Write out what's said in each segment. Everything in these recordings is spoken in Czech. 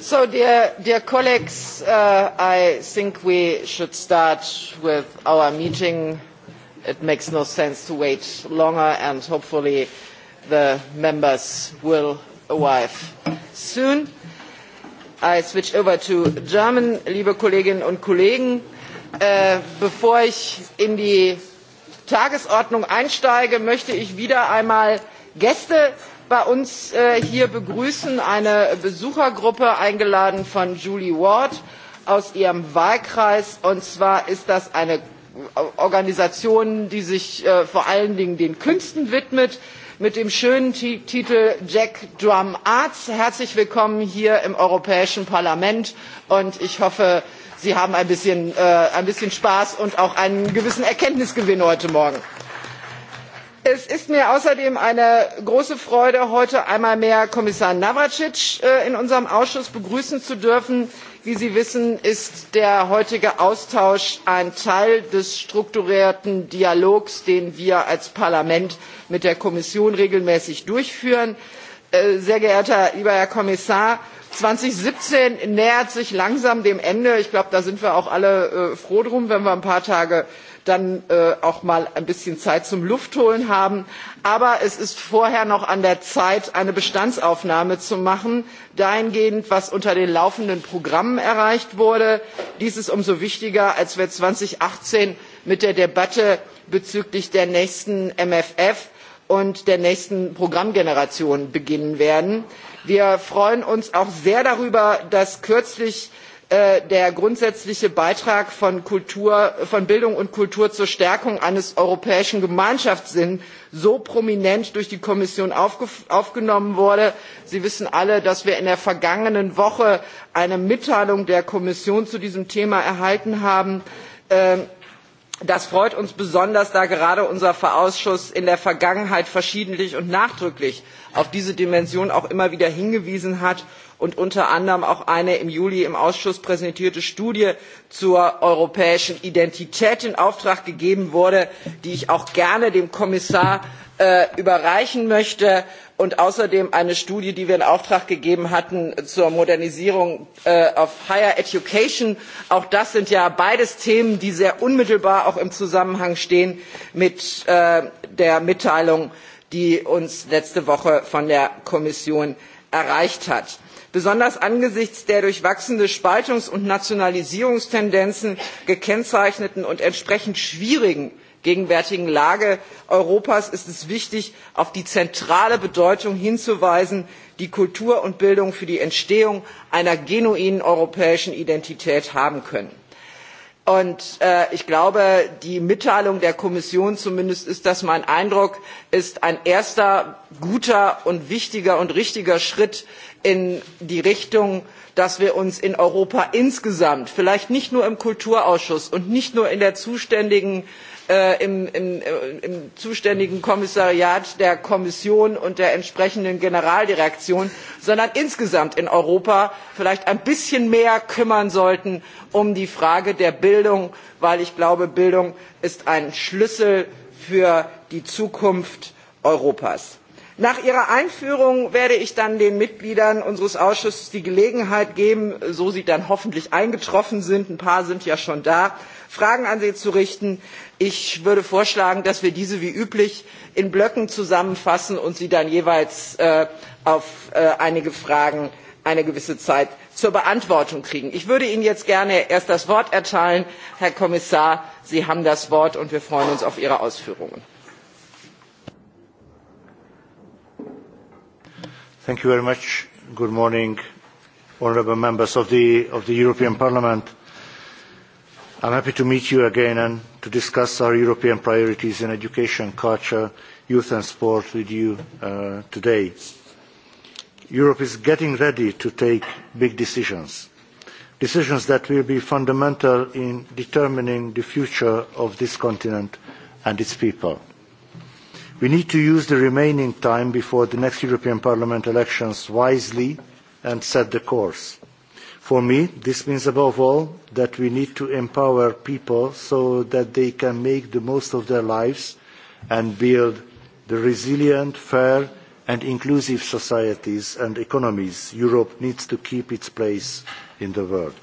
So, dear, dear colleagues uh, i think we should start with our meeting. it makes no sense to wait longer and hopefully the members will arrive soon. i switch over to german. liebe kolleginnen und kollegen uh, bevor ich in die tagesordnung einsteige möchte ich wieder einmal gäste bei uns äh, hier begrüßen eine besuchergruppe eingeladen von julie ward aus ihrem wahlkreis und zwar ist das eine organisation die sich äh, vor allen dingen den künsten widmet mit dem schönen titel jack drum arts. herzlich willkommen hier im europäischen parlament und ich hoffe sie haben ein bisschen, äh, ein bisschen spaß und auch einen gewissen erkenntnisgewinn heute morgen es ist mir außerdem eine große freude heute einmal mehr kommissar navracsics äh, in unserem ausschuss begrüßen zu dürfen. wie sie wissen ist der heutige austausch ein teil des strukturierten dialogs den wir als parlament mit der kommission regelmäßig durchführen. Äh, sehr geehrter lieber herr kommissar zweitausendsiebzehn nähert sich langsam dem ende ich glaube da sind wir auch alle äh, froh drum wenn wir ein paar tage dann äh, auch mal ein bisschen Zeit zum Luftholen haben. Aber es ist vorher noch an der Zeit, eine Bestandsaufnahme zu machen, dahingehend, was unter den laufenden Programmen erreicht wurde. Dies ist umso wichtiger, als wir zweitausendachtzehn mit der Debatte bezüglich der nächsten mfr und der nächsten Programmgeneration beginnen werden. Wir freuen uns auch sehr darüber, dass kürzlich Äh, der grundsätzliche beitrag von, bildung und kultur zur stärkung eines europäischen gemeinschaftssinns so prominent durch die kommission aufgenommen wurde. sie wissen alle dass wir in der vergangenen woche eine mitteilung der kommission zu diesem thema erhalten haben. Ähm, das freut uns besonders da gerade unser ausschuss in der vergangenheit verschiedentlich und nachdrücklich auf diese dimension auch immer wieder hingewiesen hat und unter anderem auch eine im juli im ausschuss präsentierte studie zur europäischen identität in auftrag gegeben wurde die ich auch gerne dem kommissar äh, überreichen möchte und außerdem eine studie die wir in auftrag gegeben hatten zur modernisierung äh, of higher education. auch das sind ja beides themen die sehr unmittelbar auch im zusammenhang stehen mit äh, der mitteilung die uns letzte woche von der kommission erreicht hat besonders angesichts der durch wachsende spaltungs und nationalisierungstendenzen gekennzeichneten und entsprechend schwierigen gegenwärtigen lage europas ist es wichtig auf die zentrale bedeutung hinzuweisen die kultur und bildung für die entstehung einer genuinen europäischen identität haben können und äh, ich glaube die mitteilung der kommission zumindest ist das mein eindruck ist ein erster guter und wichtiger und richtiger schritt in die richtung dass wir uns in europa insgesamt vielleicht nicht nur im kulturausschuss und nicht nur in der zuständigen Äh, Im, zuständigen kommissariat der kommission und der entsprechenden generaldirektion sondern insgesamt in europa vielleicht ein bisschen mehr kümmern sollten um die frage der bildung weil ich glaube bildung ist ein schlüssel für die zukunft europas. nach ihrer einführung werde ich dann den mitgliedern unseres ausschusses die gelegenheit geben so sie dann hoffentlich eingetroffen sind ein paar sind ja schon da fragen an sie zu richten ich würde vorschlagen dass wir diese wie üblich in blöcken zusammenfassen und sie dann jeweils äh, auf äh, einige fragen eine gewisse zeit zur beantwortung kriegen. ich würde ihnen jetzt gerne erst das wort erteilen herr kommissar sie haben das wort und wir freuen uns auf ihre ausführungen. thank you very much. good morning honourable members of the european parliament. I'm happy to meet you again and to discuss our European priorities in education, culture, youth and sport with you uh, today. Europe is getting ready to take big decisions, decisions that will be fundamental in determining the future of this continent and its people. We need to use the remaining time before the next European Parliament elections wisely and set the course For me, this means above all that we need to empower people so that they can make the most of their lives and build the resilient, fair and inclusive societies and economies Europe needs to keep its place in the world.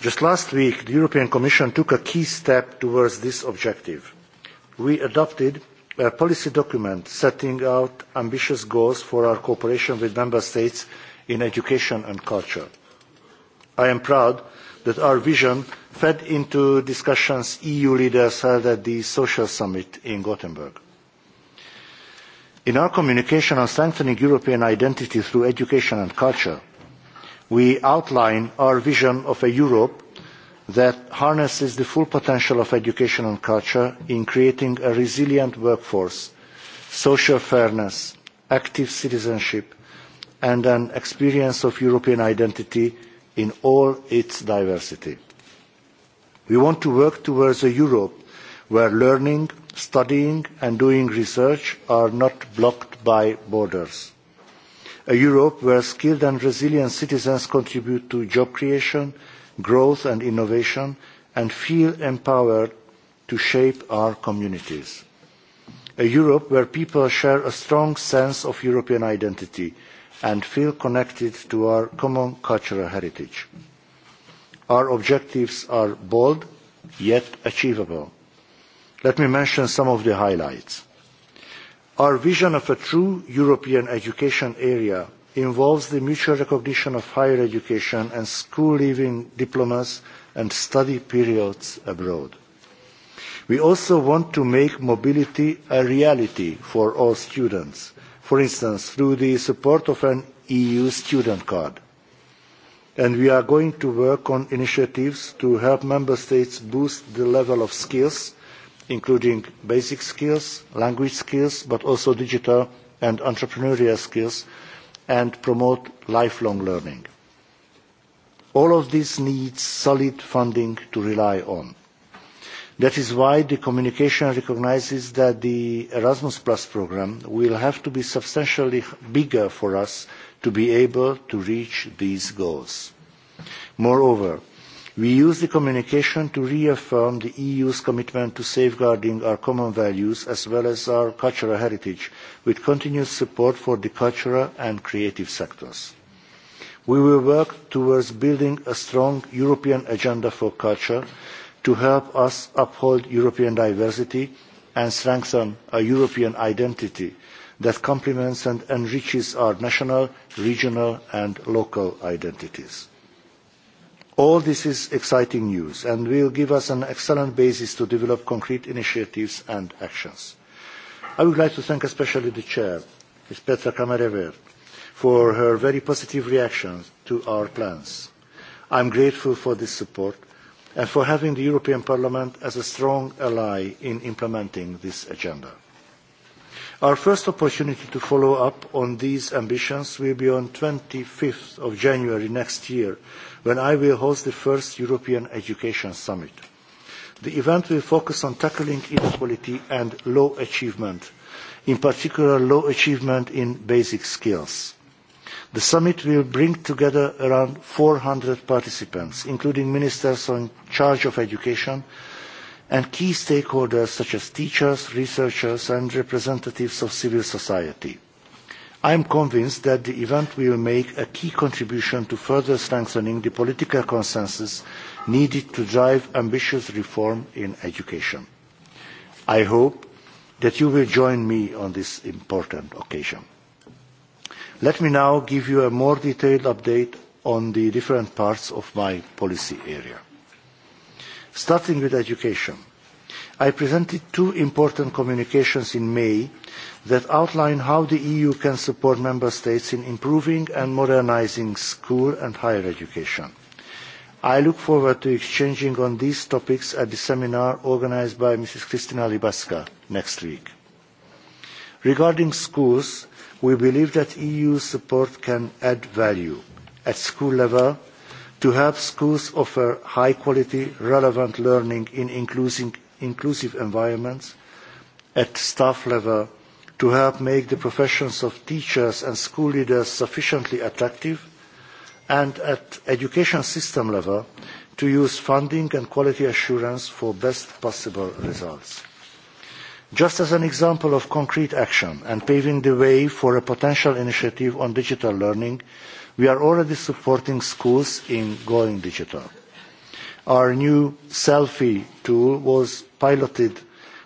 Just last week, the European Commission took a key step towards this objective. We adopted a policy document setting out ambitious goals for our cooperation with member states in education and culture. I am proud that our vision fed into discussions EU leaders held at the Social Summit in Gothenburg. In our communication on strengthening European identity through education and culture, we outline our vision of a Europe that harnesses the full potential of education and culture in creating a resilient workforce, social fairness, active citizenship, and an experience of European identity in all its diversity. We want to work towards a Europe where learning, studying and doing research are not blocked by borders. A Europe where skilled and resilient citizens contribute to job creation, growth and innovation and feel empowered to shape our communities. A Europe where people share a strong sense of European identity, and feel connected to our common cultural heritage. Our objectives are bold, yet achievable. Let me mention some of the highlights. Our vision of a true European education area involves the mutual recognition of higher education and school leaving diplomas and study periods abroad. We also want to make mobility a reality for all students for instance, through the support of an EU student card. And we are going to work on initiatives to help member states boost the level of skills, including basic skills, language skills, but also digital and entrepreneurial skills, and promote lifelong learning. All of this needs solid funding to rely on. That is why the communication recognises that the Erasmus Plus programme will have to be substantially bigger for us to be able to reach these goals. Moreover, we use the communication to reaffirm the EU's commitment to safeguarding our common values as well as our cultural heritage, with continued support for the cultural and creative sectors. We will work towards building a strong European agenda for culture, to help us uphold European diversity and strengthen a European identity that complements and enriches our national, regional and local identities. All this is exciting news and will give us an excellent basis to develop concrete initiatives and actions. I would like to thank especially the Chair, Ms. Petra Kamerevert, for her very positive reaction to our plans. I am grateful for this support and for having the European Parliament as a strong ally in implementing this agenda. Our first opportunity to follow up on these ambitions will be on 25th of January next year, when I will host the first European Education Summit. The event will focus on tackling inequality and low achievement, in particular low achievement in basic skills. The summit will bring together around 400 participants, including ministers in charge of education and key stakeholders such as teachers, researchers and representatives of civil society. I am convinced that the event will make a key contribution to further strengthening the political consensus needed to drive ambitious reform in education. I hope that you will join me on this important occasion. Let me now give you a more detailed update on the different parts of my policy area. Starting with education, I presented two important communications in May that outline how the EU can support member states in improving and modernising school and higher education. I look forward to exchanging on these topics at the seminar organised by Mrs. Kristina Libaska next week. Regarding schools, we believe that EU support can add value at school level to help schools offer high-quality, relevant learning in inclusive environments, at staff level to help make the professions of teachers and school leaders sufficiently attractive, and at education system level to use funding and quality assurance for best possible results. Just as an example of concrete action and paving the way for a potential initiative on digital learning, we are already supporting schools in going digital. Our new selfie tool was piloted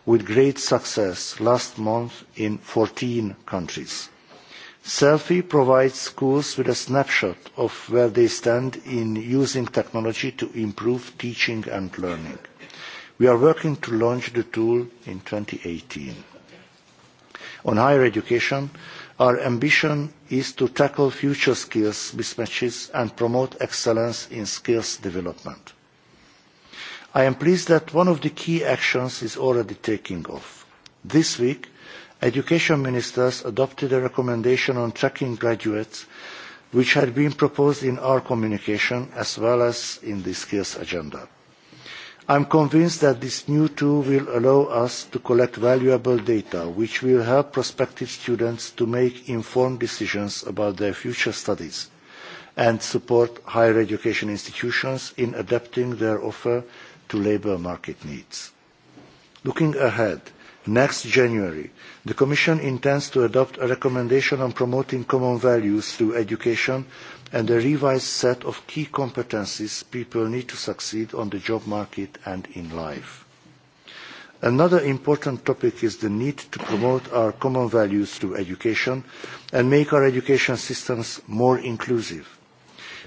with great success last month in 14 countries. Selfie provides schools with a snapshot of where they stand in using technology to improve teaching and learning. We are working to launch the tool in 2018. On higher education, our ambition is to tackle future skills mismatches and promote excellence in skills development. I am pleased that one of the key actions is already taking off. This week, education ministers adopted a recommendation on tracking graduates which had been proposed in our communication as well as in the skills agenda. I am convinced that this new tool will allow us to collect valuable data, which will help prospective students to make informed decisions about their future studies and support higher education institutions in adapting their offer to labour market needs. Looking ahead, next January, the Commission intends to adopt a recommendation on promoting common values through education and a revised set of key competencies people need to succeed on the job market and in life. Another important topic is the need to promote our common values through education and make our education systems more inclusive.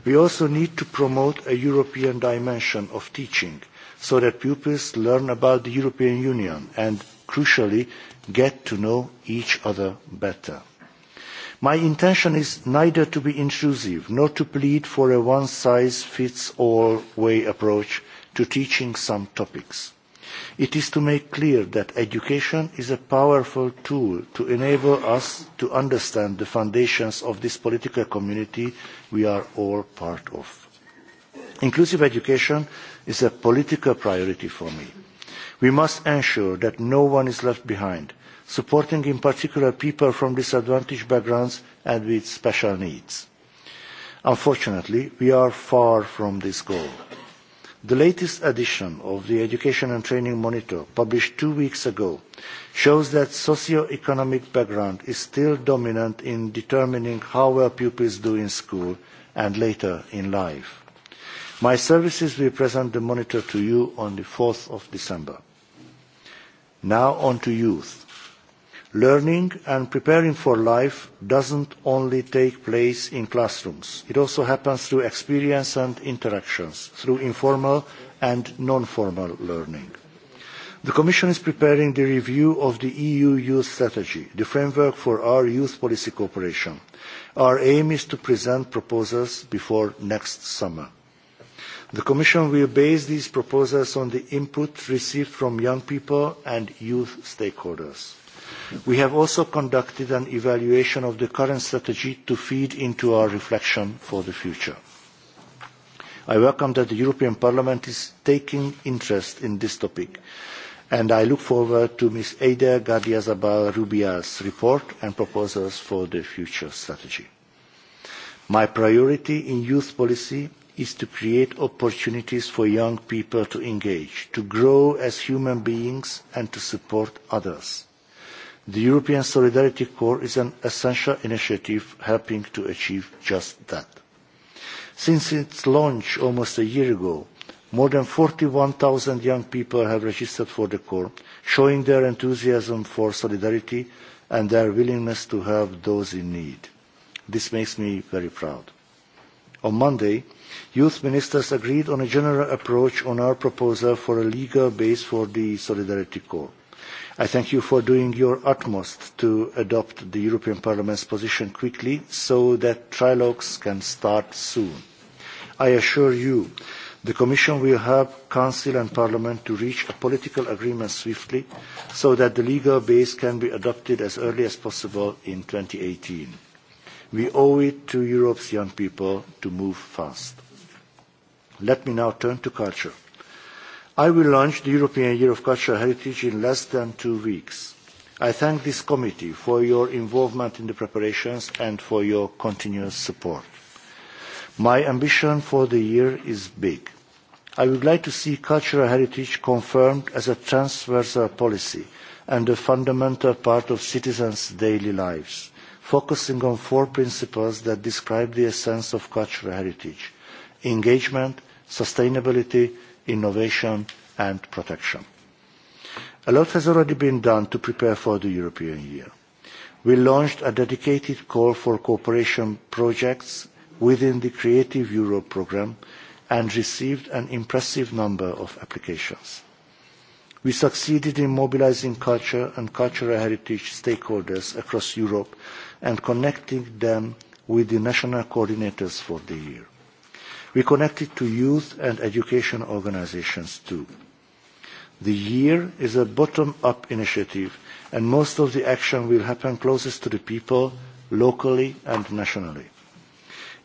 We also need to promote a European dimension of teaching so that pupils learn about the European Union and, crucially, get to know each other better. My intention is neither to be intrusive nor to plead for a one-size-fits-all way approach to teaching some topics. It is to make clear that education is a powerful tool to enable us to understand the foundations of this political community we are all part of. Inclusive education is a political priority for me. We must ensure that no one is left behind, supporting in particular people from disadvantaged backgrounds and with special needs. Unfortunately, we are far from this goal. The latest edition of the Education and Training Monitor, published two weeks ago, shows that socio-economic background is still dominant in determining how well pupils do in school and later in life. My services will present the monitor to you on the 4th of December. Now on to youth. Learning and preparing for life doesn't only take place in classrooms. It also happens through experience and interactions, through informal and non-formal learning. The Commission is preparing the review of the EU Youth Strategy, the framework for our youth policy cooperation. Our aim is to present proposals before next summer. The Commission will base these proposals on the input received from young people and youth stakeholders. We have also conducted an evaluation of the current strategy to feed into our reflection for the future. I welcome that the European Parliament is taking interest in this topic, and I look forward to Ms. Ada Gardiazabal Rubial's report and proposals for the future strategy. My priority in youth policy is to create opportunities for young people to engage, to grow as human beings and to support others. The European Solidarity Corps is an essential initiative helping to achieve just that. Since its launch almost a year ago, more than 41,000 young people have registered for the Corps, showing their enthusiasm for solidarity and their willingness to help those in need. This makes me very proud. On Monday, youth ministers agreed on a general approach on our proposal for a legal base for the Solidarity Corps. I thank you for doing your utmost to adopt the European Parliament's position quickly so that trilogues can start soon. I assure you the Commission will help Council and Parliament to reach a political agreement swiftly so that the legal base can be adopted as early as possible in 2018. We owe it to Europe's young people to move fast. Let me now turn to culture i will launch the European Year of Cultural Heritage in less than two weeks. I thank this committee for your involvement in the preparations and for your continuous support. My ambition for the year is big. I would like to see cultural heritage confirmed as a transversal policy and a fundamental part of citizens' daily lives, focusing on four principles that describe the essence of cultural heritage engagement, sustainability, innovation and protection. A lot has already been done to prepare for the European year. We launched a dedicated call for cooperation projects within the Creative Europe programme and received an impressive number of applications. We succeeded in mobilising culture and cultural heritage stakeholders across Europe and connecting them with the national coordinators for the year. We connected to youth and education organizations too. The year is a bottom-up initiative, and most of the action will happen closest to the people, locally and nationally.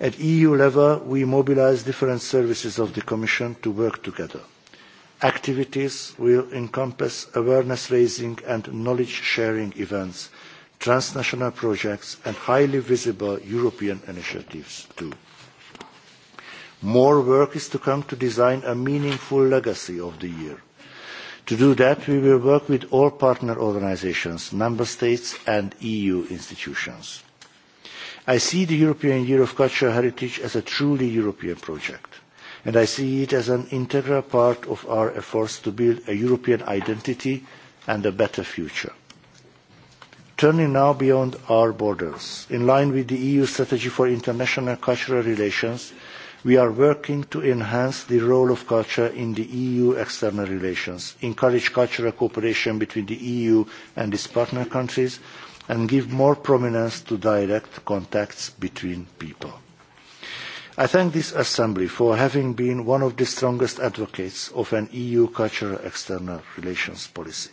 At EU level, we mobilise different services of the Commission to work together. Activities will encompass awareness-raising and knowledge-sharing events, transnational projects, and highly visible European initiatives too. More work is to come to design a meaningful legacy of the year. To do that, we will work with all partner organisations, member states and EU institutions. I see the European Year of Cultural Heritage as a truly European project, and I see it as an integral part of our efforts to build a European identity and a better future. Turning now beyond our borders, in line with the EU strategy for international cultural relations, we are working to enhance the role of culture in the EU external relations, encourage cultural cooperation between the EU and its partner countries, and give more prominence to direct contacts between people. I thank this Assembly for having been one of the strongest advocates of an EU cultural external relations policy.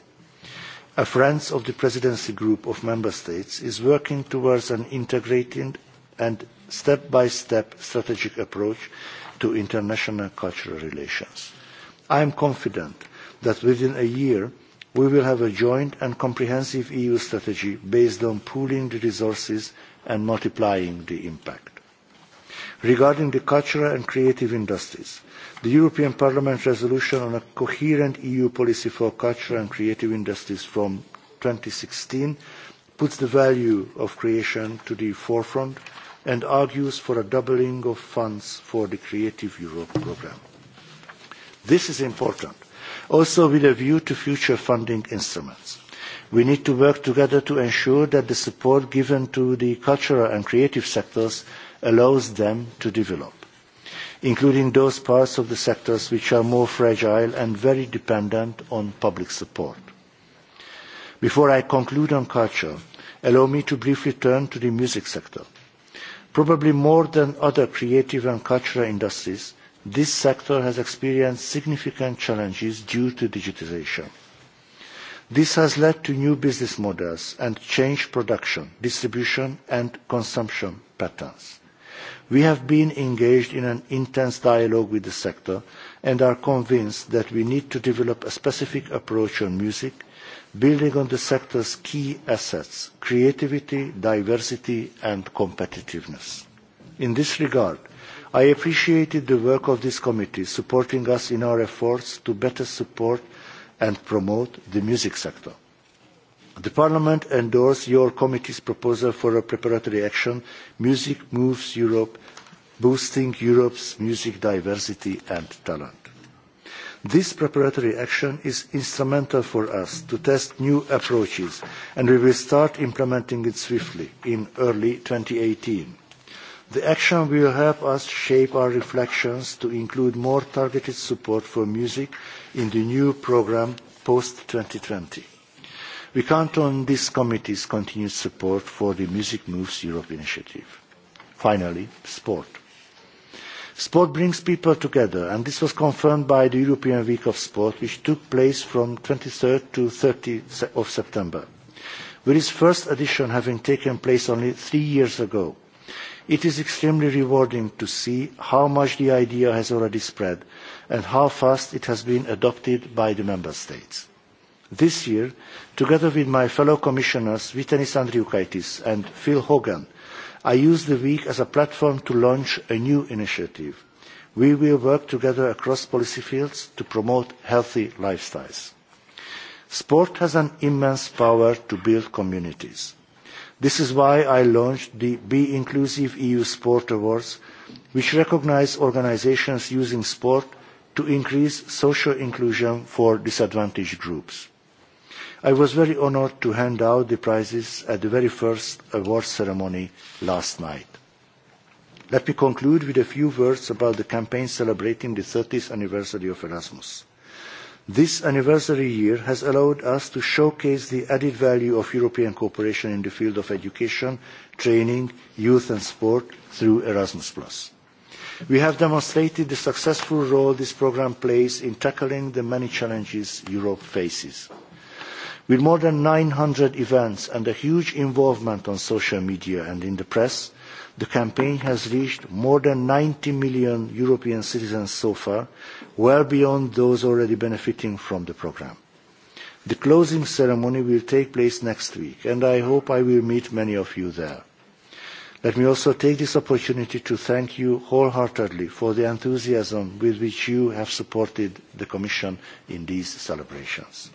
A Friends of the Presidency group of Member States is working towards an integrated and step-by-step strategic approach to international cultural relations. I am confident that within a year we will have a joint and comprehensive EU strategy based on pooling the resources and multiplying the impact. Regarding the cultural and creative industries, the European Parliament resolution on a coherent EU policy for cultural and creative industries from 2016 puts the value of creation to the forefront and argues for a doubling of funds for the Creative Europe programme. This is important, also with a view to future funding instruments. We need to work together to ensure that the support given to the cultural and creative sectors allows them to develop, including those parts of the sectors which are more fragile and very dependent on public support. Before I conclude on culture, allow me to briefly turn to the music sector Probably more than other creative and cultural industries, this sector has experienced significant challenges due to digitization. This has led to new business models and changed production, distribution and consumption patterns. We have been engaged in an intense dialogue with the sector and are convinced that we need to develop a specific approach on music building on the sector's key assets, creativity, diversity and competitiveness. In this regard, I appreciated the work of this committee supporting us in our efforts to better support and promote the music sector. The Parliament endorsed your committee's proposal for a preparatory action, Music Moves Europe, boosting Europe's music diversity and talent. This preparatory action is instrumental for us to test new approaches, and we will start implementing it swiftly in early 2018. The action will help us shape our reflections to include more targeted support for music in the new programme post-2020. We count on this committee's continued support for the Music Moves Europe initiative. Finally, sport. Sport brings people together, and this was confirmed by the European Week of Sport, which took place from 23rd to 30th of September, with its first edition having taken place only three years ago. It is extremely rewarding to see how much the idea has already spread and how fast it has been adopted by the Member States. This year, together with my fellow commissioners Vitenis Andriukaitis and Phil Hogan, i use the week as a platform to launch a new initiative. We will work together across policy fields to promote healthy lifestyles. Sport has an immense power to build communities. This is why I launched the Be Inclusive EU Sport Awards, which recognise organisations using sport to increase social inclusion for disadvantaged groups. I was very honoured to hand out the prizes at the very first award ceremony last night. Let me conclude with a few words about the campaign celebrating the 30th anniversary of Erasmus. This anniversary year has allowed us to showcase the added value of European cooperation in the field of education, training, youth and sport through Erasmus+. We have demonstrated the successful role this programme plays in tackling the many challenges Europe faces. With more than 900 events and a huge involvement on social media and in the press, the campaign has reached more than 90 million European citizens so far, well beyond those already benefiting from the programme. The closing ceremony will take place next week, and I hope I will meet many of you there. Let me also take this opportunity to thank you wholeheartedly for the enthusiasm with which you have supported the Commission in these celebrations.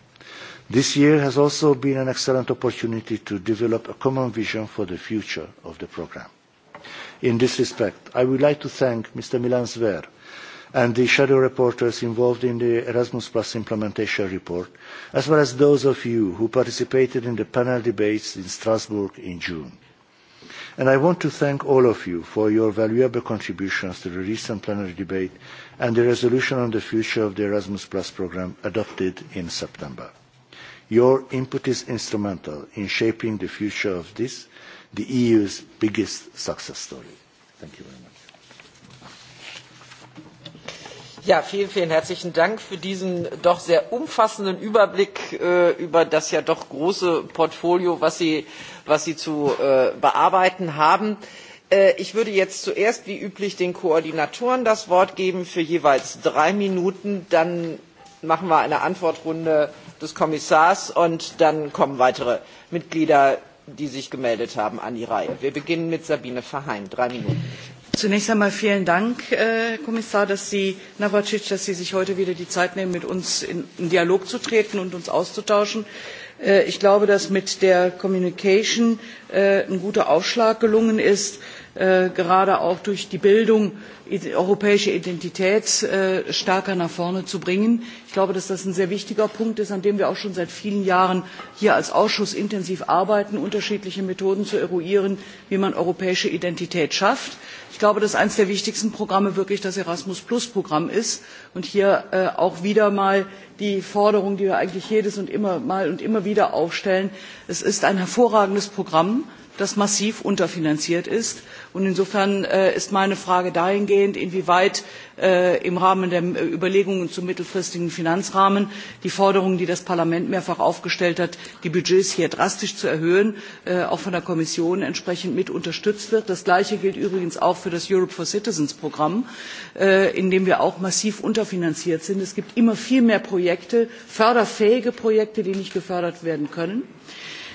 This year has also been an excellent opportunity to develop a common vision for the future of the programme. In this respect, I would like to thank Mr. Milan Zver and the shadow reporters involved in the Erasmus Plus implementation report, as well as those of you who participated in the panel debates in Strasbourg in June. And I want to thank all of you for your valuable contributions to the recent plenary debate and the resolution on the future of the Erasmus Plus programme adopted in September. Your input is instrumental in shaping the future of this, the EU's biggest success story. Thank you very much. Ja, vielen, vielen herzlichen Dank für diesen doch sehr umfassenden Überblick äh, über das ja doch große Portfolio, was Sie, was Sie zu äh, bearbeiten haben. Äh, ich würde jetzt zuerst wie üblich den Koordinatoren das Wort geben für jeweils drei Minuten. Dann machen wir eine Antwortrunde des Kommissars und dann kommen weitere Mitglieder, die sich gemeldet haben, an die Reihe. Wir beginnen mit Sabine Verheyen. Drei Minuten. Zunächst einmal vielen Dank, Herr äh, Kommissar, dass Sie, Navracic, dass Sie sich heute wieder die Zeit nehmen, mit uns in, in Dialog zu treten und uns auszutauschen äh, ich glaube dass mit der communication äh, ein guter aufschlag gelungen ist. Äh, gerade auch durch die Bildung europäische Identität äh, stärker nach vorne zu bringen. Ich glaube, dass das ein sehr wichtiger Punkt ist, an dem wir auch schon seit vielen Jahren hier als Ausschuss intensiv arbeiten, unterschiedliche Methoden zu eruieren, wie man europäische Identität schafft. Ich glaube, dass eines der wichtigsten Programme wirklich das Erasmus Programm ist und hier äh, auch wieder mal die Forderung, die wir eigentlich jedes und immer mal und immer wieder aufstellen. Es ist ein hervorragendes Programm, das massiv unterfinanziert ist. Und insofern äh, ist meine Frage dahingehend, inwieweit äh, im Rahmen der äh, Überlegungen zum mittelfristigen Finanzrahmen die Forderung, die das Parlament mehrfach aufgestellt hat, die Budgets hier drastisch zu erhöhen, auch von der Kommission entsprechend mit unterstützt wird. Das Gleiche gilt übrigens auch für das Europe for Citizens Programm, in dem wir auch massiv unterfinanziert sind. Es gibt immer viel mehr Projekte, förderfähige Projekte, die nicht gefördert werden können.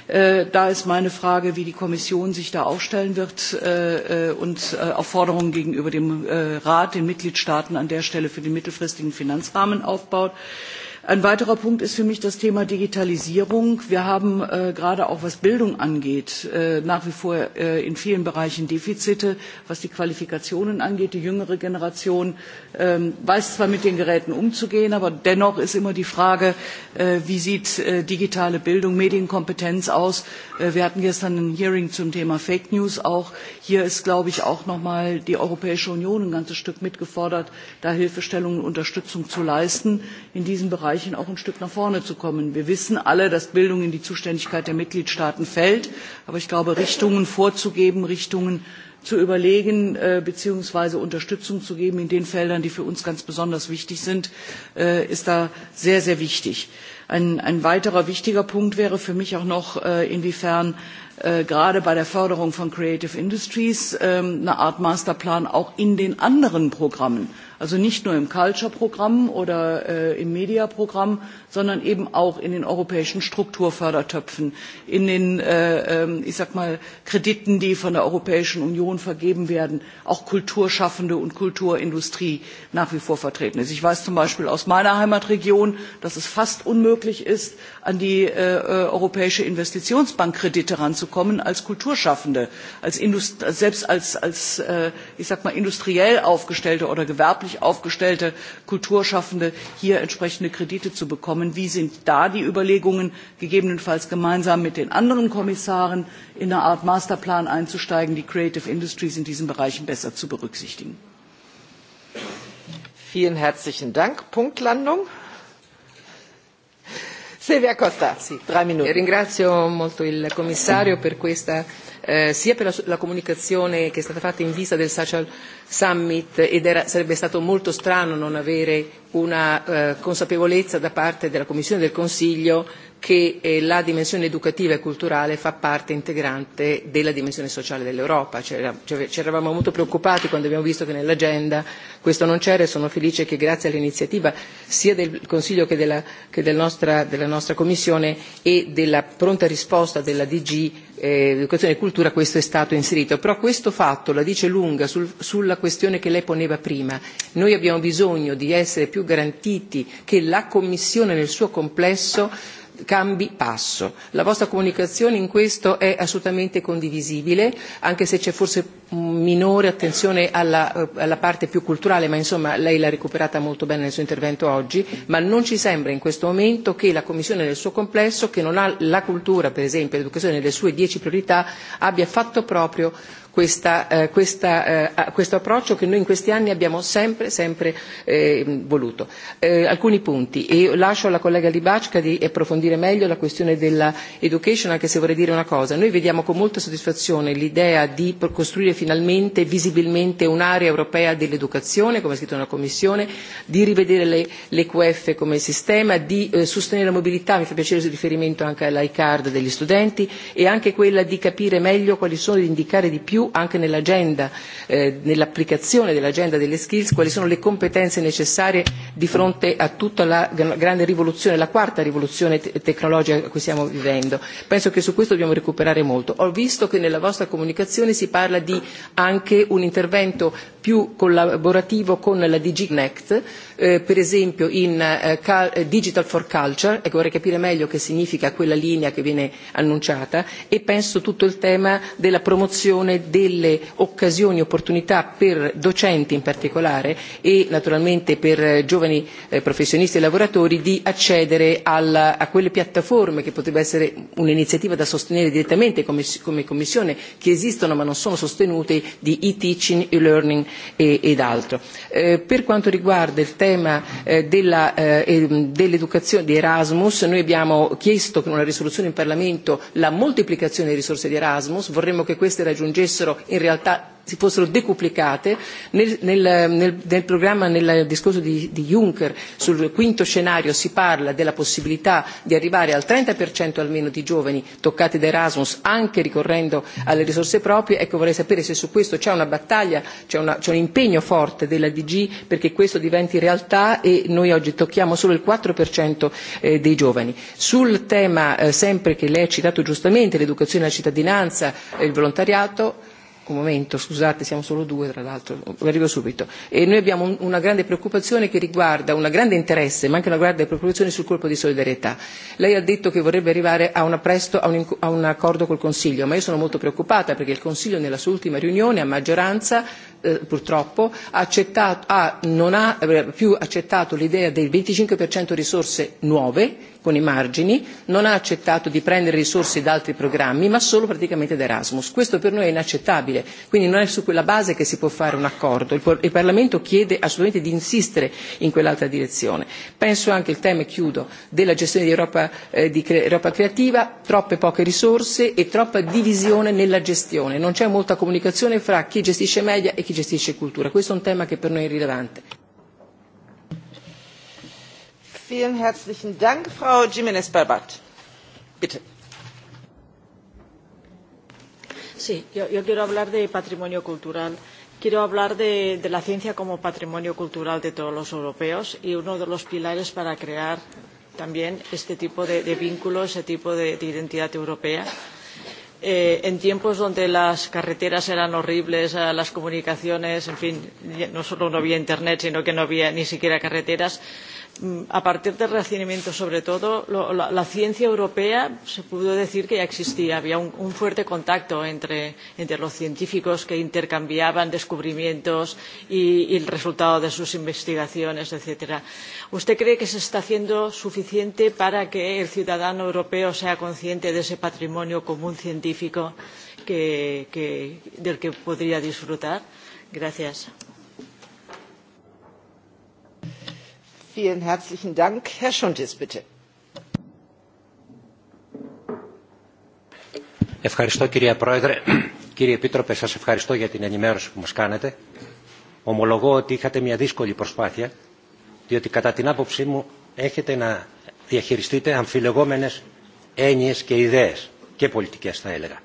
Äh, da ist meine Frage, wie die Kommission sich da aufstellen wird äh, äh, und auch Forderungen gegenüber dem Rat, den Mitgliedstaaten an der Stelle für den mittelfristigen Finanzrahmen aufbaut ein weiterer punkt ist für mich das thema digitalisierung. wir haben äh, gerade auch was bildung angeht äh, nach wie vor äh, in vielen bereichen defizite was die qualifikationen angeht. die jüngere generation ähm, weiß zwar mit den geräten umzugehen aber dennoch ist immer die frage äh, wie sieht äh, digitale bildung medienkompetenz aus? Äh, wir hatten gestern ein hearing zum thema fake news auch. hier ist glaube ich auch noch mal die europäische union ein ganzes stück mitgefordert da hilfestellung und unterstützung zu leisten in diesem bereich Bereichen auch ein Stück nach vorne zu kommen. Wir wissen alle, dass Bildung in die Zuständigkeit der Mitgliedstaaten fällt. Aber ich glaube, Richtungen vorzugeben, Richtungen zu überlegen äh, bzw. Unterstützung zu geben in den Feldern, die für uns ganz besonders wichtig sind, äh, ist da sehr, sehr wichtig. Ein, ein weiterer wichtiger Punkt wäre für mich auch noch, äh, inwiefern äh, gerade bei der Förderung von Creative Industries äh, eine Art Masterplan auch in den anderen Programmen Also nicht nur im Culture-Programm oder äh, im Media-Programm, sondern eben auch in den europäischen Strukturfördertöpfen, in den, äh, ähm, ich sag mal, Krediten, die von der Europäischen Union vergeben werden, auch Kulturschaffende und Kulturindustrie nach wie vor vertreten ist. Ich weiß zum Beispiel aus meiner Heimatregion, dass es fast unmöglich ist, an die äh, äh Europäische Investitionsbank Kredite ranzukommen als Kulturschaffende, als Indust selbst als, als äh, ich sag mal, industriell aufgestellte oder gewerblich hochgradig aufgestellte kulturschaffende hier entsprechende kredite zu bekommen. wie sind da die überlegungen gegebenenfalls gemeinsam mit den anderen kommissaren in eine art masterplan einzusteigen die creative industries in diesen bereichen besser zu berücksichtigen? Vielen herzlichen Dank. Punktlandung. Silvia Costa, drei minuti. Ringrazio molto il commissario per questa eh, sia per la, la comunicazione che è stata fatta in vista del Social Summit ed era, sarebbe stato molto strano non avere una eh, consapevolezza da parte della Commissione e del Consiglio che eh, la dimensione educativa e culturale fa parte integrante della dimensione sociale dell'Europa. Ci eravamo molto preoccupati quando abbiamo visto che nell'agenda questo non c'era e sono felice che grazie all'iniziativa sia del Consiglio che, della, che del nostra, della nostra Commissione e della pronta risposta della DG eh, educazione e cultura questo è stato inserito, però questo fatto la dice lunga sul, sulla questione che lei poneva prima. Noi abbiamo bisogno di essere più garantiti che la Commissione nel suo complesso cambi passo. La vostra comunicazione in questo è assolutamente condivisibile, anche se c'è forse minore attenzione alla, eh, alla parte più culturale, ma insomma lei l'ha recuperata molto bene nel suo intervento oggi, ma non ci sembra in questo momento che la Commissione nel suo complesso, che non ha la cultura per esempio, l'educazione nelle sue dieci priorità, abbia fatto proprio questa, eh, questa, eh, questo approccio che noi in questi anni abbiamo sempre, sempre eh, voluto. Eh, alcuni punti e lascio alla collega Libacca di approfondire meglio la questione dell'education anche se vorrei dire una cosa. Noi vediamo con molta soddisfazione l'idea di costruire finalmente visibilmente un'area europea dell'educazione come ha scritto la Commissione, di rivedere le, le QF come sistema, di eh, sostenere la mobilità, mi fa piacere il riferimento anche all'ICARD degli studenti e anche quella di capire meglio quali sono, di indicare di più anche nell'agenda, eh, nell'applicazione dell'agenda delle skills, quali sono le competenze necessarie di fronte a tutta la grande rivoluzione, la quarta rivoluzione te- tecnologica che stiamo vivendo. Penso che su questo dobbiamo recuperare molto. Ho visto che nella vostra comunicazione si parla di anche un intervento più collaborativo con la DG Connect, eh, per esempio in eh, cal- eh, Digital for Culture, ecco vorrei capire meglio che significa quella linea che viene annunciata, e penso tutto il tema della promozione delle occasioni, e opportunità per docenti in particolare e naturalmente per eh, giovani eh, professionisti e lavoratori di accedere alla, a quelle piattaforme che potrebbe essere un'iniziativa da sostenere direttamente come, come Commissione che esistono ma non sono sostenute di e-teaching, e-learning e, ed altro. Eh, per quanto riguarda il tema eh, della, eh, e, dell'educazione di Erasmus, noi abbiamo chiesto con una risoluzione in Parlamento la moltiplicazione delle risorse di Erasmus, vorremmo che queste raggiungessero fossero in realtà si fossero decuplicate nel, nel, nel, nel programma nel discorso di, di Juncker sul quinto scenario si parla della possibilità di arrivare al 30% almeno di giovani toccati da Erasmus anche ricorrendo alle risorse proprie ecco vorrei sapere se su questo c'è una battaglia c'è, una, c'è un impegno forte della DG perché questo diventi realtà e noi oggi tocchiamo solo il 4% eh, dei giovani sul tema eh, sempre che lei ha citato giustamente l'educazione alla cittadinanza e il volontariato un momento, scusate, siamo solo due tra l'altro, arrivo subito. E noi abbiamo una grande preoccupazione che riguarda, un grande interesse, ma anche una grande preoccupazione sul colpo di solidarietà. Lei ha detto che vorrebbe arrivare a una presto a un, a un accordo col Consiglio, ma io sono molto preoccupata perché il Consiglio nella sua ultima riunione a maggioranza eh, purtroppo ha accettato, ha, non ha eh, più accettato l'idea del 25% risorse nuove con i margini, non ha accettato di prendere risorse da altri programmi, ma solo praticamente da Erasmus. Questo per noi è inaccettabile, quindi non è su quella base che si può fare un accordo. Il, il Parlamento chiede assolutamente di insistere in quell'altra direzione. Penso anche al tema, e chiudo, della gestione di Europa, eh, di Cre- Europa Creativa, troppe poche risorse e troppa divisione nella gestione. Non c'è molta comunicazione fra chi gestisce media e chi gestisce cultura. Questo è un tema che per noi è rilevante. Vielen herzlichen Dank, Frau Jiménez Barbat. Bitte. Sí, yo, quiero hablar de patrimonio cultural. Quiero hablar de, la ciencia como patrimonio cultural de todos los europeos y uno de los pilares para crear también este tipo de, vínculo, ese tipo de, identidad europea. Eh, en tiempos donde las carreteras eran horribles, eh, las comunicaciones, en fin, no solo no había Internet, sino que no había ni siquiera carreteras, Mm, a partir del renacimiento sobre todo lo, la, la ciencia europea se pudo decir que ya existía había un, un fuerte contacto entre, entre los científicos que intercambiaban descubrimientos y, y el resultado de sus investigaciones etc. ¿Usted cree que se está haciendo suficiente para que el ciudadano europeo sea consciente de ese patrimonio común científico que, que, del que podría disfrutar? Gracias. Vielen herzlichen Dank. Herr Schuntis, bitte. Ευχαριστώ κυρία Πρόεδρε. Κύριε Επίτροπε, σας ευχαριστώ για την ενημέρωση που μας κάνετε. Ομολογώ ότι είχατε μια δύσκολη προσπάθεια, διότι κατά την άποψή μου έχετε να διαχειριστείτε αμφιλεγόμενες έννοιες και ιδέες και πολιτικές θα έλεγα.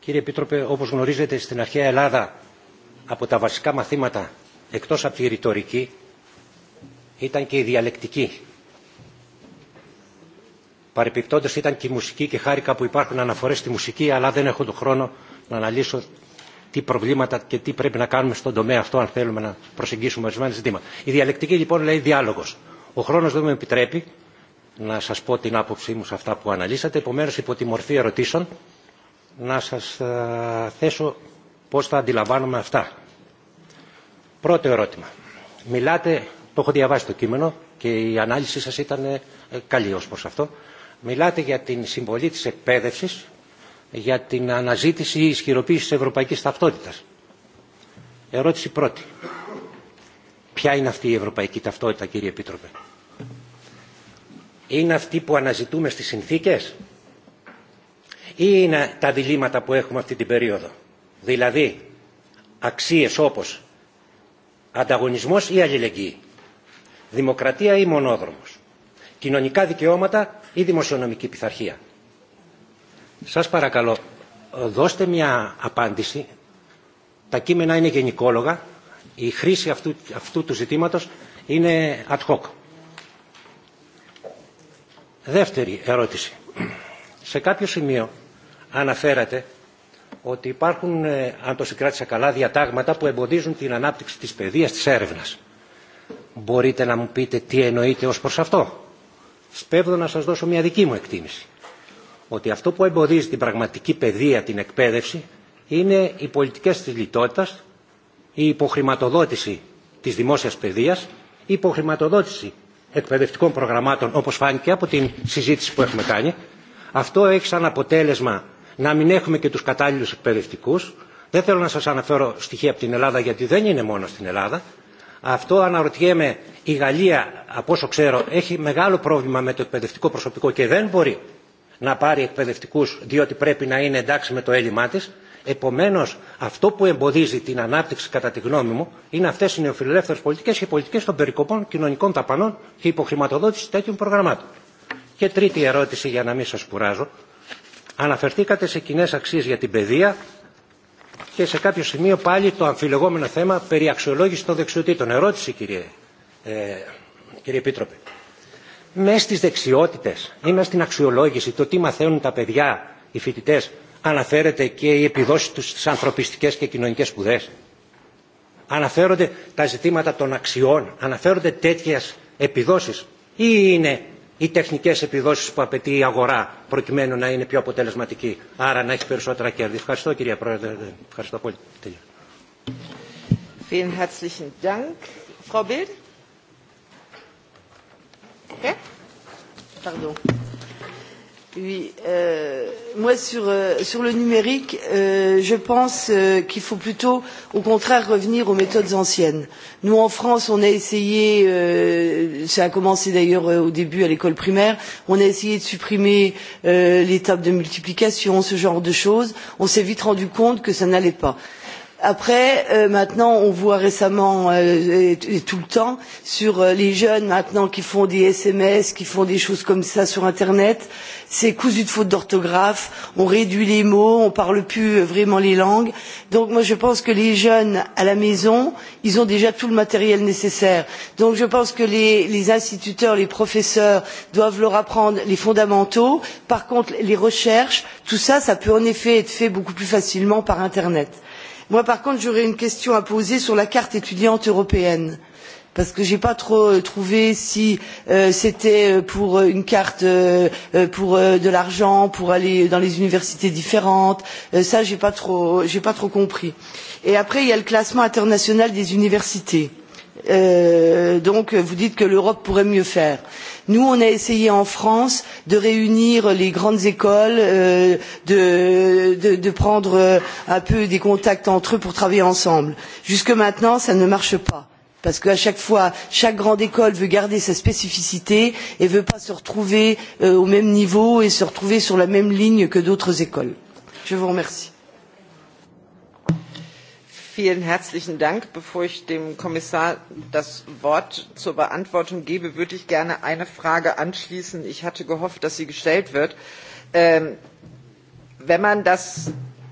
Κύριε Επίτροπε, όπως γνωρίζετε στην αρχαία Ελλάδα από τα βασικά μαθήματα εκτός από τη ρητορική ήταν και η διαλεκτική. Παρεπιπτόντω ήταν και η μουσική και χάρηκα που υπάρχουν αναφορέ στη μουσική, αλλά δεν έχω τον χρόνο να αναλύσω τι προβλήματα και τι πρέπει να κάνουμε στον τομέα αυτό, αν θέλουμε να προσεγγίσουμε ορισμένα ζητήματα. Η διαλεκτική λοιπόν λέει διάλογο. Ο χρόνο δεν μου επιτρέπει να σα πω την άποψή μου σε αυτά που αναλύσατε. Επομένω, υπό τη μορφή ερωτήσεων, να σα θέσω πώ θα αντιλαμβάνομαι αυτά. Πρώτο ερώτημα. Μιλάτε Το έχω διαβάσει το κείμενο και η ανάλυση σας ήταν καλή ως προς αυτό. Μιλάτε για την συμβολή της εκπαίδευσης, για την αναζήτηση ή ισχυροποίηση της ευρωπαϊκής ταυτότητας. Ερώτηση πρώτη. Ποια είναι αυτή η ευρωπαϊκή ταυτότητα, κύριε Επίτροπε. Είναι αυτή που αναζητούμε στις συνθήκες ή είναι τα διλήμματα που έχουμε αυτή την περίοδο. Δηλαδή, αξίες όπως ανταγωνισμός ή αλληλεγγύη δημοκρατία ή μονόδρομος, κοινωνικά δικαιώματα ή δημοσιονομική πειθαρχία. Σας παρακαλώ, δώστε μια απάντηση. Τα κείμενα είναι γενικόλογα. Η χρήση αυτού, αυτού του ζητήματος είναι ad hoc. Δεύτερη ερώτηση. Σε κάποιο σημείο αναφέρατε ότι υπάρχουν, αν το συγκράτησα καλά, διατάγματα που εμποδίζουν την ανάπτυξη της παιδείας, της έρευνας. Μπορείτε να μου πείτε τι εννοείτε ως προς αυτό. Σπέβδω να σας δώσω μια δική μου εκτίμηση. Ότι αυτό που εμποδίζει την πραγματική παιδεία, την εκπαίδευση, είναι οι πολιτικές της λιτότητας, η υποχρηματοδότηση της δημόσιας παιδείας, η υποχρηματοδότηση εκπαιδευτικών προγραμμάτων, όπως φάνηκε από την συζήτηση που έχουμε κάνει. Αυτό έχει σαν αποτέλεσμα να μην έχουμε και τους κατάλληλους εκπαιδευτικούς. Δεν θέλω να σας αναφέρω στοιχεία από την Ελλάδα, γιατί δεν είναι μόνο στην Ελλάδα. Αυτό αναρωτιέμαι, η Γαλλία, από όσο ξέρω, έχει μεγάλο πρόβλημα με το εκπαιδευτικό προσωπικό και δεν μπορεί να πάρει εκπαιδευτικούς διότι πρέπει να είναι εντάξει με το έλλειμμά της. Επομένως, αυτό που εμποδίζει την ανάπτυξη, κατά τη γνώμη μου, είναι αυτές οι νεοφιλελεύθερες πολιτικές και οι πολιτικές των περικοπών κοινωνικών ταπανών και υποχρηματοδότηση τέτοιων προγραμμάτων. Και τρίτη ερώτηση για να μην σας κουράζω. Αναφερθήκατε σε κοινέ αξίες για την παιδεία, και σε κάποιο σημείο πάλι το αμφιλεγόμενο θέμα περί αξιολόγησης των δεξιοτήτων. Ερώτηση κύριε, ε, κύριε Επίτροπε. Μέσα στις δεξιότητες ή μέσα στην αξιολόγηση το τι μαθαίνουν τα παιδιά, οι φοιτητές, αναφέρεται και οι επιδόσεις τους στις ανθρωπιστικές και κοινωνικές σπουδές. Αναφέρονται τα ζητήματα των αξιών, αναφέρονται τέτοιες επιδόσεις ή είναι ή τεχνικές επιδόσεις που απαιτεί η αγορά προκειμένου να είναι πιο αποτελεσματική, άρα να έχει περισσότερα κέρδη. Ευχαριστώ κυρία Πρόεδρε. Ευχαριστώ πολύ. Vielen herzlichen Dank. Frau Bild? Okay? Pardon. Euh, moi sur, euh, sur le numérique, euh, je pense euh, qu'il faut plutôt, au contraire, revenir aux méthodes anciennes. Nous, en France, on a essayé, euh, ça a commencé d'ailleurs euh, au début à l'école primaire, on a essayé de supprimer euh, les tables de multiplication, ce genre de choses. On s'est vite rendu compte que ça n'allait pas après euh, maintenant on voit récemment euh, et, et tout le temps sur euh, les jeunes maintenant qui font des sms qui font des choses comme ça sur internet c'est cousu de fautes d'orthographe on réduit les mots on parle plus euh, vraiment les langues donc moi je pense que les jeunes à la maison ils ont déjà tout le matériel nécessaire donc je pense que les, les instituteurs les professeurs doivent leur apprendre les fondamentaux par contre les recherches tout ça ça peut en effet être fait beaucoup plus facilement par internet. Moi, par contre, j'aurais une question à poser sur la carte étudiante européenne parce que je n'ai pas trop euh, trouvé si euh, c'était euh, pour euh, une carte euh, pour euh, de l'argent pour aller dans les universités différentes euh, ça j'ai pas trop j'ai pas trop compris et après il y a le classement international des universités euh, donc vous dites que l'Europe pourrait mieux faire nous on a essayé en france de réunir les grandes écoles euh, de, prendre euh, un peu des contacts entre eux pour travailler ensemble. jusque maintenant ça ne marche pas parce qu'à chaque fois chaque grande école veut garder sa spécificité et ne veut pas se retrouver euh, au même niveau et se retrouver sur la même ligne que d'autres écoles. je vous remercie. Vielen herzlichen Dank. Bevor ich dem Kommissar das Wort zur Beantwortung gebe, würde ich gerne eine Frage anschließen. Ich hatte gehofft, dass sie gestellt wird. Ähm, wenn man das,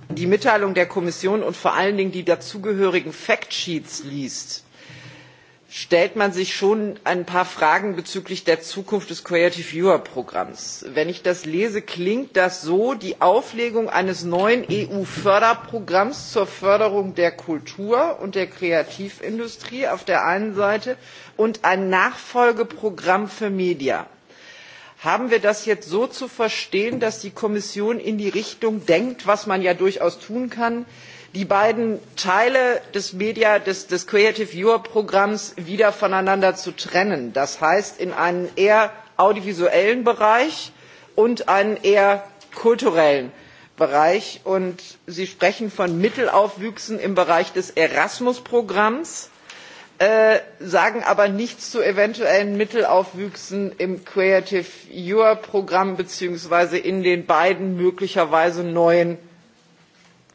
die Mitteilung der Kommission und vor allen Dingen die dazugehörigen Factsheets liest, stellt man sich schon ein paar Fragen bezüglich der Zukunft des Creative Europe Programms. Wenn ich das lese, klingt das so, die Auflegung eines neuen EU-Förderprogramms zur Förderung der Kultur und der Kreativindustrie auf der einen Seite und ein Nachfolgeprogramm für Media. Haben wir das jetzt so zu verstehen, dass die Kommission in die Richtung denkt, was man ja durchaus tun kann, die beiden teile des media des, des creative europe programms wieder voneinander zu trennen das heißt in einen eher audiovisuellen bereich und einen eher kulturellen bereich und sie sprechen von mittelaufwüchsen im bereich des erasmus programms äh, sagen aber nichts zu eventuellen mittelaufwüchsen im creative europe programm beziehungsweise in den beiden möglicherweise neuen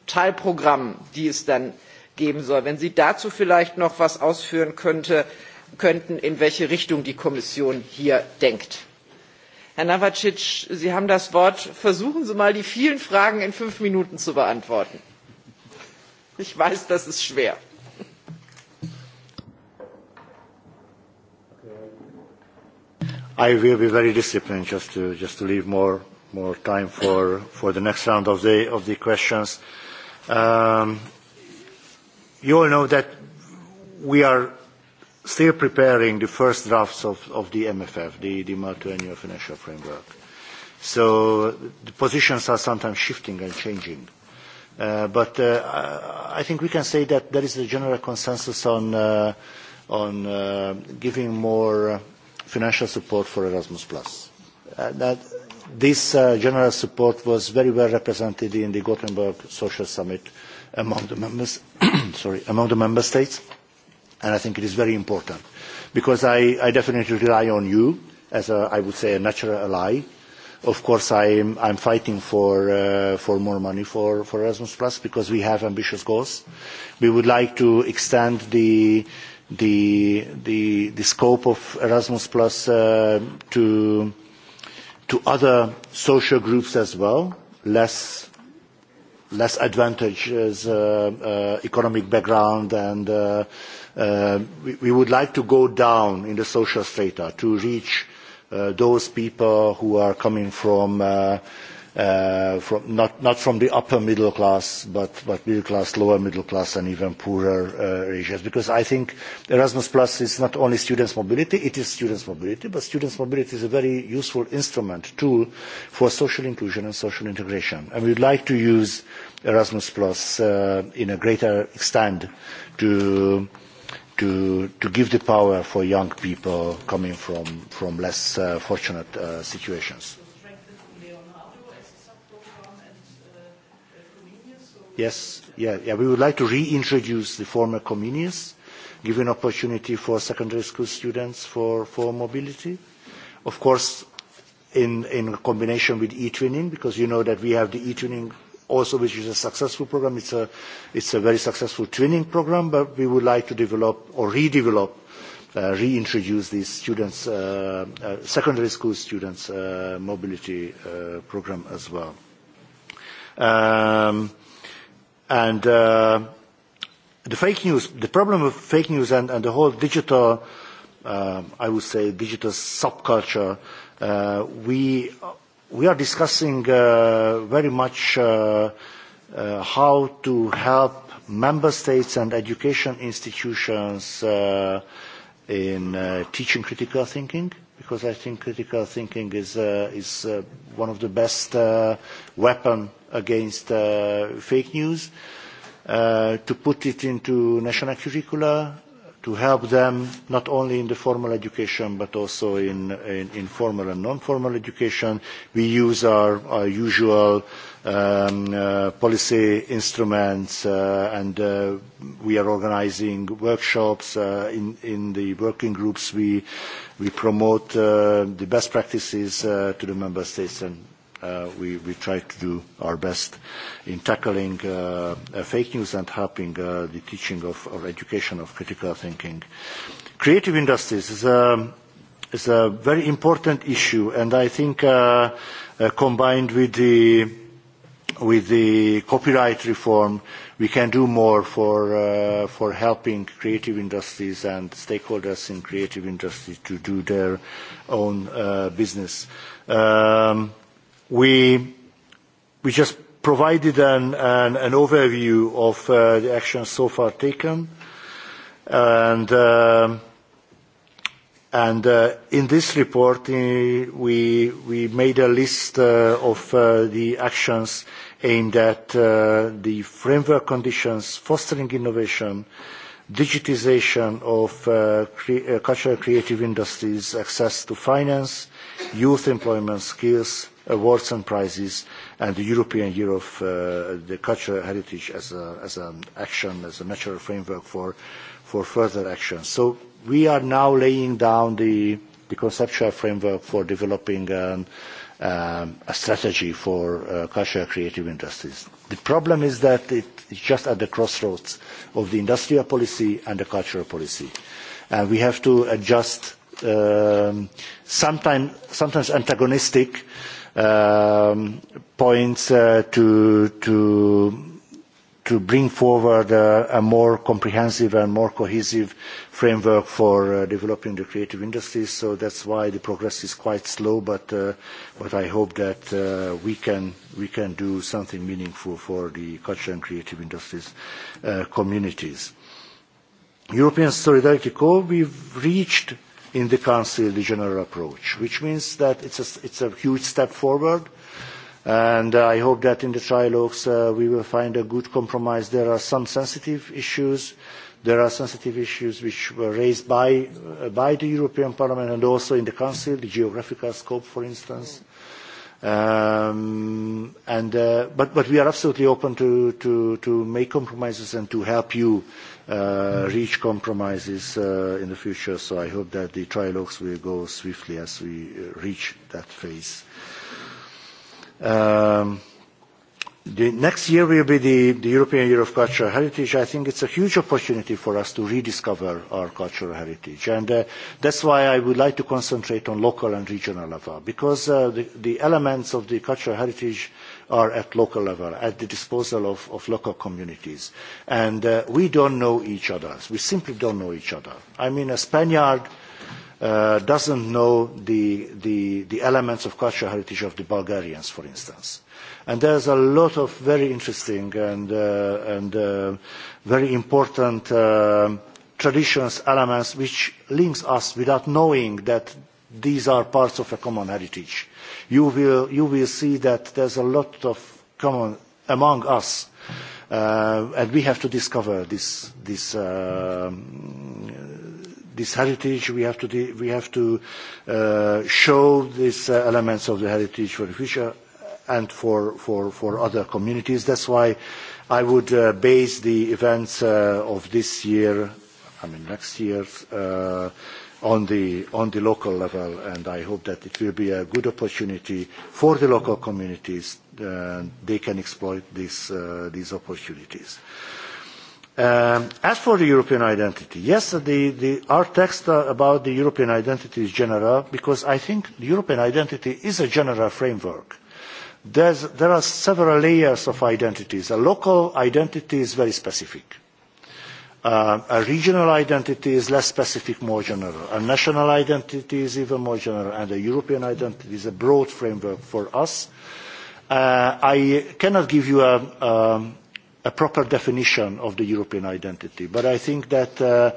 teilprogrammen die es dann geben soll. wenn sie dazu vielleicht noch etwas ausführen könnte, könnten in welche richtung die kommission hier denkt. herr navracsics sie haben das wort. versuchen sie mal die vielen fragen in fünf minuten zu beantworten. ich weiß das ist schwer. I will be very disciplined just to, just to leave more, more time for, for the next round of the, of the questions. Um, you all know that we are still preparing the first drafts of, of the MFF, the, the multi-annual financial framework. So the positions are sometimes shifting and changing. Uh, but uh, I think we can say that there is a general consensus on, uh, on uh, giving more uh, financial support for Erasmus+. Uh, that this uh, general support was very well represented in the Gothenburg Social Summit among the members, sorry, among the member states, and I think it is very important because I, I definitely rely on you as a, I would say, a natural ally. Of course, I'm, I'm fighting for, uh, for more money for, for Erasmus Plus because we have ambitious goals. We would like to extend the the the, the scope of Erasmus Plus uh, to to other social groups as well, less less advantageous uh, uh, economic background and uh, uh, we, we would like to go down in the social strata to reach uh, those people who are coming from uh, Uh, from, not, not from the upper middle class, but, but middle class, lower middle class, and even poorer uh, regions. Because I think Erasmus Plus is not only students' mobility, it is students' mobility, but students' mobility is a very useful instrument, tool for social inclusion and social integration. And we'd like to use Erasmus Plus uh, in a greater extent to to to give the power for young people coming from from less uh, fortunate uh, situations. Yes, yeah, yeah. We would like to reintroduce the former communes, give an opportunity for secondary school students for, for mobility. Of course, in, in combination with e-twinning, because you know that we have the e-twinning also, which is a successful program. It's a, it's a very successful twinning program, but we would like to develop or redevelop, uh, reintroduce these students, uh, uh, secondary school students' uh, mobility uh, program as well. Um, And uh, the fake news, the problem of fake news and, and the whole digital, uh, I would say, digital subculture, uh, we, we are discussing uh, very much uh, uh, how to help member states and education institutions uh, in uh, teaching critical thinking because I think critical thinking is, uh, is uh, one of the best uh, weapons against uh, fake news, uh, to put it into national curricula, to help them not only in the formal education but also in, in, in formal and non-formal education. We use our, our usual um, uh, policy instruments uh, and uh, we are organizing workshops. Uh, in, in the working groups we, we promote uh, the best practices uh, to the member states and Uh, we, we try to do our best in tackling uh, uh fake news and helping uh, the teaching of or education of critical thinking. Creative industries is a, is a very important issue, and I think uh, uh, combined with the, with the copyright reform, we can do more for, for helping creative industries and stakeholders in creative industries to do their own business. Um, We, just provided an, overview of uh, the actions so far taken. And, um, uh, in this report, eh, we, made a list uh, of the actions aimed at the framework conditions, fostering innovation, digitization of cultural creative industries, access to finance, youth employment skills, awards and prizes, and the European Year of uh, the Cultural Heritage as, a, as an action, as a natural framework for, for further action. So we are now laying down the, the conceptual framework for developing um, a strategy for uh, cultural creative industries. The problem is that it is just at the crossroads of the industrial policy and the cultural policy. And we have to adjust um, sometimes antagonistic um, points uh, to, to, to bring forward uh, a more comprehensive and more cohesive framework for uh, developing the creative industries. So that's why the progress is quite slow, but, uh, but I hope that uh, we, can, we can do something meaningful for the culture and creative industries uh, communities. European Solidarity Corps, we've reached in the Council the general approach, which means that it's a, it's a huge step forward. And I hope that in the trilogues uh, we will find a good compromise. There are some sensitive issues. There are sensitive issues which were raised by, uh, by the European Parliament and also in the Council, the geographical scope, for instance. Um, and, uh, but, but we are absolutely open to, to, to make compromises and to help you uh, Uh, reach compromises uh, in the future. So I hope that the trilogues will go swiftly as we uh, reach that phase. Um, the next year will be the, the European Year of Cultural Heritage. I think it's a huge opportunity for us to rediscover our cultural heritage. And uh, that's why I would like to concentrate on local and regional level, because uh, the, the elements of the cultural heritage uh, are at local level, at the disposal of, of local communities. And uh, we don't know each other. We simply don't know each other. I mean, a Spaniard uh, doesn't know the, the, the elements of cultural heritage of the Bulgarians, for instance. And there's a lot of very interesting and, uh, and uh, very important uh, traditions, elements, which links us without knowing that these are parts of a common heritage you will, you will see that there's a lot of common among us. Uh, and we have to discover this, this, uh, this heritage. We have to, we have to uh, show these uh, elements of the heritage for the future and for, for, for other communities. That's why I would uh, base the events uh, of this year, I mean next year's, uh, on the, on the local level, and I hope that it will be a good opportunity for the local communities. Uh, they can exploit this, uh, these opportunities. Um, as for the European identity, yes, the, the, our text uh, about the European identity is general because I think the European identity is a general framework. There's, there are several layers of identities. A local identity is very specific Uh, a regional identity is less specific, more general. A national identity is even more general, and a European identity is a broad framework for us. Uh, I cannot give you a, a, um, a, proper definition of the European identity, but I think that uh,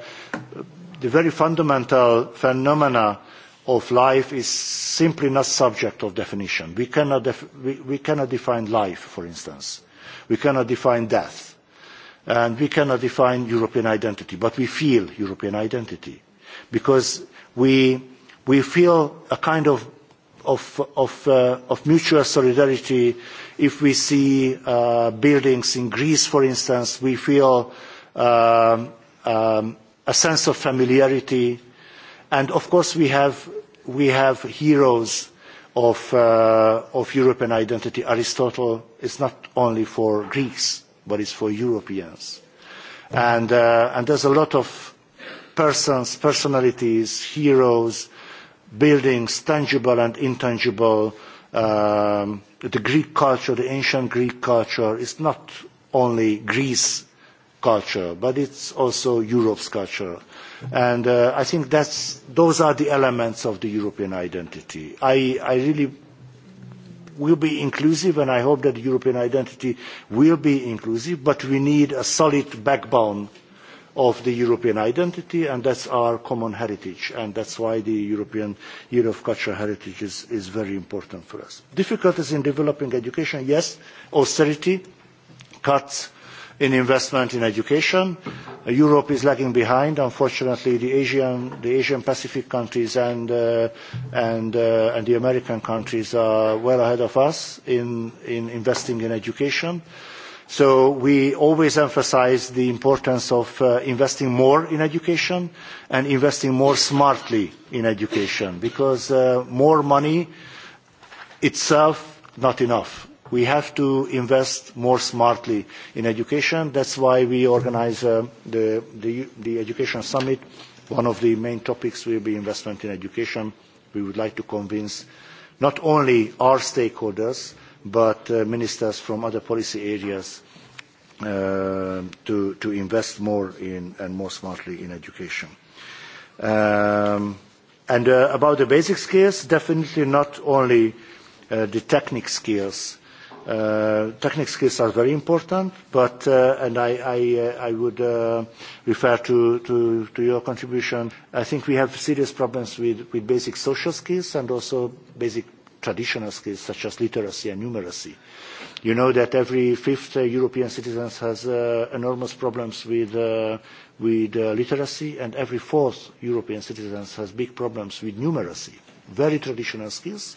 the very fundamental phenomena of life is simply not subject of definition. We cannot, def we, we cannot define life, for instance. We cannot define death and we cannot define European identity, but we feel European identity because we, we feel a kind of, of, of, uh, of mutual solidarity. If we see uh, buildings in Greece, for instance, we feel um, um, a sense of familiarity. And of course, we have, we have heroes of, uh, of European identity. Aristotle is not only for Greeks but it's for Europeans. And, uh, and there's a lot of persons, personalities, heroes, buildings, tangible and intangible. Um, the Greek culture, the ancient Greek culture, is not only Greece culture, but it's also Europe's culture. And uh, I think that's, those are the elements of the European identity. I, I really will be inclusive, and I hope that the European identity will be inclusive, but we need a solid backbone of the European identity, and that's our common heritage, and that's why the European Year of Cultural Heritage is, is very important for us. Difficulties in developing education, yes, austerity, cuts, in investment in education. Uh, Europe is lagging behind. Unfortunately, the Asian, the Asian Pacific countries and, uh, and, uh, and the American countries are well ahead of us in, in investing in education. So we always emphasize the importance of uh, investing more in education and investing more smartly in education because uh, more money itself not enough We have to invest more smartly in education. That's why we organize uh, the, the, the Education Summit. One of the main topics will be investment in education. We would like to convince not only our stakeholders, but uh, ministers from other policy areas uh, to, to invest more in and more smartly in education. Um, and uh, about the basic skills, definitely not only uh, the technical skills Uh, technical skills are very important, but uh, and I, I, uh, I would uh, refer to, to, to your contribution. I think we have serious problems with, with basic social skills and also basic traditional skills such as literacy and numeracy. You know that every fifth European citizen has enormous problems with, with literacy, and every fourth European citizen has big problems with numeracy. Very traditional skills,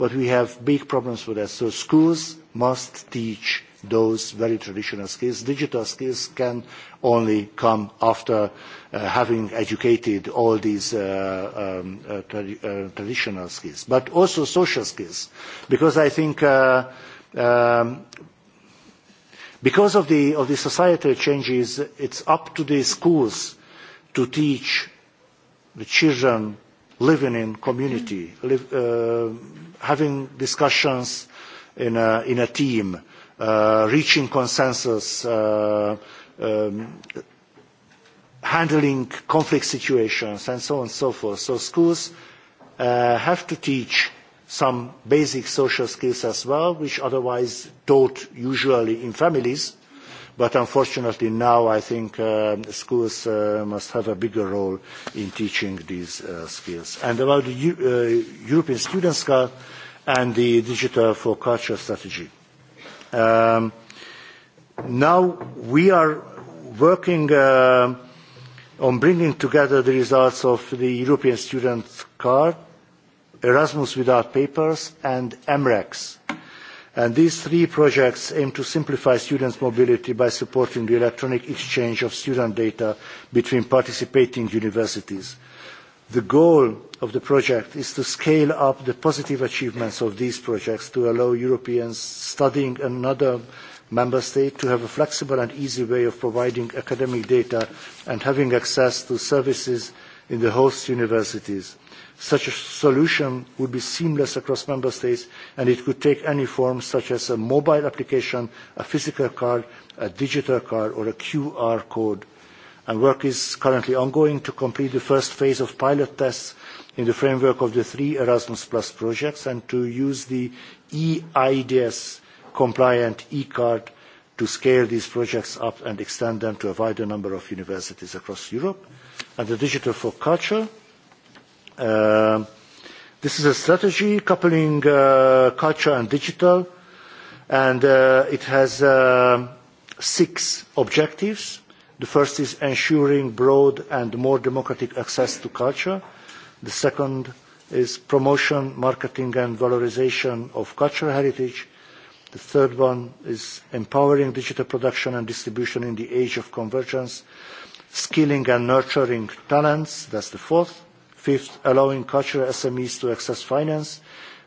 but we have big problems with that. So schools must teach those very traditional skills. Digital skills can only come after uh, having educated all these uh, um, uh, tra uh, traditional skills, but also social skills, because I think uh, um, because of the, of the societal changes, it's up to the schools to teach the children living in community, live, uh, having discussions in a, in a team, uh, reaching consensus, uh, um, handling conflict situations, and so on and so forth. So schools uh, have to teach some basic social skills as well, which otherwise taught usually in families but unfortunately now I think uh, schools uh, must have a bigger role in teaching these uh, skills. And about the U uh, European Students' Card and the Digital for Culture strategy. Um, now we are working uh, on bringing together the results of the European Students' Card, Erasmus Without Papers, and MREX And these three projects aim to simplify students' mobility by supporting the electronic exchange of student data between participating universities. The goal of the project is to scale up the positive achievements of these projects to allow Europeans studying in another member state to have a flexible and easy way of providing academic data and having access to services in the host universities. Such a solution would be seamless across member states and it could take any form such as a mobile application, a physical card, a digital card or a QR code. And work is currently ongoing to complete the first phase of pilot tests in the framework of the three Erasmus Plus projects and to use the EIDS compliant e-card to scale these projects up and extend them to a wider number of universities across Europe. And the Digital for Culture Uh, this is a strategy coupling uh, culture and digital, and uh, it has uh, six objectives. The first is ensuring broad and more democratic access to culture. The second is promotion, marketing and valorization of cultural heritage. The third one is empowering digital production and distribution in the age of convergence, skilling and nurturing talents. That's the fourth fifth, allowing cultural SMEs to access finance,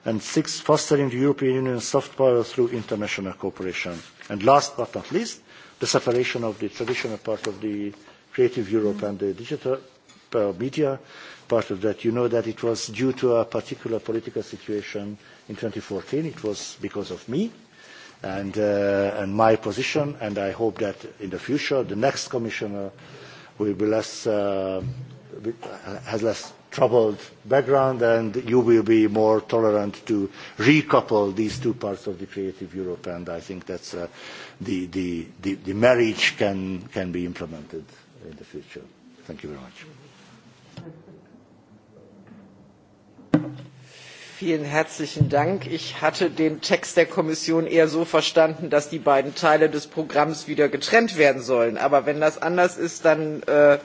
and sixth, fostering the European Union's soft power through international cooperation. And last but not least, the separation of the traditional part of the Creative Europe and the digital uh, media part of that. You know that it was due to a particular political situation in 2014. It was because of me and, uh, and my position, and I hope that in the future the next commissioner will be less, uh, uh has less troubled background, and you will be more tolerant to recouple these two parts of the creative Europe, and I think that's uh, the, the, the, the marriage can, can be implemented in the future. Thank you very much. Vielen herzlichen Dank. Ich hatte den Text der Kommission eher so verstanden, dass die beiden Teile des Programms wieder getrennt werden sollen. Aber wenn das anders ist, dann äh,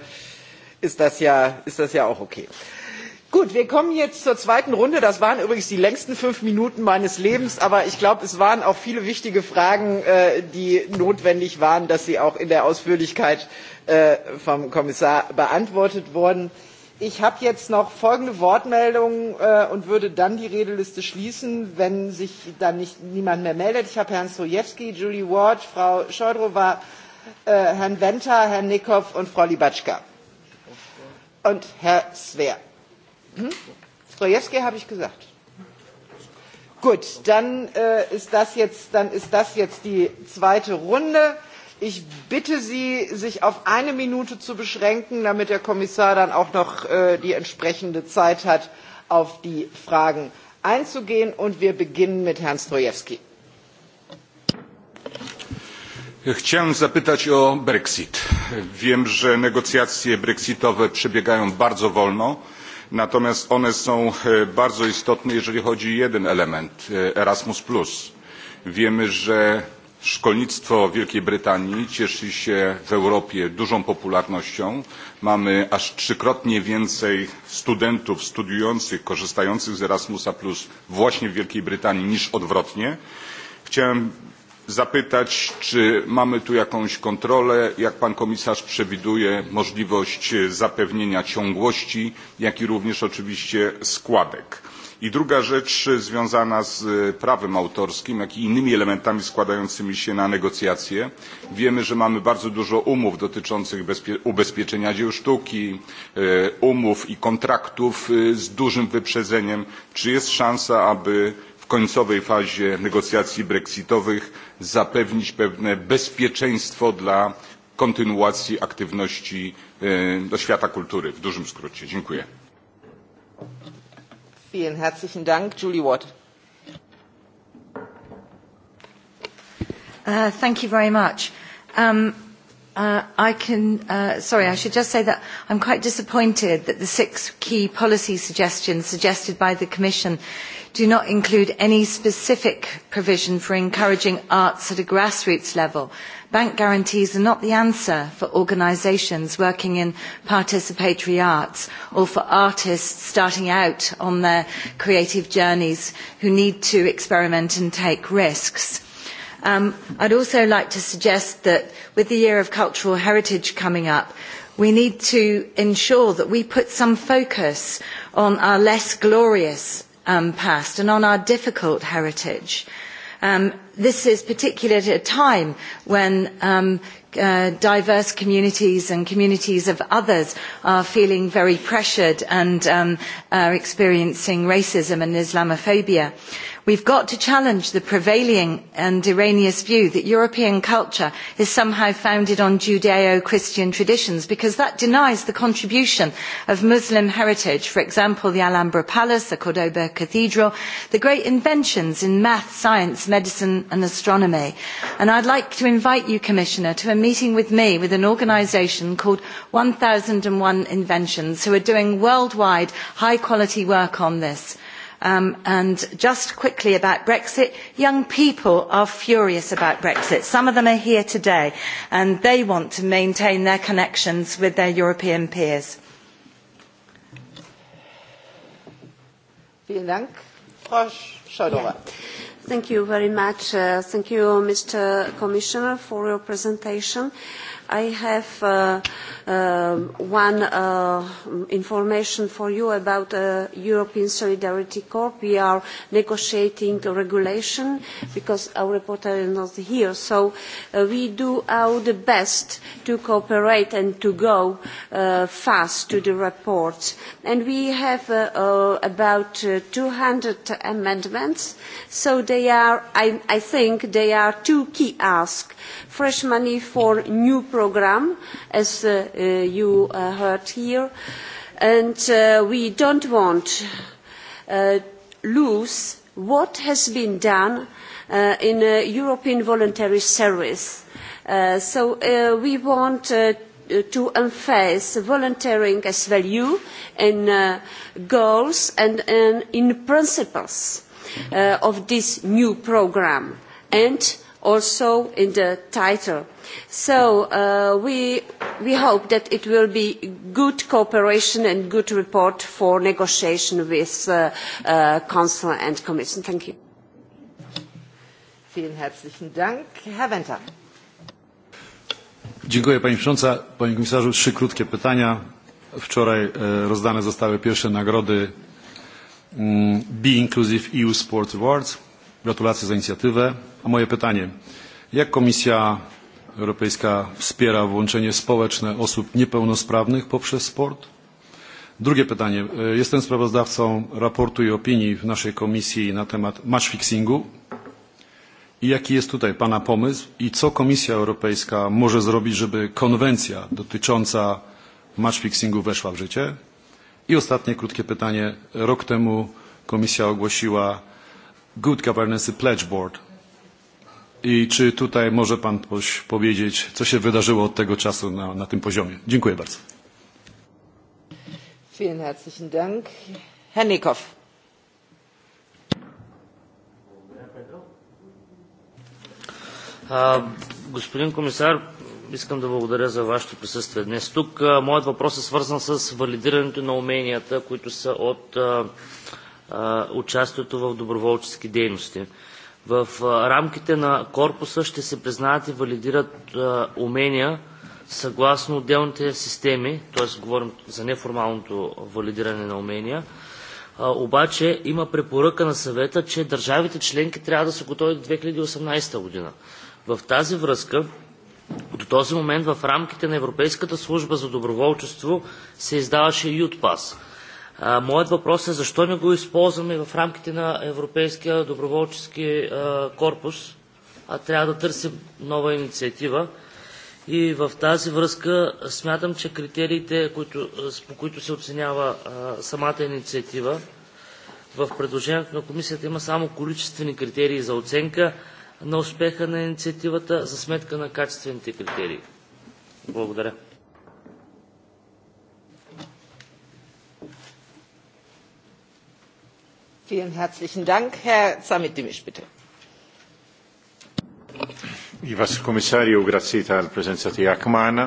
ist, das ja, ist das ja auch okay gut wir kommen jetzt zur zweiten runde. das waren übrigens die längsten fünf minuten meines lebens aber ich glaube es waren auch viele wichtige fragen äh, die notwendig waren dass sie auch in der ausführlichkeit äh, vom kommissar beantwortet wurden. ich habe jetzt noch folgende wortmeldungen äh, und würde dann die redeliste schließen wenn sich dann nicht, niemand mehr meldet ich habe herrn strojewski julie ward frau ojdrov herrn wenta herrn nikow und frau ybacka und herr sver Hm? Strojewski habe ich gesagt. Gut, dann, äh, ist das jetzt, dann ist das jetzt die zweite Runde. Ich bitte Sie, sich auf eine Minute zu beschränken, damit der Kommissar dann auch noch äh, die entsprechende Zeit hat, auf die Fragen einzugehen. Und wir beginnen mit Herrn Strojewski. Chciałem zapytać o Brexit. Wiem, że negocjacje brexitowe przebiegają bardzo wolno natomiast one są e, bardzo istotne jeżeli chodzi o jeden element e, erasmus. wiemy że szkolnictwo w wielkiej brytanii cieszy się w europie dużą popularnością mamy aż trzykrotnie więcej studentów studiujących korzystających z erasmusa właśnie w wielkiej brytanii niż odwrotnie. chciałem zapytać, czy mamy tu jakąś kontrolę, jak pan komisarz przewiduje możliwość e, zapewnienia ciągłości, jak i również oczywiście składek. I druga rzecz e, związana z e, prawem autorskim, jak i innymi elementami składającymi się na negocjacje. Wiemy, że mamy bardzo dużo umów dotyczących ubezpieczenia dzieł sztuki, umów i kontraktów z dużym wyprzedzeniem. Czy jest szansa, aby końcowej fazie negocjacji brexitowych zapewnić pewne bezpieczeństwo dla kontynuacji aktywności e, do świata kultury w dużym skrócie. Dziękuję. Vielen herzlichen Dank. Julie Watt. Uh, thank you very much. Um, uh, I can, uh, sorry, I should just say that I'm quite disappointed that the six key policy suggestions suggested by the Commission do not include any specific provision for encouraging arts at a grassroots level. Bank guarantees are not the answer for organisations working in participatory arts or for artists starting out on their creative journeys who need to experiment and take risks. Um, I'd also like to suggest that with the Year of Cultural Heritage coming up, we need to ensure that we put some focus on our less glorious um, past and on our difficult heritage. Um, this is particularly at a time when um, uh, diverse communities and communities of others are feeling very pressured and um, are experiencing racism and Islamophobia. We've got to challenge the prevailing and erroneous view that European culture is somehow founded on judaeo christian traditions because that denies the contribution of Muslim heritage, for example, the Alhambra Palace, the Cordoba Cathedral, the great inventions in math, science, medicine and astronomy. And I'd like to invite you, Commissioner, to a meeting with me with an organisation called 1001 Inventions who are doing worldwide high quality work on this. Um, and just quickly about Brexit, young people are furious about Brexit. Some of them are here today, and they want to maintain their connections with their European peers. Vielen Dank. Frau Schaudova. Yeah. Thank you very much. Uh, thank you, Mr. Commissioner, for your presentation. Uh, i have uh, uh, one uh, information for you about uh, European Solidarity Corps. We are negotiating a regulation because our reporter is not here. So uh, we do our best to cooperate and to go uh, fast to the reports. And we have uh, uh, about uh, 200 amendments. So they are, I, I think, they are two key asks. Fresh money for new projects programme, as uh, you uh, heard here, and uh, we don't want uh, lose what has been done uh, in a European voluntary service. Uh, so uh, we want uh, to emphasise volunteering as value in uh, goals and, and in principles uh, of this new programme and also in the title So uh, we, we hope that it will be good cooperation and good report for negotiation with uh, uh, Council and Commission. Thank you. Vielen herzlichen Dank. Herr Wenta. Dziękuję Pani Przewodnicząca. Panie Komisarzu, trzy krótkie pytania. Wczoraj e, rozdane zostały pierwsze nagrody mm, Be Inclusive EU Sport Awards. Gratulacje za inicjatywę. A moje pytanie, jak Komisja Europejska wspiera włączenie społeczne osób niepełnosprawnych poprzez sport? Drugie pytanie. Jestem sprawozdawcą raportu i opinii w naszej komisji na temat match fixingu. I jaki jest tutaj Pana pomysł i co Komisja Europejska może zrobić, żeby konwencja dotycząca match fixingu weszła w życie? I ostatnie krótkie pytanie. Rok temu Komisja ogłosiła Good Governance Pledge Board, i czy tutaj może Pan powiedzieć, co się wydarzyło od tego czasu na, na tym poziomie? Dziękuję bardzo. Vielen herzlichen Dank. Herr Nikow. А, господин комисар, искам да благодаря за вашето присъствие днес тук. А, моят въпрос е свързан с валидирането на уменията, които са от а, участието в доброволчески дейности в рамките на корпуса ще се признаят и валидират умения съгласно отделните системи, т.е. говорим за неформалното валидиране на умения, обаче има препоръка на съвета, че държавите членки трябва да са готови до 2018 година. В тази връзка до този момент в рамките на Европейската служба за доброволчество се издаваше ЮТПАС Моят въпрос е защо не го използваме в рамките на Европейския доброволчески корпус, а трябва да търсим нова инициатива. И в тази връзка смятам, че критериите, които, по които се оценява а, самата инициатива, в предложението на комисията има само количествени критерии за оценка на успеха на инициативата за сметка на качествените критерии. Благодаря. Vielen herzlichen Dank. Herr Zamitdimisch, bitte. Ivas Komissarju, grazzi tal-prezenza tijak maħna.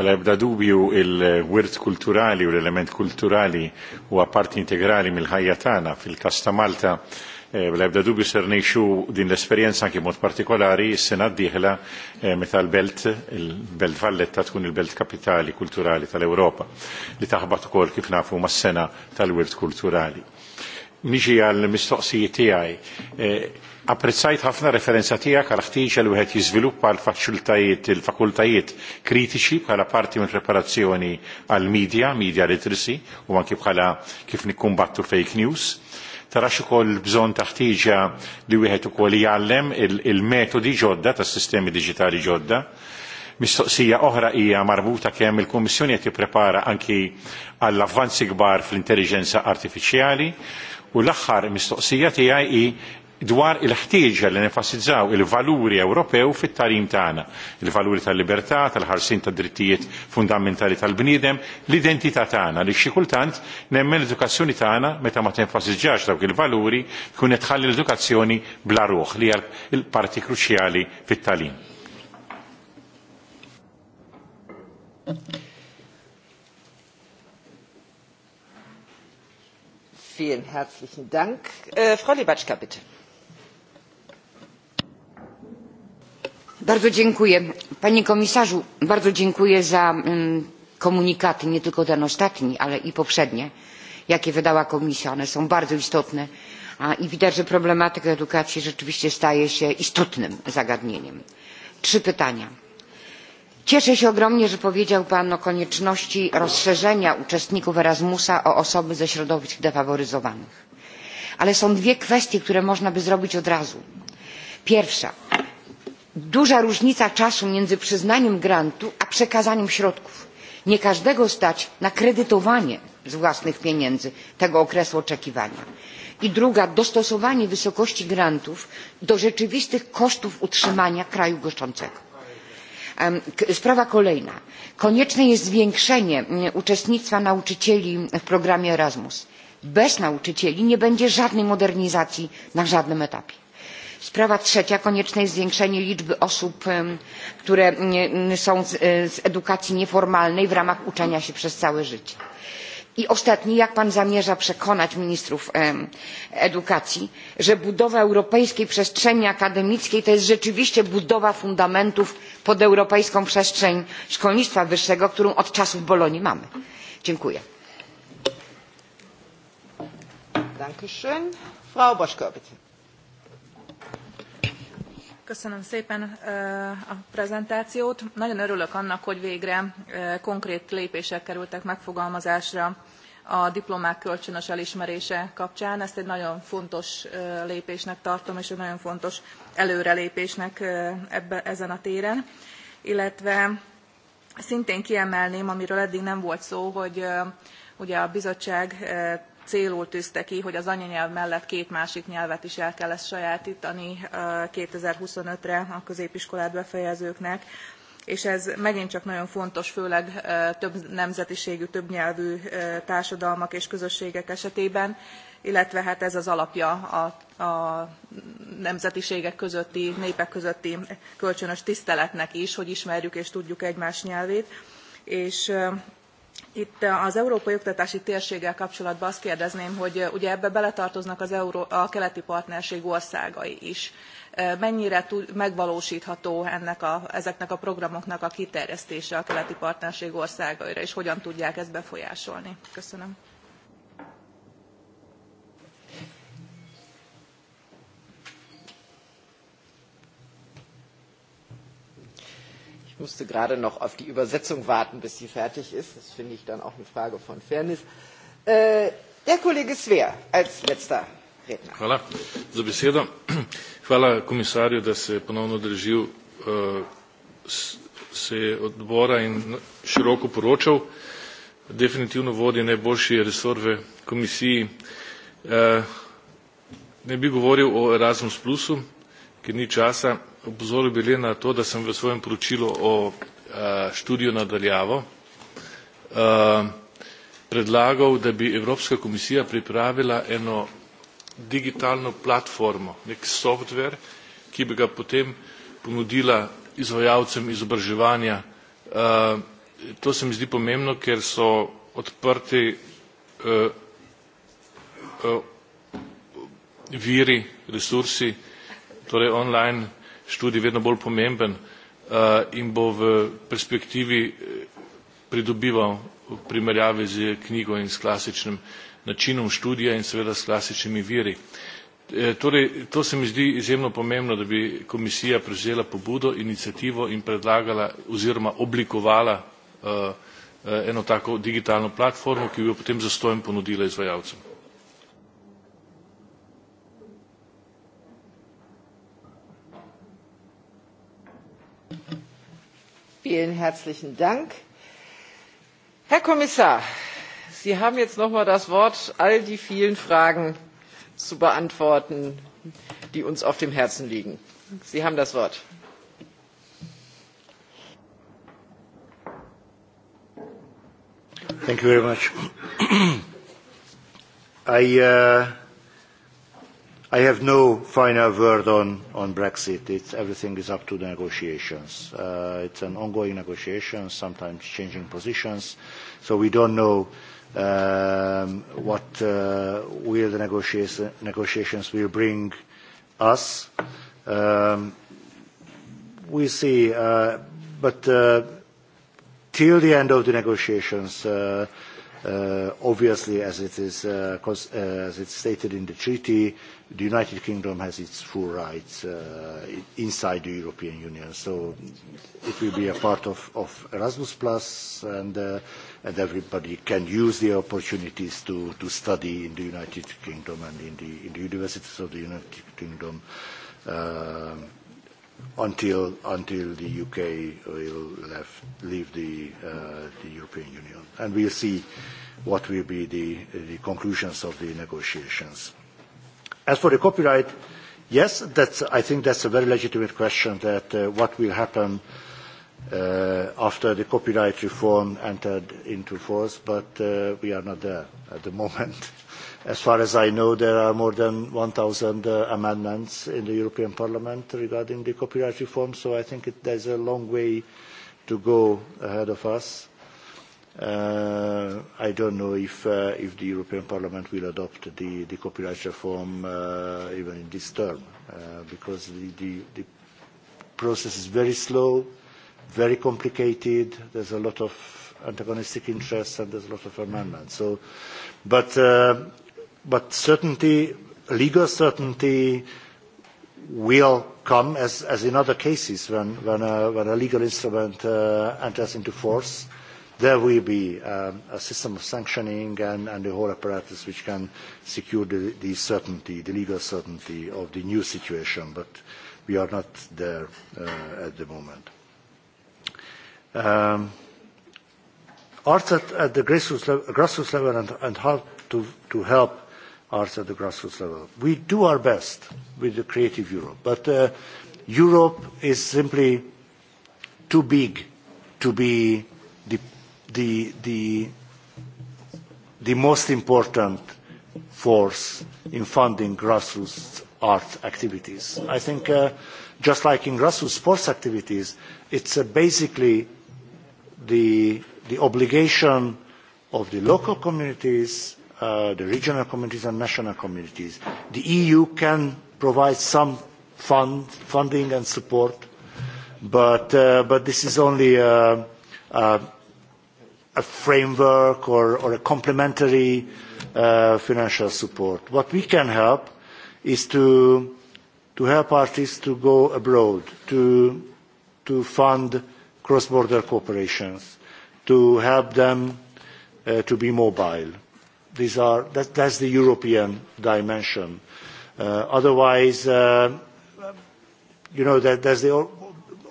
Mela ebda dubju il-wirt kulturali u l-element kulturali huwa parti integrali mill-ħajja tagħna fil-kas ta' Malta. Eh, mela ebda dubju ser ngħixu din l-esperjenza anke mod partikolari s-sena d-dieħla eh, meta l-belt, il-belt Valletta tkun il-belt kapitali kulturali tal-Ewropa li taħbat ukoll kif nafu mas-sena tal-wirt kulturali niġi għal mistoqsijiet e tiegħi. Eh, Apprezzajt ħafna referenza tiegħek għal ħtieġ li wieħed jiżviluppa l-faċiltajiet il-fakultajiet kritiċi bħala parti minn preparazzjoni għal media, media literacy u anki bħala kif nikkumbattu fake news tarax ukoll bżonn ta' ħtieġa li wieħed ukoll jgħallem il-metodi ġodda tas-sistemi diġitali ġodda. Mistoqsija oħra hija marbuta kemm il-Kummissjoni qed tipprepara anki għall avvanzi kbar fl-intelligenza artifiċjali u l-aħħar mistoqsija tiegħi hi dwar il-ħtieġa li nenfasizzaw il-valuri Ewropew fit-tarim tagħna, il-valuri tal-libertà, tal-ħarsin tad drittijiet fundamentali tal-bniedem, l-identità tagħna li xi kultant nemmen l-edukazzjoni tagħna meta ma tenfasizzax dawk il-valuri tkun qed tħalli l-edukazzjoni bla ruħ li hija l-parti kruċjali fit-talim. vielen herzlichen Dank. Äh, Frau Libacka, bitte. Bardzo dziękuję. Panie komisarzu, bardzo dziękuję za mm, komunikaty, nie tylko ten ostatni, ale i poprzednie, jakie wydała Komisja. One są bardzo istotne i widać, że problematyka edukacji rzeczywiście staje się istotnym zagadnieniem. Trzy pytania cieszę się ogromnie że powiedział pan o konieczności rozszerzenia uczestników erasmusa o osoby ze środowisk defaworyzowanych ale są dwie kwestie które można by zrobić od razu pierwsza duża różnica czasu między przyznaniem grantu a przekazaniem środków nie każdego stać na kredytowanie z własnych pieniędzy tego okresu oczekiwania i druga dostosowanie wysokości grantów do rzeczywistych kosztów utrzymania kraju goszczącego sprawa kolejna konieczne jest zwiększenie uczestnictwa nauczycieli w programie erasmus. bez nauczycieli nie będzie żadnej modernizacji na żadnym etapie. sprawa trzecia konieczne jest zwiększenie liczby osób które są e, z edukacji nieformalnej w ramach uczenia się przez całe życie. I ostatni, jak pan zamierza przekonać ministrów edukacji, że budowa europejskiej przestrzeni akademickiej to jest rzeczywiście budowa fundamentów pod europejską przestrzeń szkolnictwa wyższego, którą od czasów Bolonii mamy? Dziękuję. Dankeschön. Frau Boschko, bitte. Köszönöm szépen eh, a prezentációt. Nagyon örülök annak, hogy végre eh, konkrét lépések kerültek megfogalmazásra a diplomák kölcsönös elismerése kapcsán. Ezt egy nagyon fontos lépésnek tartom, és egy nagyon fontos előrelépésnek ebbe, ezen a téren. Illetve szintén kiemelném, amiről eddig nem volt szó, hogy ugye a bizottság célul tűzte ki, hogy az anyanyelv mellett két másik nyelvet is el kell ezt sajátítani 2025-re a középiskolát befejezőknek, és ez megint csak nagyon fontos, főleg több nemzetiségű, több nyelvű társadalmak és közösségek esetében, illetve hát ez az alapja a, a nemzetiségek közötti, népek közötti kölcsönös tiszteletnek is, hogy ismerjük és tudjuk egymás nyelvét. És Itt az európai oktatási térséggel kapcsolatban azt kérdezném, hogy ugye ebbe beletartoznak az Euró- a keleti partnerség országai is. Mennyire tud, megvalósítható ennek a, ezeknek a programoknak a kiterjesztése a keleti partnerség országaira, és hogyan tudják ezt befolyásolni? Köszönöm. Ich musste gerade noch auf die Übersetzung warten, bis sie fertig ist. Das finde ich dann auch eine Frage von Fairness. Äh, der Kollege Sver als letzter Redner. Hvala za besedo. Hvala komisarju, da se ponovno držil uh, eh, se odbora in široko poročal. Definitivno vodi najboljši resor v komisiji. Uh, ne bi govoril o Erasmus, Plusu, ker ni časa opozoril bi le na to da sem v svojem poročilu o eh, študiju na daljavo eh, predlagal da bi evropska komisija pripravila eno digitalno platformo nek software ki bi ga potem ponudila izvajalcem izobraževanja. Eh, to se mi zdi pomembno ker so odprti viri resursi torej online študij vedno bolj pomemben eh, in bo v perspektivi eh, pridobival v primerjavi s knjigo in s klasičnim načinom študija in seveda s klasičnimi viri. Eh, torej to se mi zdi izjemno pomembno da bi komisija prevzela pobudo iniciativo in predlagala oziroma oblikovala eno tako digitalno platformo ki bi jo potem zastonj ponudila izvajalcem. vielen herzlichen dank. herr kommissar sie haben jetzt noch mal das wort all die vielen fragen zu beantworten die uns auf dem herzen liegen. sie haben das wort. Thank you very much. I uh, i have no final word on, on Brexit. It's, everything is up to the negotiations. Uh, it's an ongoing negotiation, sometimes changing positions. So we don't know um, what uh, will the negotiations will bring us. Um, we see, uh, but uh, till the end of the negotiations, uh, Uh, obviously, as it is uh, uh, as it's stated in the treaty, the United Kingdom has its full rights uh, inside the European Union. So it will be a part of, of Erasmus Plus, and, uh, and everybody can use the opportunities to, to study in the United Kingdom and in the, in the universities of the United Kingdom. Um, until until the UK will left, leave the, uh, the European Union, and we'll see what will be the, the conclusions of the negotiations. As for the copyright, yes, that's, I think that's a very legitimate question. That uh, what will happen uh, after the copyright reform entered into force, but uh, we are not there at the moment. As far as I know, there are more than 1,000 uh, amendments in the European Parliament regarding the copyright reform, so I think it, there's a long way to go ahead of us. Uh, I don't know if, uh, if the European Parliament will adopt the, the copyright reform uh, even in this term, uh, because the, the, the process is very slow, very complicated. There's a lot of antagonistic interests and there's a lot of amendments. So, but uh, but certainty, legal certainty will come as, as in other cases when, when, a, when a legal instrument uh, enters into force. There will be um, a system of sanctioning and, and the whole apparatus which can secure the, the certainty, the legal certainty of the new situation, but we are not there uh, at the moment. Um, arts at, at the grassroots level, grassroots level and, and how to, to help Arts at the grassroots level. We do our best with the Creative Europe, but uh, Europe is simply too big to be the, the, the, the most important force in funding grassroots art activities. I think uh, just like in grassroots sports activities, it's uh, basically the, the obligation of the local communities Uh, the regional communities and national communities. The EU can provide some fund, funding and support, but, uh, but this is only a, a, a framework or, or a complementary uh, financial support. What we can help is to, to help artists to go abroad, to, to fund cross-border cooperations, to help them uh, to be mobile These are, that, that's the European dimension. Uh, otherwise, uh, you know, that, there's the,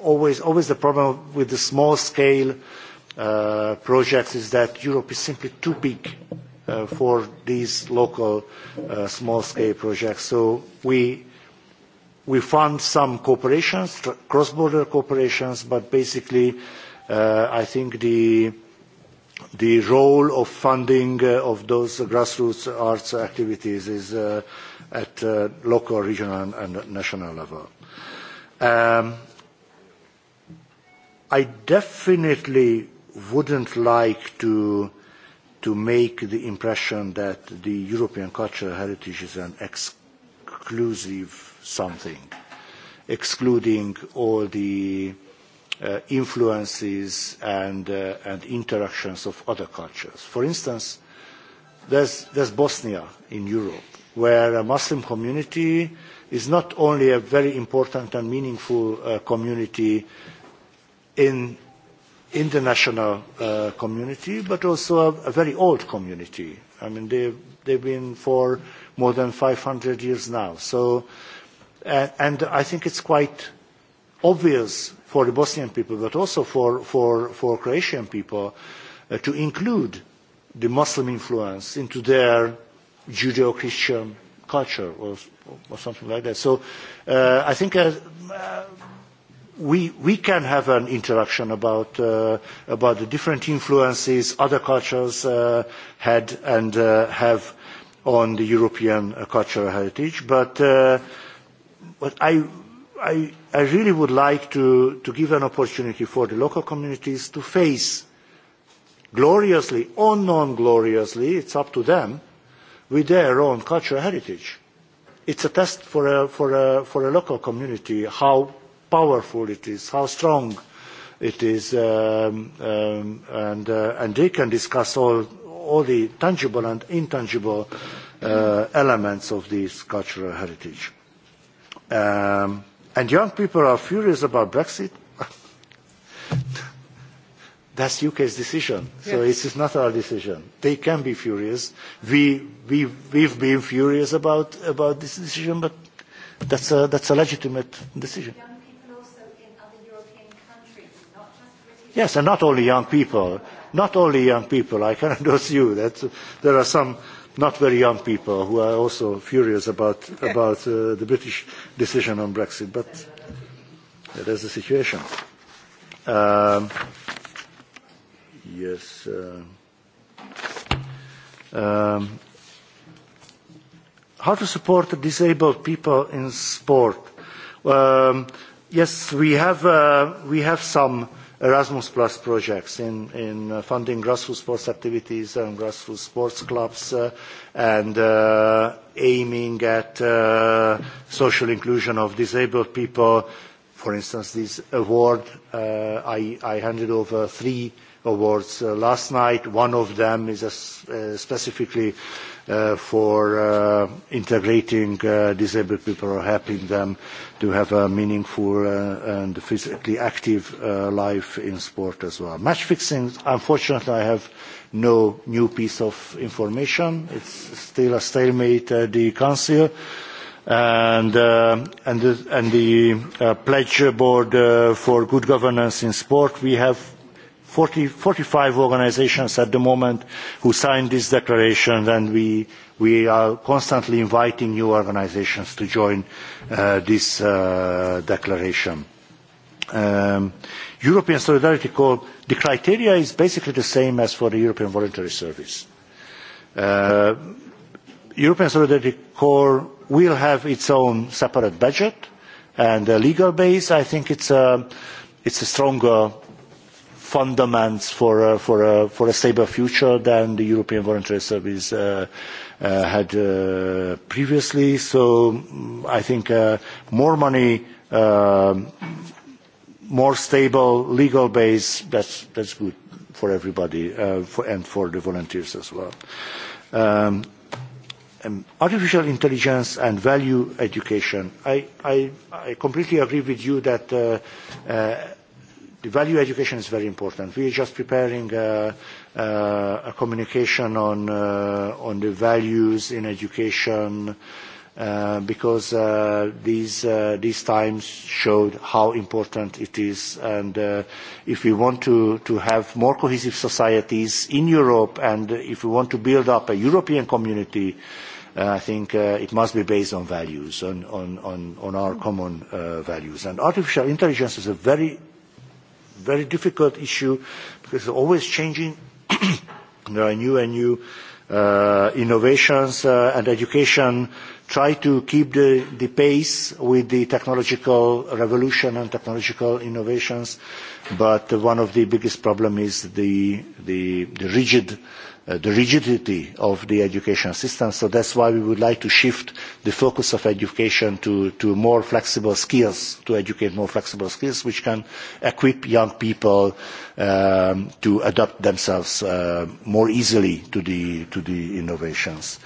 always, always the problem with the small scale uh, projects is that Europe is simply too big uh, for these local uh, small scale projects. So we, we fund some cooperations, cross-border cooperations, but basically uh, I think the the role of funding uh, of those grassroots arts activities is uh, at uh, local, regional and national level. Um, I definitely wouldn't like to to make the impression that the European cultural heritage is an exclusive something, excluding all the uh, influences and, uh, and interactions of other cultures. For instance, there's, there's Bosnia in Europe, where a Muslim community is not only a very important and meaningful uh, community in, in the national uh, community, but also a, a very old community. I mean, they've, they've been for more than 500 years now. So, uh, and I think it's quite obvious for the Bosnian people, but also for, for, for Croatian people, uh, to include the Muslim influence into their Judeo-Christian culture or, or something like that. So uh, I think uh, we, we can have an interaction about, uh, about the different influences other cultures uh, had and uh, have on the European uh, cultural heritage, but, uh, but I i, I really would like to, to give an opportunity for the local communities to face gloriously or non-gloriously, it's up to them, with their own cultural heritage. It's a test for a, for a, for a local community how powerful it is, how strong it is, um, um, and, uh, and they can discuss all, all the tangible and intangible uh, elements of this cultural heritage. Um, and young people are furious about Brexit, that's UK's decision. Yes. So it is not our decision. They can be furious. We, we, we've been furious about, about this decision, but that's a, that's a legitimate decision. Young people also in other European countries, not just Yes, and not only young people. Not only young people. I can endorse you that there are some not very young people who are also furious about, about uh, the British decision on Brexit, but that is the situation. Um, yes. Uh, um, how to support disabled people in sport? Um, yes, we have, uh, we have some Erasmus Plus projects in, in uh, funding grassroots sports activities and grassroots sports clubs uh, and uh, aiming at uh, social inclusion of disabled people. For instance, this award, uh, I, I handed over three awards uh, last night. One of them is a, uh, specifically uh, for uh, integrating uh, disabled people or helping them to have a meaningful uh, and physically active uh, life in sport as well. Match fixing, unfortunately, I have no new piece of information. It's still a stalemate at the Council. And, uh, and the, and the uh, pledge board uh, for good governance in sport, we have 40, 45 organizations at the moment who signed this declaration, and we, we are constantly inviting new organizations to join uh, this uh, declaration. Um, European Solidarity Corps, the criteria is basically the same as for the European Voluntary Service. Uh, European Solidarity Corps will have its own separate budget and a legal base. I think it's a, it's a stronger fundaments for, for, a for a stable future than the European Voluntary Service uh, uh had uh, previously. So mm, I think uh, more money, um, more stable legal base, that's, that's good for everybody for, and for the volunteers as well. Um, um, artificial intelligence and value education. I, I, I completely agree with you that value education is very important. We are just preparing a, uh, a, uh, a communication on, uh, on the values in education uh, because uh, these, uh, these times showed how important it is. And uh, if we want to, to have more cohesive societies in Europe and if we want to build up a European community, Uh, I think uh, it must be based on values, on, on, on, on our common uh, values. And artificial intelligence is a very very difficult issue because it's always changing. there are new and new uh, innovations uh, and education try to keep the, the pace with the technological revolution and technological innovations. But one of the biggest problems is the, the, the rigid Uh, the rigidity of the education system. So that's why we would like to shift the focus of education to, to more flexible skills, to educate more flexible skills, which can equip young people um, to adapt themselves uh, more easily to the, to the innovations.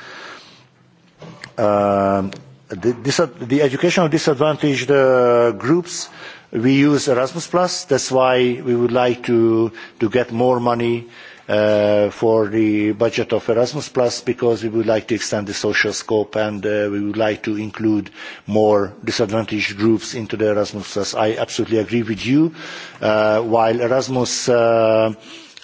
Um, the, the educational disadvantaged uh, groups, we use Erasmus+, that's why we would like to, to get more money uh, uh, for the budget of Erasmus Plus because we would like to extend the social scope and uh, we would like to include more disadvantaged groups into the Erasmus Plus. I absolutely agree with you. Uh, while Erasmus uh,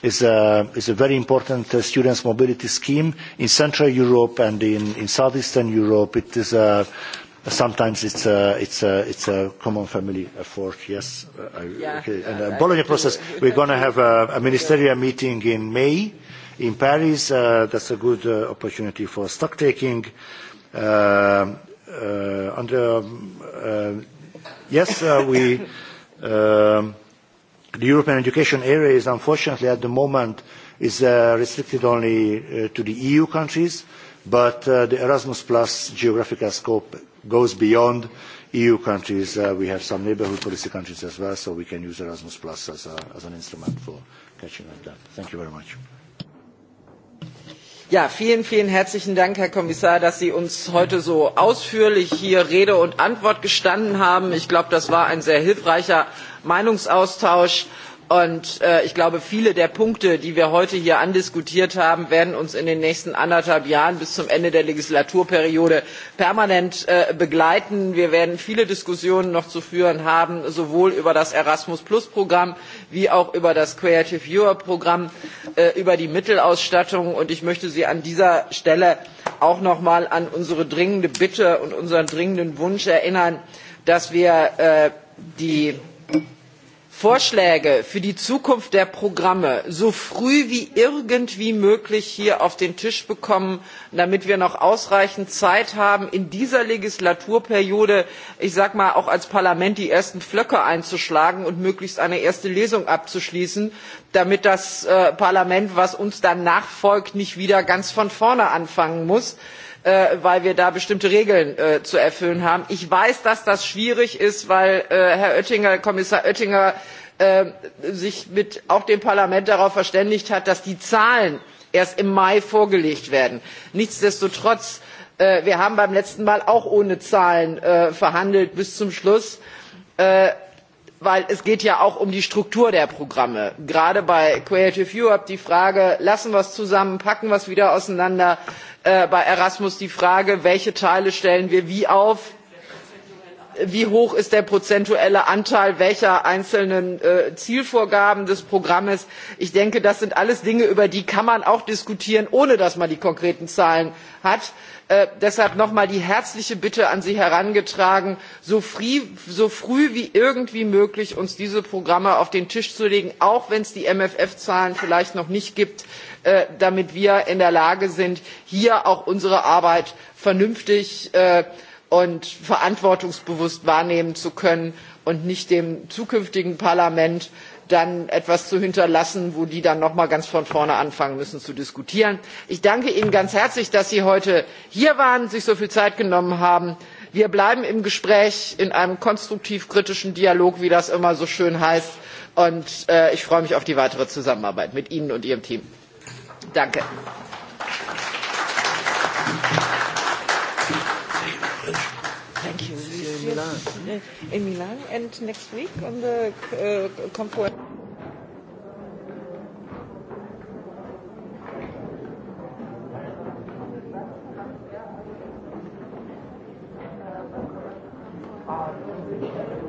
is a, is a very important uh, students' mobility scheme in Central Europe and in, in Southeastern Europe, it is a sometimes it's a, it's a, it's a common family effort, yes. Uh, yeah, okay. And the uh, Bologna process, we're going to have a, a ministerial meeting in May in Paris. Uh, that's a good uh, opportunity for stock taking. Uh, uh, under, um, uh, yes, uh, we, um, the European education area is unfortunately at the moment is uh, restricted only uh, to the EU countries. Uh, But uh, the Erasmus Plus geographical scope goes beyond EU countries. Uh, we have some neighbourhood policy countries as well, so we can use Erasmus Plus as, a, as an instrument for catching up that. Thank you very much. Ja, vielen, vielen herzlichen Dank, Herr Kommissar, dass Sie uns heute so ausführlich hier Rede und Antwort gestanden haben. Ich glaube, das war ein sehr hilfreicher Meinungsaustausch und äh, ich glaube viele der punkte die wir heute hier andiskutiert haben werden uns in den nächsten anderthalb jahren bis zum ende der legislaturperiode permanent äh, begleiten. wir werden viele diskussionen noch zu führen haben sowohl über das erasmus programm wie auch über das creative europe programm äh, über die mittelausstattung und ich möchte sie an dieser stelle auch noch einmal an unsere dringende bitte und unseren dringenden wunsch erinnern dass wir die vorschläge für die zukunft der programme so früh wie irgendwie möglich hier auf den tisch bekommen damit wir noch ausreichend zeit haben in dieser legislaturperiode ich sage mal auch als parlament die ersten pflöcke einzuschlagen und möglichst eine erste lesung abzuschließen damit das äh, parlament das uns dann nachfolgt nicht wieder ganz von vorne anfangen muss. Äh, weil wir da bestimmte regeln äh, zu erfüllen haben. ich weiß dass das schwierig ist weil äh, herr kommissar oettinger äh, sich mit dem parlament darauf verständigt hat dass die zahlen erst im mai vorgelegt werden. nichtsdestotrotz wir haben beim letzten mal auch ohne zahlen verhandelt bis zum schluss weil es geht ja auch um die struktur der programme gerade bei creative europe die frage lassen wir es zusammen packen wir es wieder auseinander äh, bei erasmus die frage welche teile stellen wir wie auf? wie hoch ist der prozentuelle anteil welcher einzelnen äh, zielvorgaben des programms? ich denke das sind alles dinge über die kann man auch diskutieren ohne dass man die konkreten zahlen hat. Äh, deshalb noch einmal die herzliche bitte an sie herangetragen so früh wie irgendwie möglich uns diese programme auf den tisch zu legen auch wenn es die mfr zahlen vielleicht noch nicht gibt äh, damit wir in der lage sind hier auch unsere arbeit vernünftig und verantwortungsbewusst wahrnehmen zu können und nicht dem zukünftigen parlament dann etwas zu hinterlassen wo die dann noch mal ganz von vorne anfangen müssen zu diskutieren. ich danke ihnen ganz herzlich dass sie heute hier waren sich so viel zeit genommen haben. wir bleiben im gespräch in einem konstruktiv kritischen dialog wie das immer so schön heißt und äh, ich freue mich auf die weitere zusammenarbeit mit ihnen und ihrem team. danke! Milan. In Milan, and next week on the uh, conference. Thank you.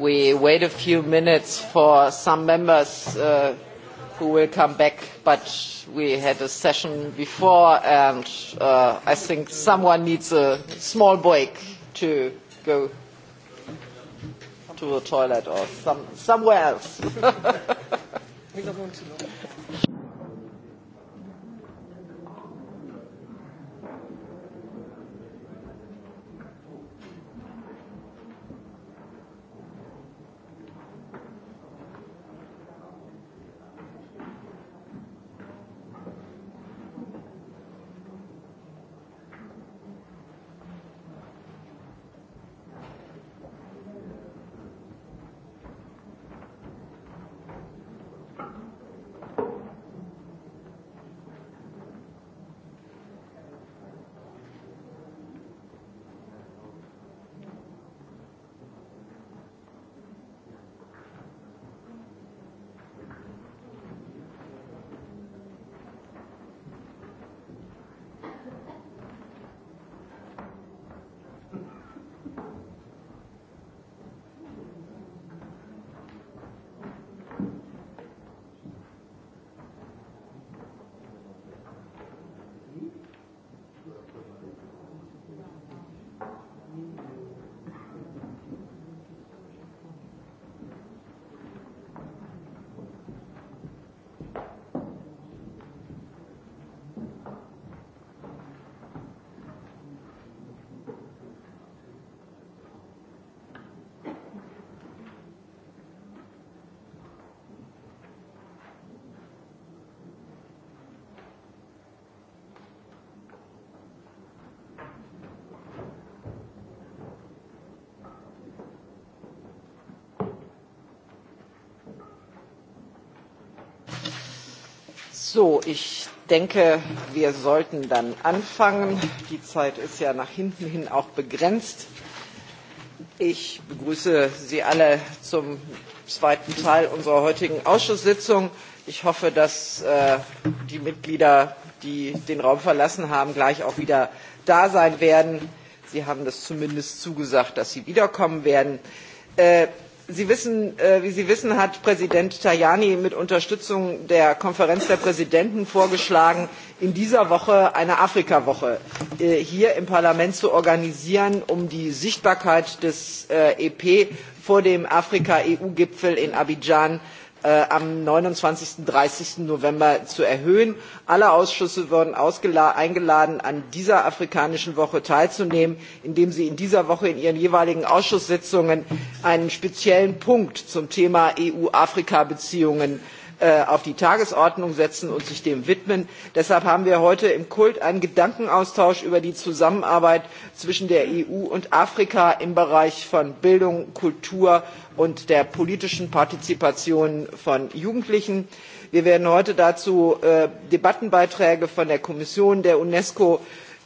we wait a few minutes for some members uh, who will come back, but we had a session before, and uh, I think someone needs a small break to go to the toilet or some, somewhere else. So, ich denke, wir sollten dann anfangen. Die Zeit ist ja nach hinten hin auch begrenzt. Ich begrüße Sie alle zum zweiten Teil unserer heutigen Ausschusssitzung. Ich hoffe, dass äh, die Mitglieder, die den Raum verlassen haben, gleich auch wieder da sein werden. Sie haben das zumindest zugesagt, dass Sie wiederkommen werden. Äh, Äh, wie Sie wissen, hat Präsident Tajani mit Unterstützung der Konferenz der Präsidenten vorgeschlagen, in dieser Woche eine afrika woche äh, hier im Parlament zu organisieren, um die Sichtbarkeit des äh, EP vor dem Afrika-EU-Gipfel in Abidjan Äh, am 29. 30. November zu erhöhen. Alle Ausschüsse wurden eingeladen, an dieser afrikanischen Woche teilzunehmen, indem sie in dieser Woche in ihren jeweiligen Ausschusssitzungen einen speziellen Punkt zum Thema EU-Afrika-Beziehungen Äh, auf die Tagesordnung setzen und sich dem widmen. Deshalb haben wir heute im Kult einen Gedankenaustausch über die Zusammenarbeit zwischen der EU und Afrika im Bereich von Bildung, Kultur und der politischen Partizipation von Jugendlichen. Wir werden heute dazu äh, Debattenbeiträge von der Kommission, der UNESCO,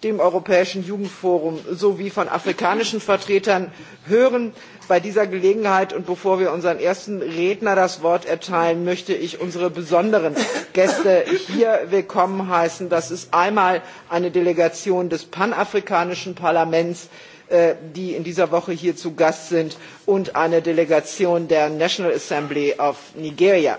dem europäischen jugendforum sowie von afrikanischen vertretern hören. bei dieser gelegenheit und bevor wir unserem ersten redner das wort erteilen möchte ich unsere besonderen gäste hier willkommen heißen. das ist einmal eine delegation des panafrikanischen parlaments äh, die in dieser woche hier zu gast sind und eine delegation der national assembly of nigeria.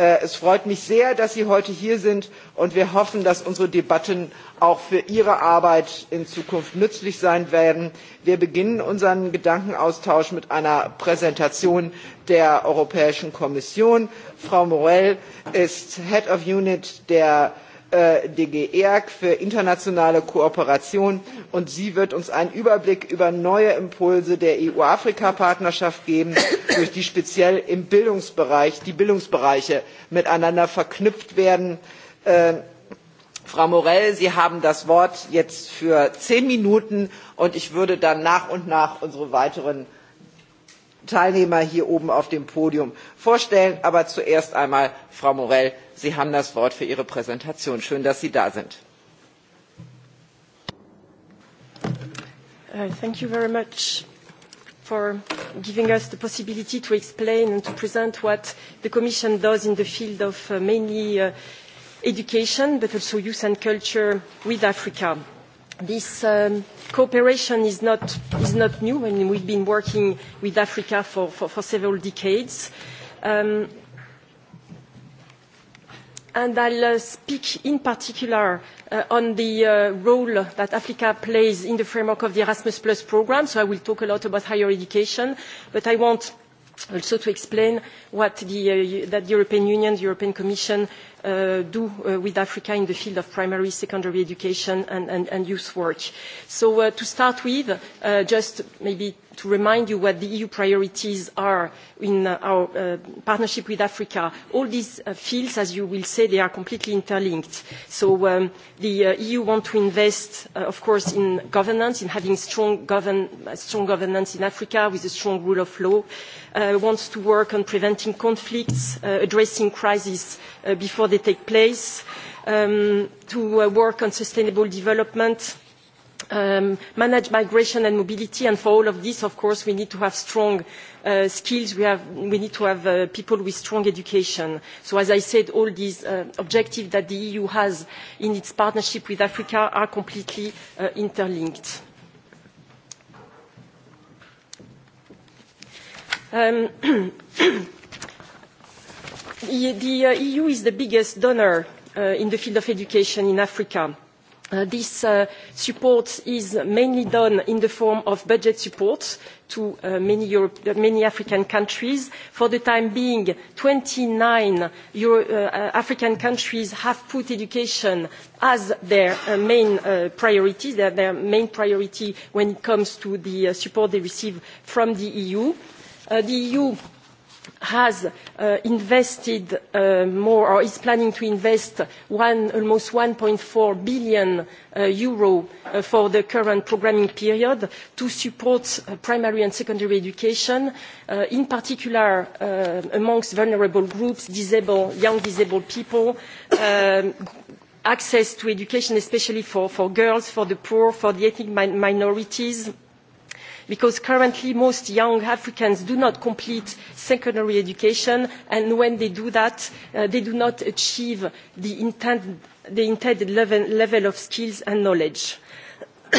Äh, es freut mich sehr dass sie heute hier sind und wir hoffen dass unsere debatten auch für ihre arbeit in zukunft nützlich sein werden. wir beginnen unseren gedankenaustausch mit einer präsentation der europäischen kommission. frau morel ist head of unit der Äh, DG eag für internationale Kooperation und sie wird uns einen Überblick über neue Impulse der EU-Afrika-Partnerschaft geben, durch die speziell im Bildungsbereich die Bildungsbereiche miteinander verknüpft werden. Äh, Frau Morell, Sie haben das Wort jetzt für zehn Minuten und ich würde dann nach und nach unsere weiteren Teilnehmer hier oben auf dem Podium vorstellen. Aber zuerst einmal Frau Morell sie haben das wort für ihre präsentation. schön dass sie da sind. Uh, thank you very much for giving us the possibility to explain and to present what the commission does in the field of uh, mainly uh, education but also youth and culture with africa. this um, cooperation is not, is not new and we've been working with africa for, for, for several decades. Um, and I'll uh, speak in particular uh, on the uh, role that Africa plays in the framework of the Erasmus programme. So I will talk a lot about higher education, but I want also to explain what the, uh, that the European Union, the European Commission uh, do uh, with Africa in the field of primary, secondary education and, and, and youth work. So uh, to start with, uh, just maybe to remind you what the EU priorities are in uh, our uh, partnership with Africa, all these uh, fields, as you will say, they are completely interlinked. So um, the uh, EU wants to invest, uh, of course, in governance, in having strong, govern strong governance in Africa with a strong rule of law, Uh, uh, wants to work on preventing conflicts, uh, addressing crises uh, before they take place, um, to uh, work on sustainable development, um, manage migration and mobility. And for all of this, of course, we need to have strong Uh, skills we, have, we need to have uh, people with strong education. so as i said all these uh, objectives that the eu has in its partnership with africa are completely interlinked. Um, the eu uh, e is the biggest donor uh, in the field of education in africa. Uh, this support is mainly done in the form of budget support to many, african countries. for the time being twenty nine african countries have put education as their main priority their main priority when it comes to the support they receive from the eu Uh, the eu has uh, invested uh, more or is planning to invest almost eur. one four billion for the current programming period to support primary and secondary education in particular amongst vulnerable groups disabled, young disabled people um, access to education especially for, girls for the poor for ethnic minorities and because currently most young africans do not complete secondary education and when they do that uh, they do not achieve the intended, level of skills and knowledge.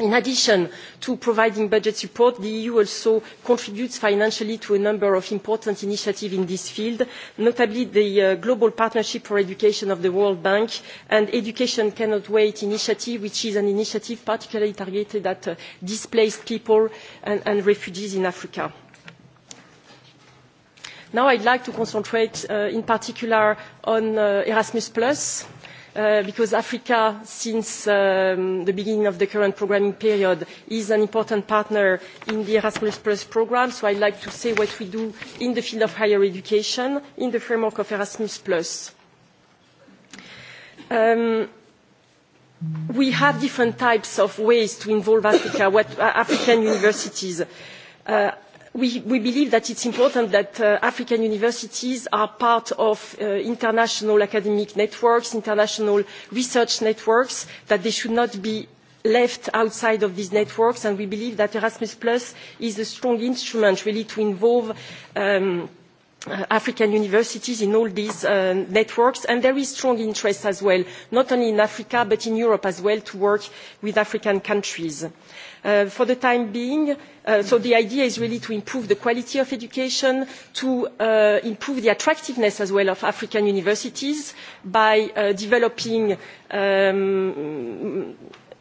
in addition to providing budget support the eu also contributes financially to a number of important initiatives in this field notably the uh, global partnership for education of the world bank and the education cannot wait initiative which is an initiative particularly targeted at uh, displaced people and, refugees in africa. now i would like to concentrate uh, in particular on erasmus Uh, because africa since um, the beginning of the current programming period is an important partner in the erasmus programme so i would like to say what we do in the field of higher education in the framework of erasmus. Um, we have different types of ways to involve africa, what, uh, african universities. Uh, We, believe that it is important that uh, African universities are part of uh, international academic networks, international research networks, that they should not be left outside of these networks, and we believe that Erasmus is a strong instrument really to involve um, Uh, african universities in all these uh, networks and there is strong interest as well not only in africa but in europe as well to work with african countries. Uh, for the time being so the idea is really to improve the quality of education to improve the attractiveness as well of african universities by developing um,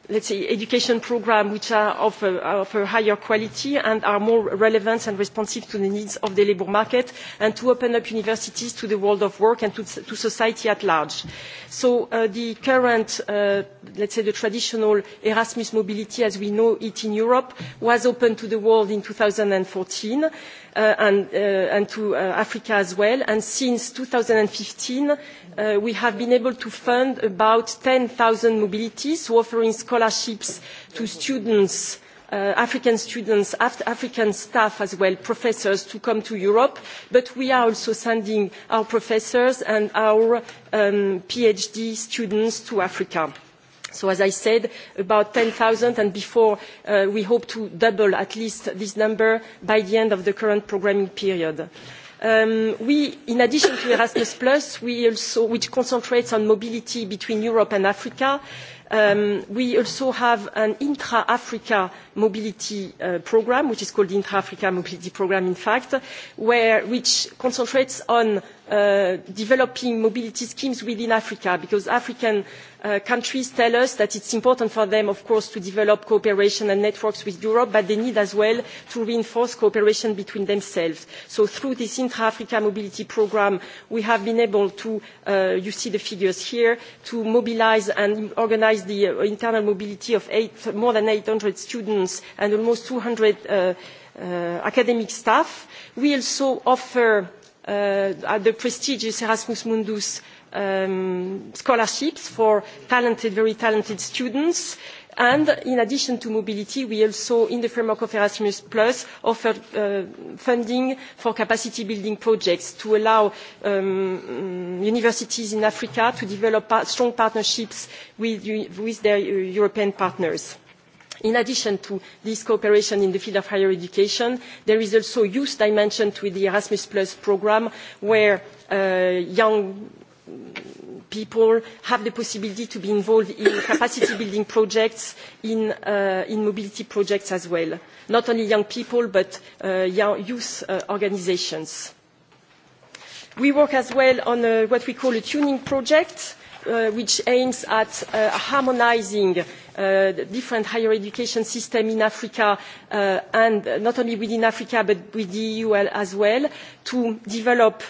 let's say, education programmes which are of a, uh, of a higher quality and are more relevant and responsive to the needs of the labour market and to open up universities to the world of work and to, to society at large. So uh, the current, uh, let's say the traditional Erasmus mobility as we know it in Europe was open to the world in 2014 uh, and, uh, and to uh, Africa as well. And since 2015, uh, we have been able to fund about 10,000 mobilities, so offering scholarships scholarships to students uh, african students african staff as well professors to come to europe but we are also sending our professors and our um, phd students to africa. so as i said about ten zero and before uh, we hope to double at least this number by the end of the current programming period. Um, in addition to erasmus which concentrates on mobility between europe and africa Um, we also have an intra-Africa mobility uh, programme, which is called the Intra-Africa Mobility programme. in fact, which concentrates on Uh, developing mobility schemes within africa because african uh, countries tell us that it is important for them of course to develop cooperation and networks with europe but they need as well to reinforce cooperation between themselves. so through this intra africa mobility programme we have been able to uh, you see the figures here to mobilise and organise the internal mobility of more than eight hundred students and almost two hundred academic staff. We also offer Uh, at the prestigious Erasmus Mundus um, scholarships for talented, very talented students. And in addition to mobility, we also, in the framework of Erasmus Plus, offer uh, funding for capacity building projects to allow um, universities in Africa to develop pa strong partnerships with, with their uh, European partners in addition to this cooperation in the field of higher education there is also a youth dimension to the erasmus programme where uh, young people have the possibility to be involved in capacity building projects in, uh, in mobility projects as well not only young people but uh, young youth uh, organisations. we work as well on a, uh, what we call a tuning project uh, which aims at harmonising Uh, different higher education system in Africa uh, and not only within Africa but with the EU as well to develop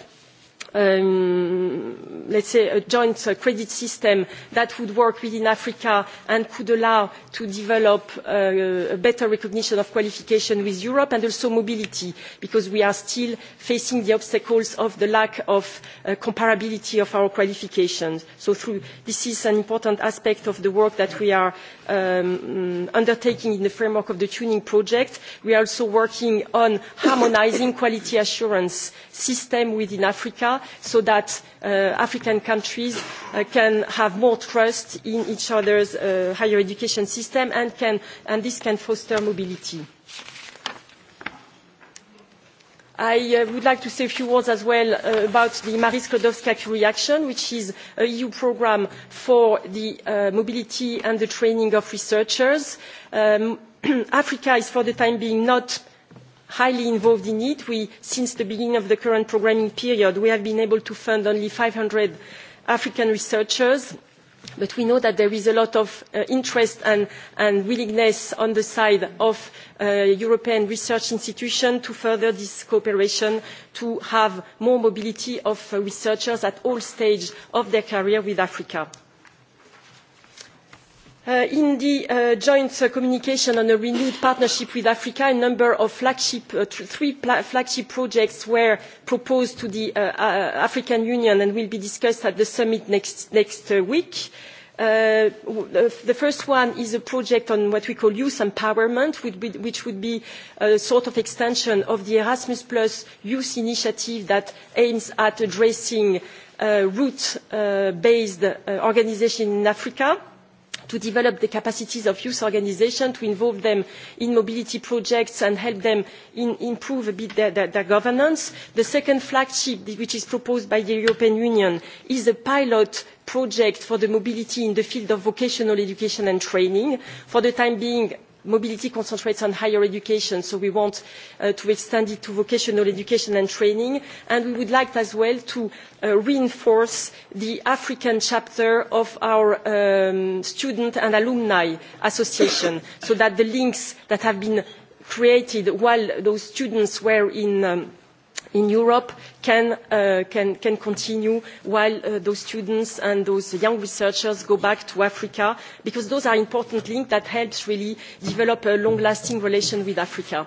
Um, let's say, a joint uh, credit system that would work within Africa and could allow to develop uh, a better recognition of qualification with Europe and also mobility, because we are still facing the obstacles of the lack of uh, comparability of our qualifications. So this is an important aspect of the work that we are um, undertaking in the framework of the tuning project. We are also working on harmonising quality assurance system within Africa so that uh, African countries uh, can have more trust in each other's uh, higher education system and, can, and this can foster mobility. I would like to say a few words as well about the Marie Sklodowska-Curie Action, which is a EU programme for the uh, mobility and the training of researchers. Um, Africa is for the time being not highly involved in it. We, since the beginning of the current programming period, we have been able to fund only 500 African researchers. But we know that there is a lot of uh, interest and, and, willingness on the side of uh, European research institutions to further this cooperation, to have more mobility of uh, researchers at all stages of their career with Africa Uh, in the uh, joint uh, communication on a renewed partnership with africa a number of three flagship projects were proposed to the african union and will be discussed at the summit next, week. the first one is a project on what we call youth empowerment, which would be a sort of extension of the Erasmus youth initiative that aims at addressing uh, root-based organisation in Africa to develop the capacities of youth organisations to involve them in mobility projects and help them in, improve a bit their, their, their governance. the second flagship which is proposed by the european union is a pilot project for the mobility in the field of vocational education and training. for the time being mobility concentrates on higher education so we want uh, to extend it to vocational education and training and we would like as well to uh, reinforce the african chapter of our um, student and alumni association so that the links that have been created while those students were in um, in Europe can, uh, can, can continue while uh, those students and those young researchers go back to Africa because those are important links that helps really develop a long-lasting relation with Africa.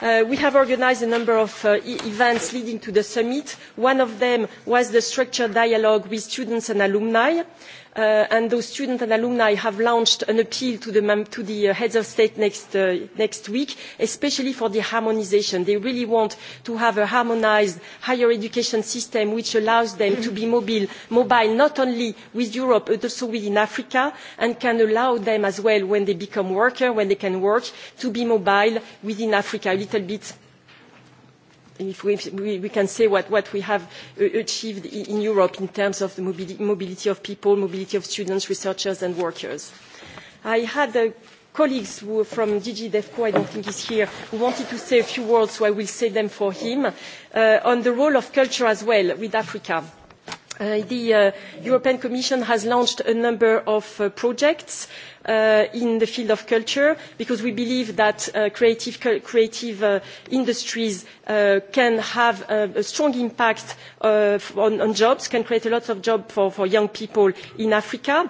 Uh, we have organised a number of uh, e events leading to the summit. One of them was the structured dialogue with students and alumni. Uh, and those students and alumni have launched an appeal to the, to the uh, heads of state next, uh, next week, especially for the harmonisation. They really want to have a harmonised higher education system which allows them to be mobile, mobile not only with Europe but also within Africa and can allow them as well when they become workers, when they can work, to be mobile within Africa a little bit if we, we, we can say what, what we have uh, achieved in Europe in terms of the mobility of people, mobility of students, researchers and workers. I had a uh, colleagues who, from DG DEFCO, I don't think he's here, who wanted to say a few words, so I will say them for him, uh, on the role of culture as well with Africa Uh, the uh, European Commission has launched a number of uh, projects in the field of culture because we believe that creative, industries can have a strong impact on, jobs, can create a lot of jobs for young people in Africa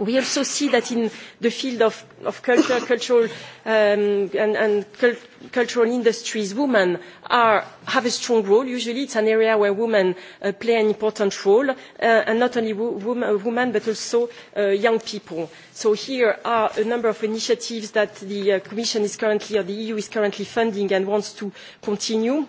we also see that in the field of, of culture, cultural um, and, and cult cultural industries, women are, have a strong role. Usually it's an area where women uh, play an important role, uh, and not only wo women, but also uh, young people. So here are a number of initiatives that the uh, Commission is currently, or the EU is currently funding and wants to continue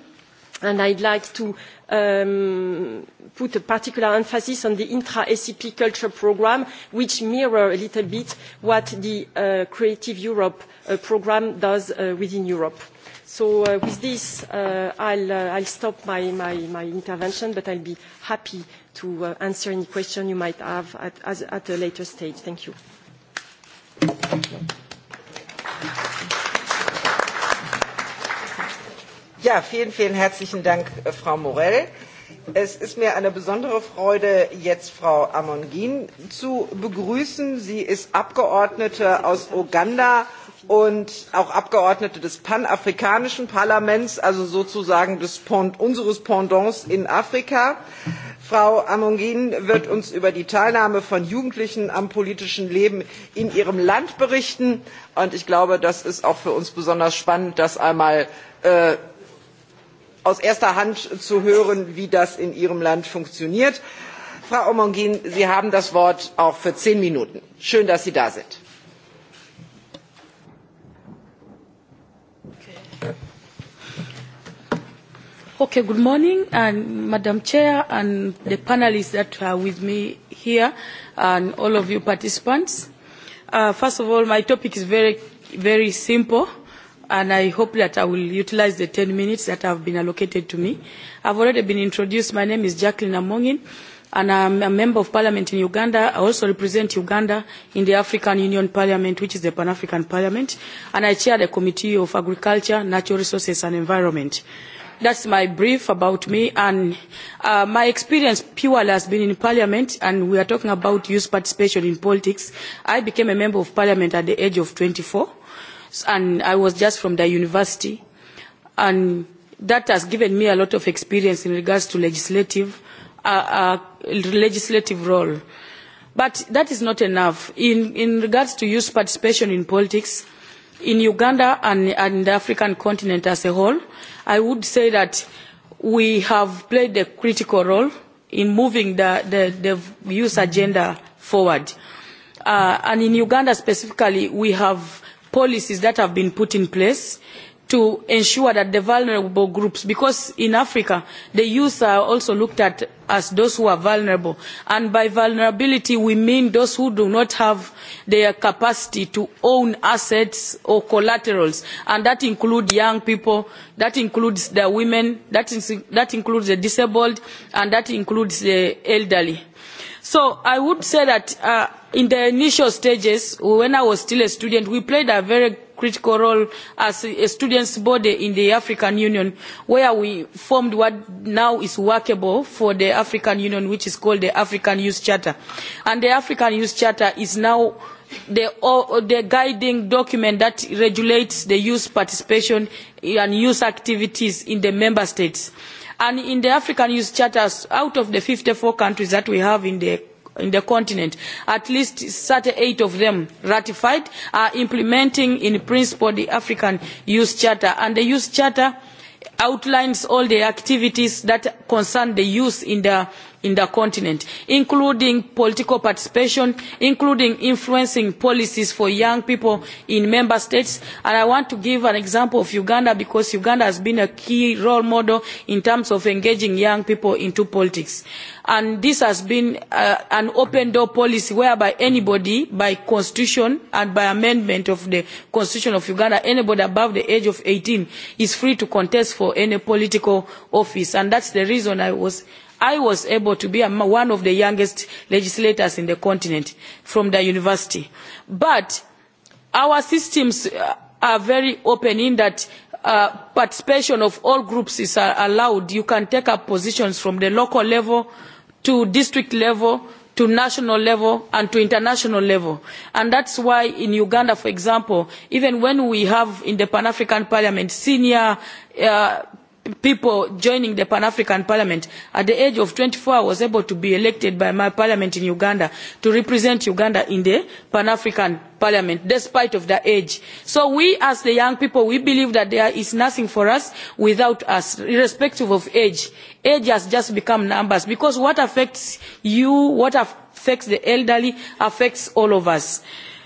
and I'd like to um, put a particular emphasis on the intra-ACP culture programme, which mirror a little bit what the uh, Creative Europe uh, programme does uh, within Europe. So uh, with this, uh, I'll, uh, I'll stop my, my, my intervention, but I'll be happy to uh, answer any question you might have at, as, at a later stage. Thank you. Ja, vielen, vielen herzlichen Dank, äh, Frau Morell. Es ist mir eine besondere Freude, jetzt Frau Amongin zu begrüßen. Sie ist Abgeordnete aus Uganda und auch Abgeordnete des panafrikanischen Parlaments, also sozusagen des Pond, unseres Pendants in Afrika. Frau Amongin wird uns über die Teilnahme von Jugendlichen am politischen Leben in ihrem Land berichten. Und ich glaube, das ist auch für uns besonders spannend, das einmal äh, aus erster hand zu hören wie das in ihrem land funktioniert. frau Omongin, sie haben das wort auch für zehn minuten. schön dass sie da sind. Okay, good morning, and Madam Chair and the panelists that are with me here, and all of you participants. Uh, first of all, my topic is very, very simple and I hope that I will utilize the 10 minutes that have been allocated to me. I've already been introduced. My name is Jacqueline Amongin, and I'm a member of parliament in Uganda. I also represent Uganda in the African Union Parliament, which is the Pan-African Parliament, and I chair the Committee of Agriculture, Natural Resources and Environment. That's my brief about me, and uh, my experience purely has been in Parliament, and we are talking about youth participation in politics. I became a member of Parliament at the age of 24 and I was just from the university, and that has given me a lot of experience in regards to legislative, uh, uh, legislative role. But that is not enough. In, in regards to youth participation in politics, in Uganda and, and the African continent as a whole, I would say that we have played a critical role in moving the, the, the youth agenda forward. Uh, and in Uganda specifically, we have policies that have been put in place to ensure that the vulnerable groups because in africa the youth are also looked at as those who are vulnerable and by vulnerability we mean those who do not have the capacity to own assets or collaterals and that includes young people that includes the women that, is, that includes the disabled and that includes the elderly So I would say that uh, in the initial stages, when I was still a student, we played a very critical role as a students' body in the African Union, where we formed what now is workable for the African Union, which is called the African Youth Charter. And the African Youth Charter is now the, the guiding document that regulates the youth participation and youth activities in the member states and in the african youth charters out of the fifty four countries that we have in the in the continent at least thirty eight of them ratified are implementing in principle the african youth charter and the youth charter outlines all the activities that concern the youth in the in the continent, including political participation, including influencing policies for young people in member states. And I want to give an example of Uganda because Uganda has been a key role model in terms of engaging young people into politics. And this has been uh, an open door policy whereby anybody, by constitution and by amendment of the constitution of Uganda, anybody above the age of 18 is free to contest for any political office. And that's the reason I was i was able to be one of the youngest legislators in the continent from the university. But our systems uh, are very open in that uh, participation of all groups is uh, allowed. You can take up positions from the local level to district level to national level and to international level. And that's why in Uganda, for example, even when we have in the Pan-African Parliament senior uh, people joining the Pan African Parliament. At the age of 24, I was able to be elected by my parliament in Uganda to represent Uganda in the Pan African Parliament, despite of the age. So we, as the young people, we believe that there is nothing for us without us, irrespective of age. Age has just become numbers because what affects you, what affects the elderly, affects all of us.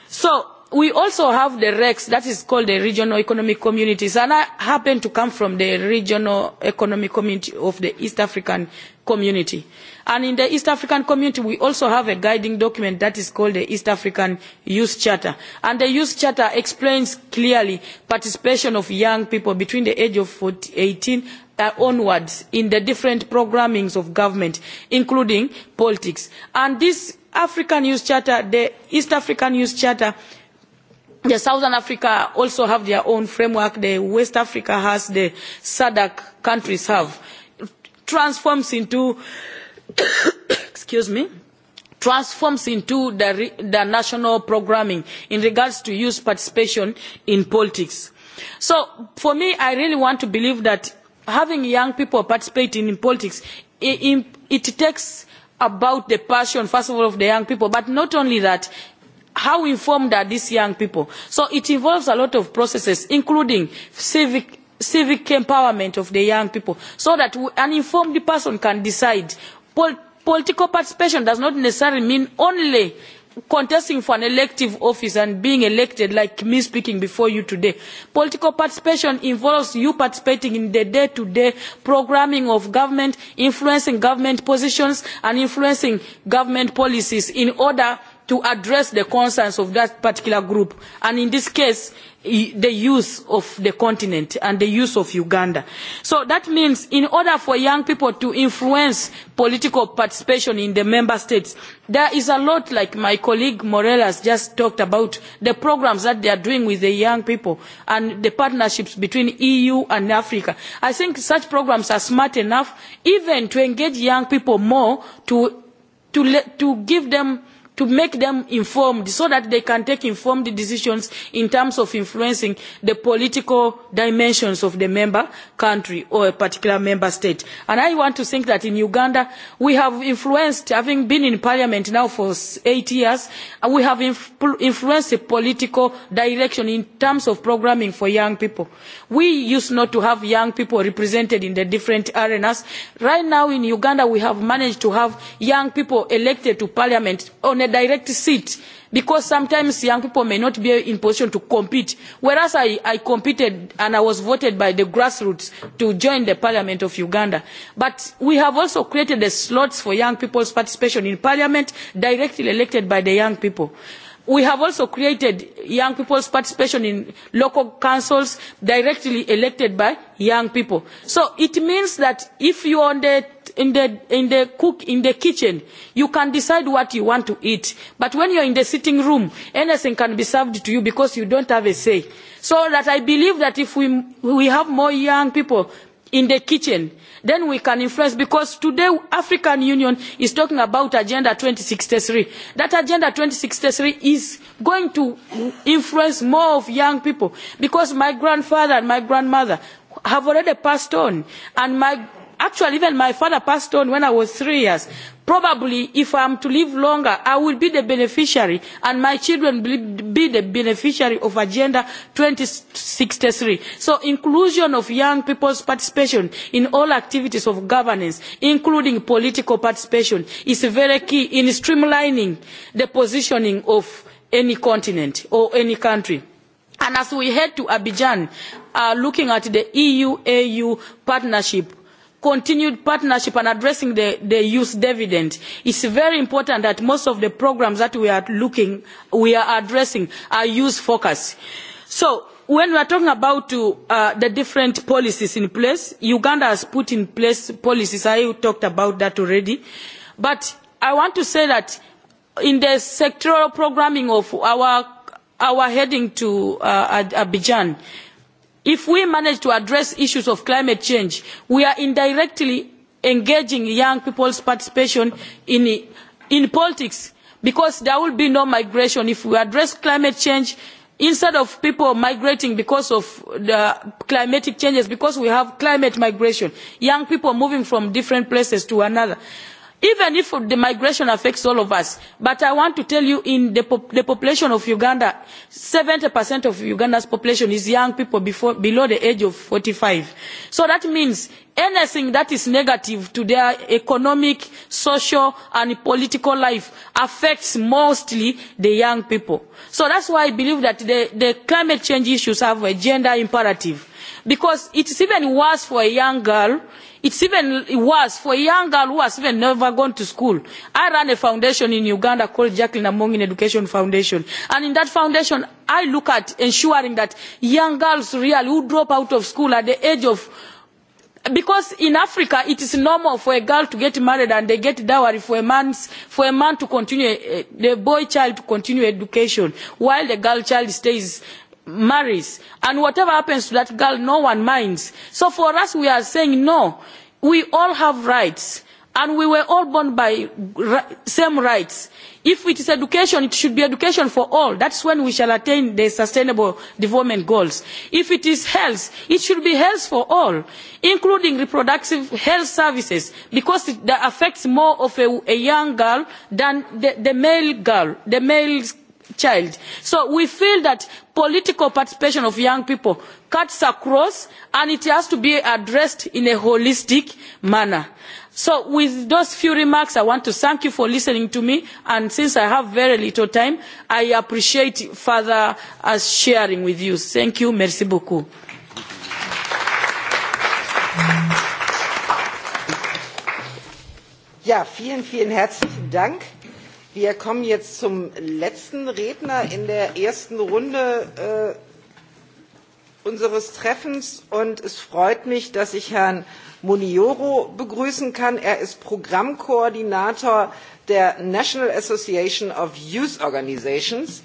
So we also have the rex that is called the regional economic communities and i happen to come from the regional economic community of the east african community and in the east african community we also have a guiding document that is called the east african youth charter and the youth charter explains clearly participation of young people between the age of 18 uh, onwards in the different programmings of government including politics and this african youth charter the east african youth charter the southern africa also have their own framework the west africa has the sadc countries have transforms into excuse me transforms into the, the national programming in regards to youth participation in politics so for me i really want to believe that having young people participating in politics it, it takes about the passion first of all of the young people but not only that how informed are these young people? So it involves a lot of processes, including civic civic empowerment of the young people, so that an informed person can decide. Pol political participation does not necessarily mean only contesting for an elective office and being elected like me speaking before you today. Political participation involves you participating in the day-to-day -day programming of government, influencing government positions and influencing government policies in order to address the concerns of that particular group, and in this case, the youth of the continent and the youth of Uganda. So that means in order for young people to influence political participation in the member states, there is a lot, like my colleague Morel has just talked about, the programs that they are doing with the young people and the partnerships between EU and Africa. I think such programs are smart enough even to engage young people more to, to, to give them to make them informed so that they can take informed decisions in terms of influencing the political dimensions of the member country or a particular member state. And I want to think that in Uganda we have influenced, having been in parliament now for eight years, uh, we have influenced the political direction in terms of programming for young people. We used not to have young people represented in the different arenas. Right now in Uganda we have managed to have young people elected to parliament on a direct seat because sometimes young people may not be in position to compete. Whereas I, I competed and I was voted by the grassroots to join the parliament of Uganda. But we have also created the slots for young people's participation in parliament directly elected by the young people. We have also created young people's participation in local councils directly elected by young people. So it means that if you are on the in the, in the cook in the kitchen you can decide what you want to eat but when you're in the sitting room anything can be served to you because you don't have a say so that i believe that if we, we have more young people in the kitchen then we can influence because today african union is talking about agenda 2063 that agenda 2063 is going to influence more of young people because my grandfather and my grandmother have already passed on and my actually even my father passed on when i was three years probably if i am to live longer i will be the beneficiary and my children will be the beneficiary of agenda 2063. so inclusion of young people's participation in all activities of governance including political participation is very key in streamlining the positioning of any continent or any country. and as we head to abidjan uh, looking at the eu au partnership continued partnership and addressing the, the youth dividend. It's very important that most of the programs that we are looking, we are addressing are youth focused. So when we are talking about uh, the different policies in place, Uganda has put in place policies. I talked about that already. But I want to say that in the sectoral programming of our, our heading to uh, Abidjan, if we manage to address issues of climate change we are indirectly engaging young people's participation in, in politics because there will be no migration if we address climate change instead of people migrating because of the climatic changes because we have climate migration young people moving from different places to another even if the migration affects all of us but i want to tell you in the, pop the population of uganda 70% of uganda's population is young people before, below the age of 45 so that means anything that is negative to their economic social and political life affects mostly the young people so that's why i believe that the, the climate change issues have a gender imperative because it's even worse for a young girl It's even worse for a young girl who has even never gone to school. I run a foundation in Uganda called Jacqueline Amongin Education Foundation. And in that foundation, I look at ensuring that young girls really who drop out of school at the age of because in africa it is normal for a girl to get married and they get dowry for a, man's, for a man to continue eh, the boy child to continue education while the girl child stays marries and whatever happens to that girl no one minds so for us we are saying no we all have rights and we were all born by same rights if it is education it should be education for all that's when we shall attain the sustainable development goals if it is health it should be health for all including reproductive health services because it affects more of a, a young girl than the, the male girl the male child. so we feel that political participation of young people cuts across and it has to be addressed in a holistic manner. so with those few remarks i want to thank you for listening to me and since i have very little time i appreciate further as uh, sharing with you. thank you. merci beaucoup. Ja, vielen, vielen herzlichen Dank Wir kommen jetzt zum letzten Redner in der ersten Runde äh, unseres Treffens und es freut mich, dass ich Herrn Munioro begrüßen kann. Er ist Programmkoordinator der National Association of Youth Organizations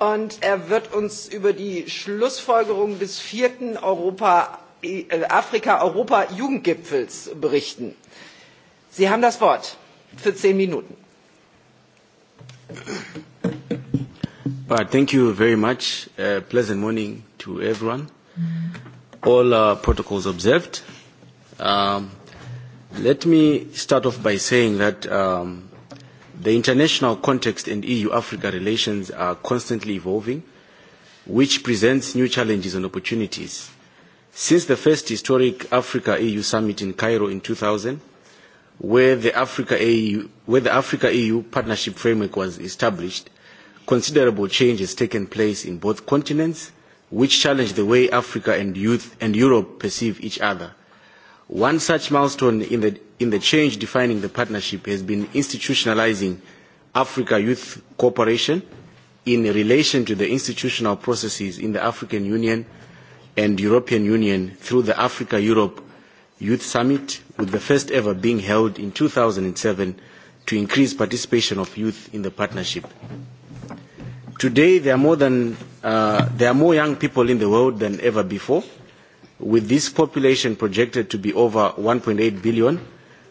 und er wird uns über die Schlussfolgerung des vierten äh, Afrika-Europa-Jugendgipfels berichten. Sie haben das Wort für zehn Minuten. Right, thank you very much. Uh, pleasant morning to everyone. All uh, protocols observed. Um, let me start off by saying that um, the international context and EU-Africa relations are constantly evolving, which presents new challenges and opportunities. Since the first historic Africa-EU summit in Cairo in 2000, where the Africa EU, where the Africa EU partnership framework was established, considerable change has taken place in both continents, which challenge the way Africa and youth and Europe perceive each other. One such milestone in the, in the change defining the partnership has been institutionalizing Africa Youth Cooperation in relation to the institutional processes in the African Union and European Union through the Africa-Europe Youth Summit, with the first ever being held in 2007 to increase participation of youth in the partnership. Today, there are more, than, uh, there are more young people in the world than ever before, with this population projected to be over 1.8 billion,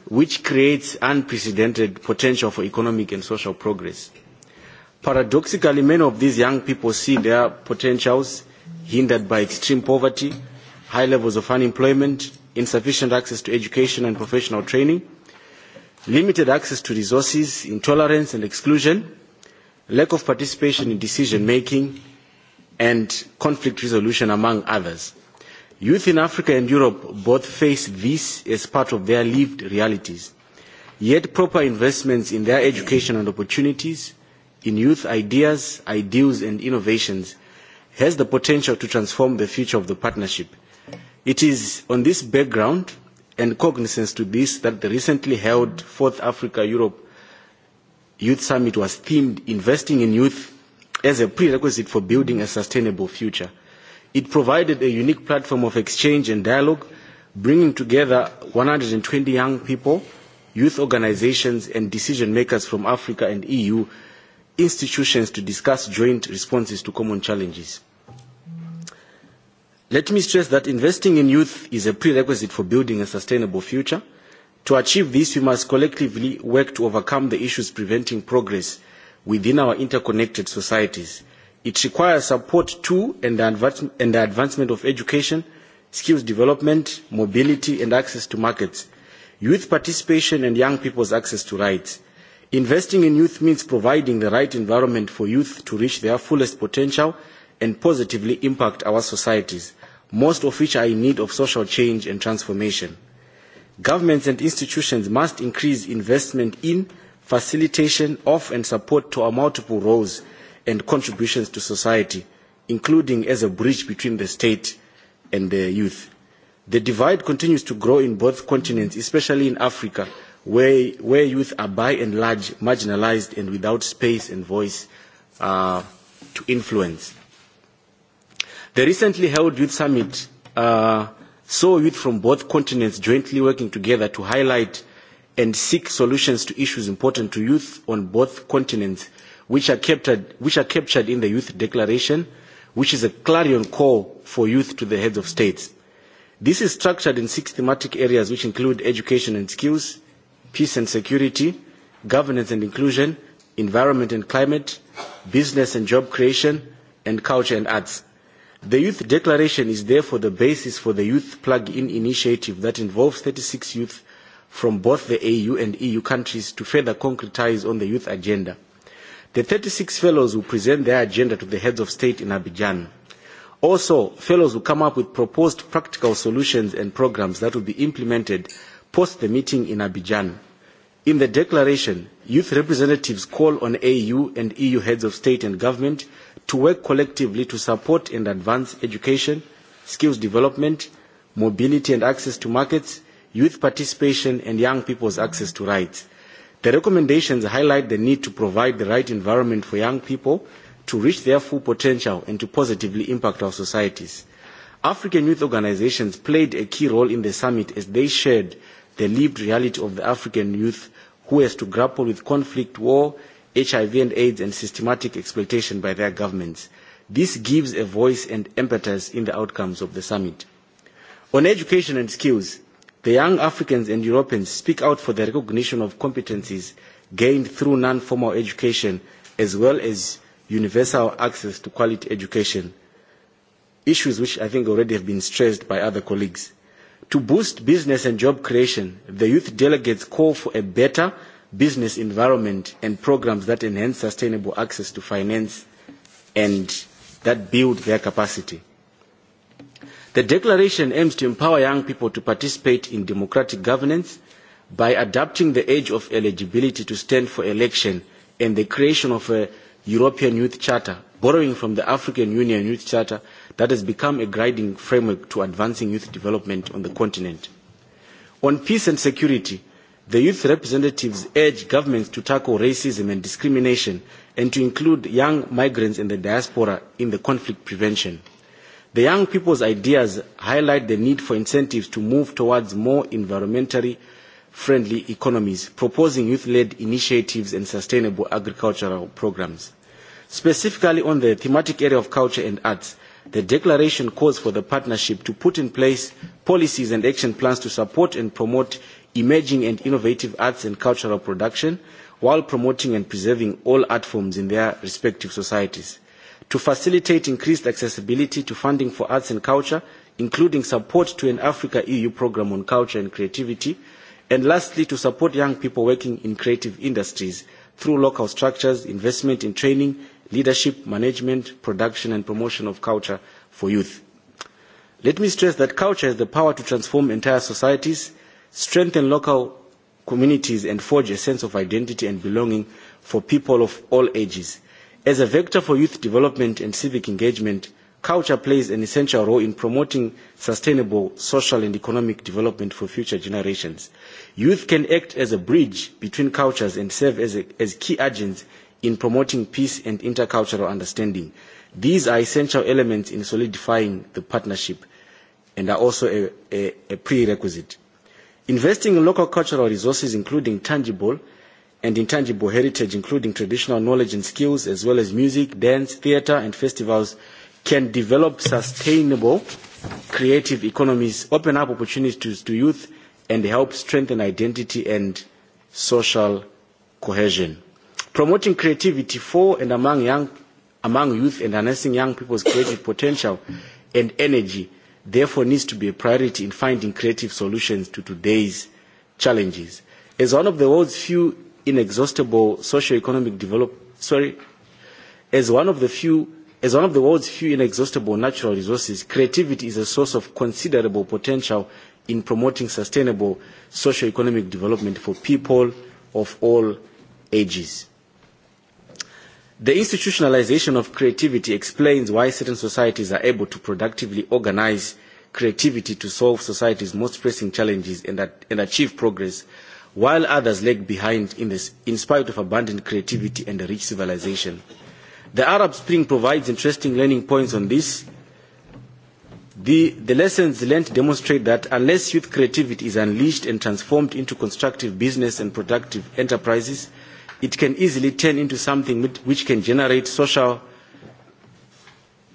which creates unprecedented potential for economic and social progress. Paradoxically, many of these young people see their potentials hindered by extreme poverty, high levels of unemployment, insufficient access to education and professional training, limited access to resources, intolerance and exclusion, lack of participation in decision making, and conflict resolution, among others. Youth in Africa and Europe both face this as part of their lived realities. Yet proper investments in their education and opportunities, in youth ideas, ideals and innovations has the potential to transform the future of the partnership – It is on this background and cognizance to this that the recently held Fourth Africa Europe Youth Summit was themed Investing in Youth as a prerequisite for building a sustainable future. It provided a unique platform of exchange and dialogue, bringing together 120 young people, youth organizations, and decision makers from Africa and EU institutions to discuss joint responses to common challenges. Let me stress that investing in youth is a prerequisite for building a sustainable future. To achieve this, we must collectively work to overcome the issues preventing progress within our interconnected societies. It requires support to and the, advancement of education, skills development, mobility and access to markets, youth participation and young people's access to rights. Investing in youth means providing the right environment for youth to reach their fullest potential and positively impact our societies most of which are in need of social change and transformation. Governments and institutions must increase investment in facilitation of and support to our multiple roles and contributions to society, including as a bridge between the state and the youth. The divide continues to grow in both continents, especially in Africa, where, where youth are by and large marginalized and without space and voice uh, to influence. The recently held youth summit uh, saw youth from both continents jointly working together to highlight and seek solutions to issues important to youth on both continents, which are captured, which are captured in the Youth Declaration, which is a clarion call for youth to the heads of states. This is structured in six thematic areas, which include education and skills, peace and security, governance and inclusion, environment and climate, business and job creation, and culture and arts. The Youth Declaration is therefore the basis for the Youth Plug-in initiative that involves 36 youth from both the AU and EU countries to further concretise on the youth agenda. The 36 fellows will present their agenda to the heads of state in Abidjan. Also, fellows will come up with proposed practical solutions and programs that will be implemented post the meeting in Abidjan. In the declaration, youth representatives call on AU and EU heads of state and government to work collectively to support and advance education, skills development, mobility and access to markets, youth participation and young people's access to rights. The recommendations highlight the need to provide the right environment for young people to reach their full potential and to positively impact our societies. African youth organizations played a key role in the summit as they shared the lived reality of the African youth who has to grapple with conflict, war, HIV and AIDS and systematic exploitation by their governments. This gives a voice and impetus in the outcomes of the summit. On education and skills, the young Africans and Europeans speak out for the recognition of competencies gained through non-formal education as well as universal access to quality education, issues which I think already have been stressed by other colleagues. To boost business and job creation, the youth delegates call for a better business environment and programs that enhance sustainable access to finance and that build their capacity. The declaration aims to empower young people to participate in democratic governance by adapting the age of eligibility to stand for election and the creation of a European Youth Charter, borrowing from the African Union Youth Charter that has become a guiding framework to advancing youth development on the continent. On peace and security, The youth representatives urge governments to tackle racism and discrimination and to include young migrants in the diaspora in the conflict prevention. The young people's ideas highlight the need for incentives to move towards more environmentally friendly economies, proposing youth-led initiatives and sustainable agricultural programs. Specifically on the thematic area of culture and arts, the declaration calls for the partnership to put in place policies and action plans to support and promote emerging and innovative arts and cultural production while promoting and preserving all art forms in their respective societies. To facilitate increased accessibility to funding for arts and culture, including support to an Africa EU programme on culture and creativity, and lastly, to support young people working in creative industries through local structures, investment in training, leadership, management, production and promotion of culture for youth. Let me stress that culture has the power to transform entire societies, strengthen local communities and forge a sense of identity and belonging for people of all ages. As a vector for youth development and civic engagement, culture plays an essential role in promoting sustainable social and economic development for future generations. Youth can act as a bridge between cultures and serve as, a, as key agents in promoting peace and intercultural understanding. These are essential elements in solidifying the partnership and are also a, a, a prerequisite Investing in local cultural resources, including tangible and intangible heritage, including traditional knowledge and skills, as well as music, dance, theatre and festivals, can develop sustainable creative economies, open up opportunities to youth, and help strengthen identity and social cohesion. Promoting creativity for and among, young, among youth and enhancing young people's creative potential and energy – therefore needs to be a priority in finding creative solutions to today's challenges. As one of the world's few inexhaustible socio-economic develop, sorry, as one of the few as one of the world's few inexhaustible natural resources, creativity is a source of considerable potential in promoting sustainable socio-economic development for people of all ages. The institutionalization of creativity explains why certain societies are able to productively organize creativity to solve society's most pressing challenges and, and achieve progress, while others lag behind in, this, in spite of abundant creativity and a rich civilization. The Arab Spring provides interesting learning points on this. The, the lessons learned demonstrate that unless youth creativity is unleashed and transformed into constructive business and productive enterprises, it can easily turn into something which can generate social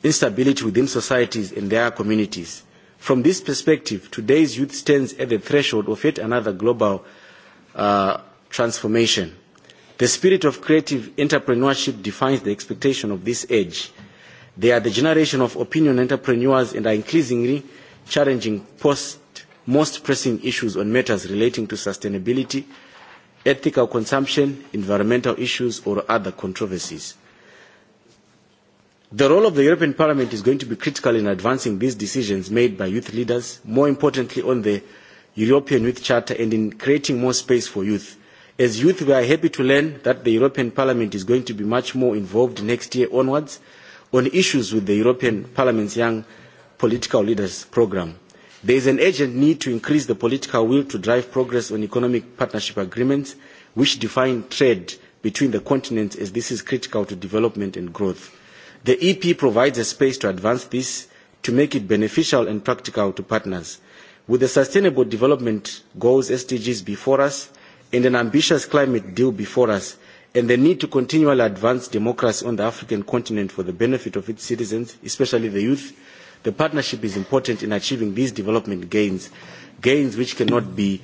instability within societies and their communities. From this perspective, today's youth stands at the threshold of yet another global uh, transformation. The spirit of creative entrepreneurship defines the expectation of this age. They are the generation of opinion entrepreneurs and are increasingly challenging post, most pressing issues on matters relating to sustainability, ethical consumption, environmental issues or other controversies. The role of the European Parliament is going to be critical in advancing these decisions made by youth leaders, more importantly on the European Youth Charter and in creating more space for youth. As youth, we are happy to learn that the European Parliament is going to be much more involved next year onwards on issues with the European Parliament's Young Political Leaders Programme. There is an urgent need to increase the political will to drive progress on economic partnership agreements, which define trade between the continents as this is critical to development and growth. The EP provides a space to advance this to make it beneficial and practical to partners. With the Sustainable Development Goals SDGs before us and an ambitious climate deal before us and the need to continually advance democracy on the African continent for the benefit of its citizens, especially the youth, The partnership is important in achieving these development gains, gains which cannot be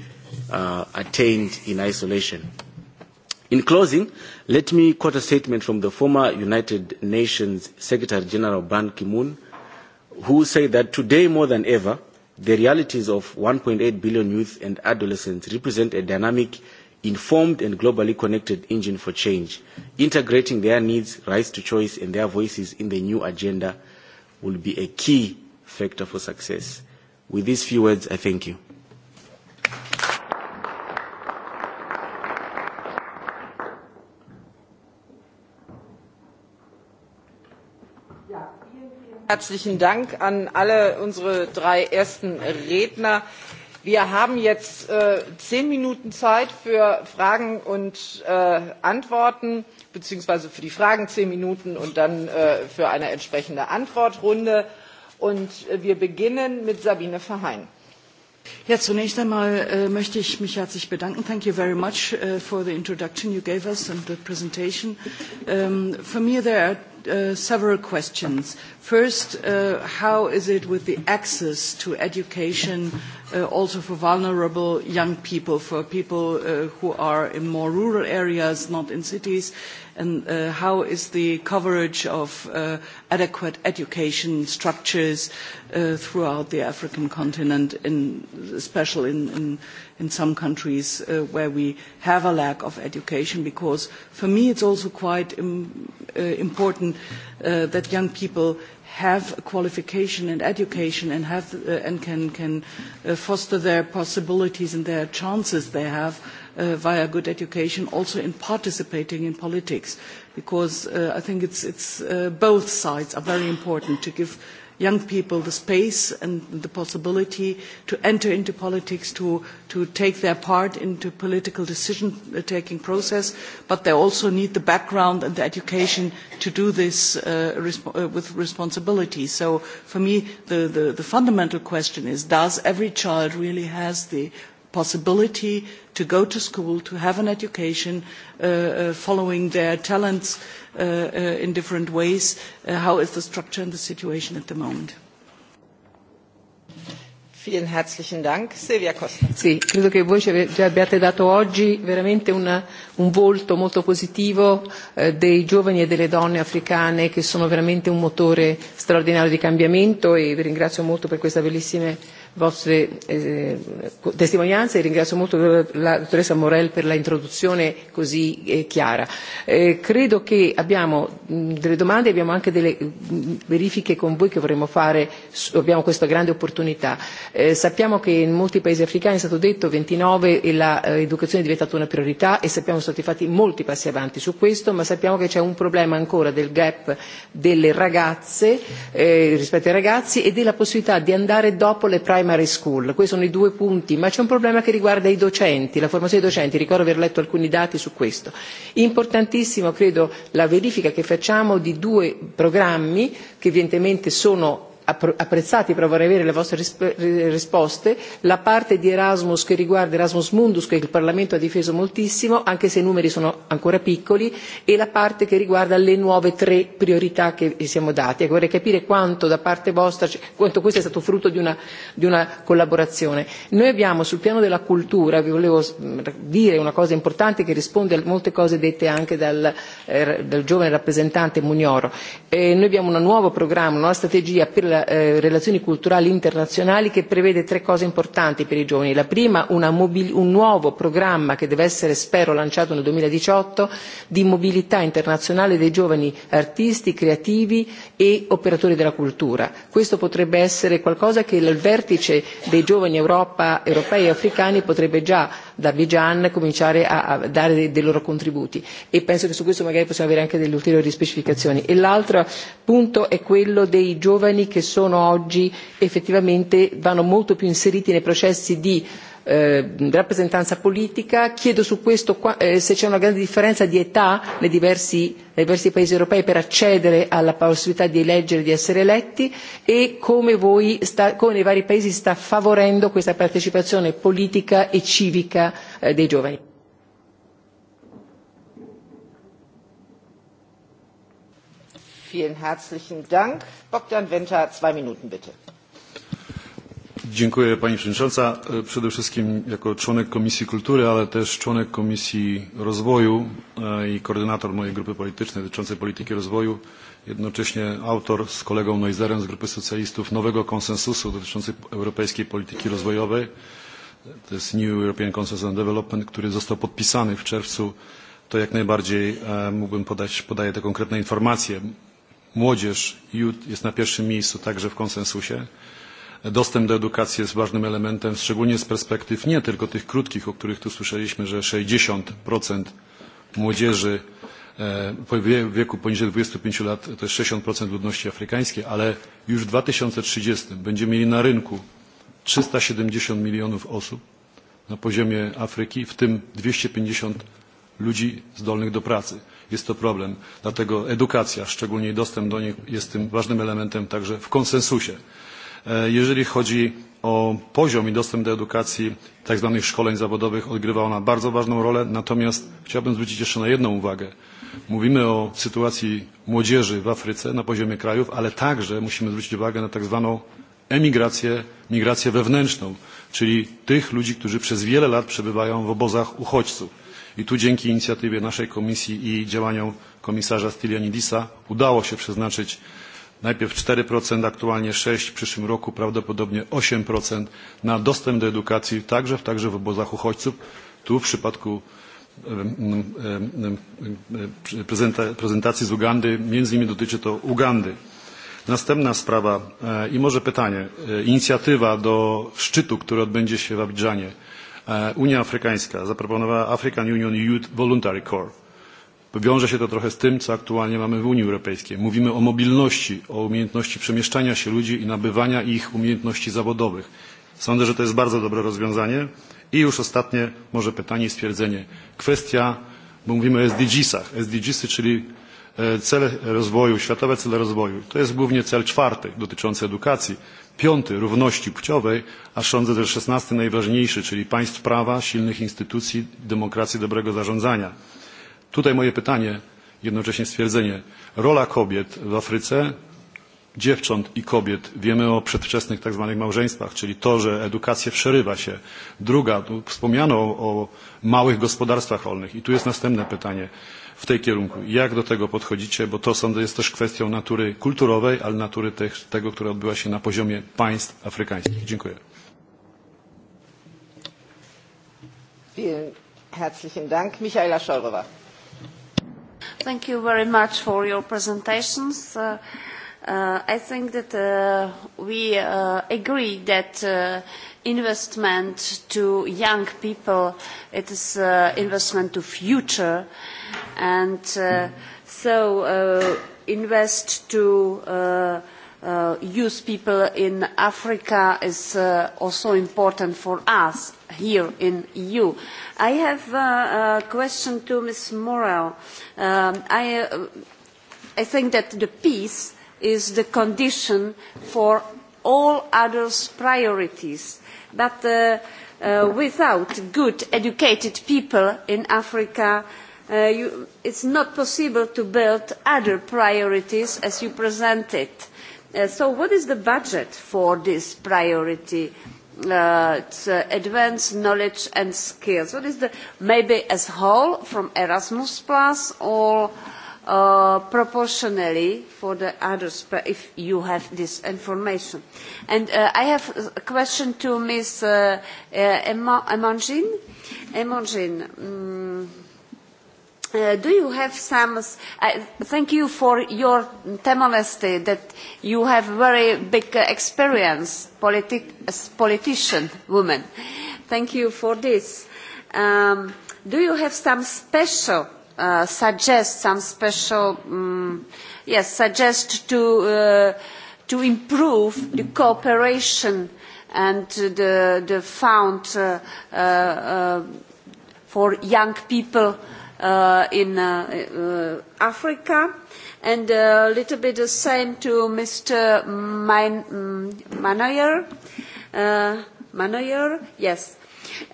uh, attained in isolation. In closing, let me quote a statement from the former United Nations Secretary General Ban Ki-moon, who said that today more than ever, the realities of 1.8 billion youth and adolescents represent a dynamic, informed and globally connected engine for change, integrating their needs, rights to choice and their voices in the new agenda will be a key factor for success. With these few words, I thank you. herzlichen dank an alle unsere drei ersten redner. wir haben jetzt äh, zehn minuten zeit für fragen und äh, antworten beziehungsweise für die Fragen zehn Minuten und dann äh, für eine entsprechende Antwortrunde. Und äh, wir beginnen mit Sabine Verheyen. Ja, zunächst einmal äh, möchte ich mich herzlich bedanken. Thank you very much uh, for the introduction you gave us and the presentation. Um, for me, there are Uh, several questions. First, uh, how is it with the access to education uh, also for vulnerable young people, for people uh, who are in more rural areas, not in cities? And uh, how is the coverage of adequate education structures throughout the African continent, in, especially in, in in some countries uh, where we have a lack of education because for me it's also quite Im, uh, important uh, that young people have a qualification and education and, have, uh, and can, can uh, foster their possibilities and their chances they have uh, via good education also in participating in politics because uh, I think it's, it's uh, both sides are very important to give young people the space and the possibility to enter into politics, to, to take their part into political decision-taking uh, process, but they also need the background and the education to do this uh, resp uh, with responsibility. So for me, the, the, the fundamental question is, does every child really has the possibility to go to school, to have an education uh, uh, following their talents, Uh, uh, in different ways. Uh, how is the structure and the situation at the moment? Vielen herzlichen Dank. Silvia Costa. Sì, credo che voi ci abbiate dato oggi veramente una, un volto molto positivo eh, dei giovani e delle donne africane che sono veramente un motore straordinario di cambiamento e vi ringrazio molto per questa bellissima vostre eh, testimonianze e ringrazio molto eh, la dottoressa Morel per l'introduzione così eh, chiara. Eh, credo che abbiamo mh, mm, delle domande, e abbiamo anche delle mh, mm, verifiche con voi che vorremmo fare, abbiamo questa grande opportunità. Eh, sappiamo che in molti paesi africani, è stato detto, 29 e l'educazione eh, è diventata una priorità e sappiamo che sono stati fatti molti passi avanti su questo, ma sappiamo che c'è un problema ancora del gap delle ragazze eh, rispetto ai ragazzi e della possibilità di andare dopo le prime primary school. Questi sono i due punti, ma c'è un problema che riguarda i docenti, la formazione dei docenti. Ricordo di aver letto alcuni dati su questo. Importantissimo credo la verifica che facciamo di due programmi che evidentemente sono apprezzati, però vorrei avere le vostre risp risposte, la parte di Erasmus che riguarda Erasmus Mundus, che il Parlamento ha difeso moltissimo, anche se i numeri sono ancora piccoli, e la parte che riguarda le nuove tre priorità che siamo dati. E vorrei capire quanto da parte vostra, quanto questo è stato frutto di una, di una collaborazione. Noi abbiamo sul piano della cultura, vi volevo dire una cosa importante che risponde a molte cose dette anche dal, eh, dal giovane rappresentante Mugnoro, eh, noi abbiamo un nuovo programma, una nuova strategia per la Eh, relazioni culturali internazionali che prevede tre cose importanti per i giovani la prima una un nuovo programma che deve essere spero lanciato nel duemiladiciotto di mobilità internazionale dei giovani artisti creativi e operatori della cultura questo potrebbe essere qualcosa che il vertice dei giovani Europa, europei e africani potrebbe già da Abidjan cominciare a, a dare dei, dei loro contributi e penso che su questo magari possiamo avere anche delle ulteriori specificazioni e l'altro punto è quello dei giovani che sono oggi effettivamente vanno molto più inseriti nei processi di eh, rappresentanza politica. Chiedo su questo qua, eh, se c'è una grande differenza di età nei diversi, nei diversi paesi europei per accedere alla possibilità di eleggere e di essere eletti e come, voi sta, come nei vari paesi sta favorendo questa partecipazione politica e civica eh, dei giovani. Vielen herzlichen Dank. Bogdan Wenta, zwei Minuten bitte. Dziękuję Pani Przewodnicząca. E, przede wszystkim jako członek Komisji Kultury, ale też członek Komisji Rozwoju e, i koordynator mojej grupy politycznej dotyczącej polityki rozwoju, jednocześnie autor z kolegą Neuserem z grupy socjalistów nowego konsensusu dotyczącego europejskiej polityki rozwojowej. E, to jest New European Consensus on Development, który został podpisany w czerwcu to jak najbardziej mógłbym podać, podaję te konkretne informacje młodzież, youth jest na pierwszym miejscu także w konsensusie. Dostęp do edukacji jest ważnym elementem, szczególnie z perspektyw nie tylko tych krótkich, o których tu słyszeliśmy, że 60% młodzieży e, w wieku poniżej 25 lat to jest 60% ludności afrykańskiej, ale już w 2030 będziemy mieli na rynku 370 milionów osób na poziomie Afryki, w tym 250 ludzi zdolnych do pracy jest to problem. Dlatego edukacja, szczególnie dostęp do niej jest tym ważnym elementem także w konsensusie. E, jeżeli chodzi o poziom i dostęp do edukacji tzw. szkoleń zawodowych odgrywa ona bardzo ważną rolę, natomiast chciałbym zwrócić jeszcze na jedną uwagę. Mówimy o sytuacji młodzieży w Afryce na poziomie krajów, ale także musimy zwrócić uwagę na tzw. emigrację, migrację wewnętrzną, czyli tych ludzi, którzy przez wiele lat przebywają w obozach uchodźców i tu dzięki inicjatywie naszej komisji i działaniom komisarza Stylianidisa udało się przeznaczyć najpierw 4%, aktualnie 6%, w przyszłym roku prawdopodobnie 8% na dostęp do edukacji także, także w obozach uchodźców. Tu w przypadku prezentacji z Ugandy, między innymi dotyczy to Ugandy. Następna sprawa e, i może pytanie. E, inicjatywa do szczytu, który odbędzie się w Abidżanie E, Unia Afrykańska zaproponowała African Union Youth Voluntary Corps. Wiąże się to trochę z tym, co aktualnie mamy w Unii Europejskiej. Mówimy o mobilności, o umiejętności przemieszczania się ludzi i nabywania ich umiejętności zawodowych. Sądzę, że to jest bardzo dobre rozwiązanie. I już ostatnie może pytanie i stwierdzenie. Kwestia, bo mówimy o SDGs-ach. SDGs-y, czyli e, cele rozwoju, światowe cele rozwoju. To jest głównie cel czwarty dotyczący edukacji piąty równości płciowej, a sądzę też szesnasty najważniejszy, czyli państw prawa, silnych instytucji, demokracji, dobrego zarządzania. Tutaj moje pytanie, jednocześnie stwierdzenie. Rola kobiet w Afryce, dziewcząt i kobiet, wiemy o przedwczesnych tak zwanych małżeństwach, czyli to, że edukacja przerywa się. Druga, tu wspomniano o małych gospodarstwach rolnych i tu jest następne pytanie w tej kierunku. Jak do tego podchodzicie, bo to sądzę jest też kwestią natury kulturowej, ale natury tego, która odbyła się na poziomie państw afrykańskich. Dziękuję. Vielen herzlichen Dank. Michaela Schorowa. Thank you very much for your presentations. Uh, uh, I think that uh, we uh, agree that uh, investment to young people, it is uh, investment to future. And uh, so uh, invest to uh, uh, youth people in Africa is uh, also important for us here in EU. I have uh, a question to Ms. Morel. Um, I, uh, I think that the peace is the condition for all other priorities But uh, uh, without good educated people in Africa, uh, you, it's not possible to build other priorities as you presented. Uh, so what is the budget for this priority? Uh, uh, advanced knowledge and skills. What is the maybe as whole from Erasmus Plus or Uh, proportionally for the others if you have this information. And uh, I have a question to Ms. Uh, uh Emanjin. Emanjin. um, mm, uh, do you have some, uh, thank you for your honesty that you have very big experience politi as politician woman. Thank you for this. Um, do you have some special Uh, suggest some special, um, yes, suggest to, uh, to improve the cooperation and the, the fund uh, uh, for young people uh, in uh, uh, Africa. And uh, a little bit the same to Mr. Mm, Manoyer. Uh, Manoyer, yes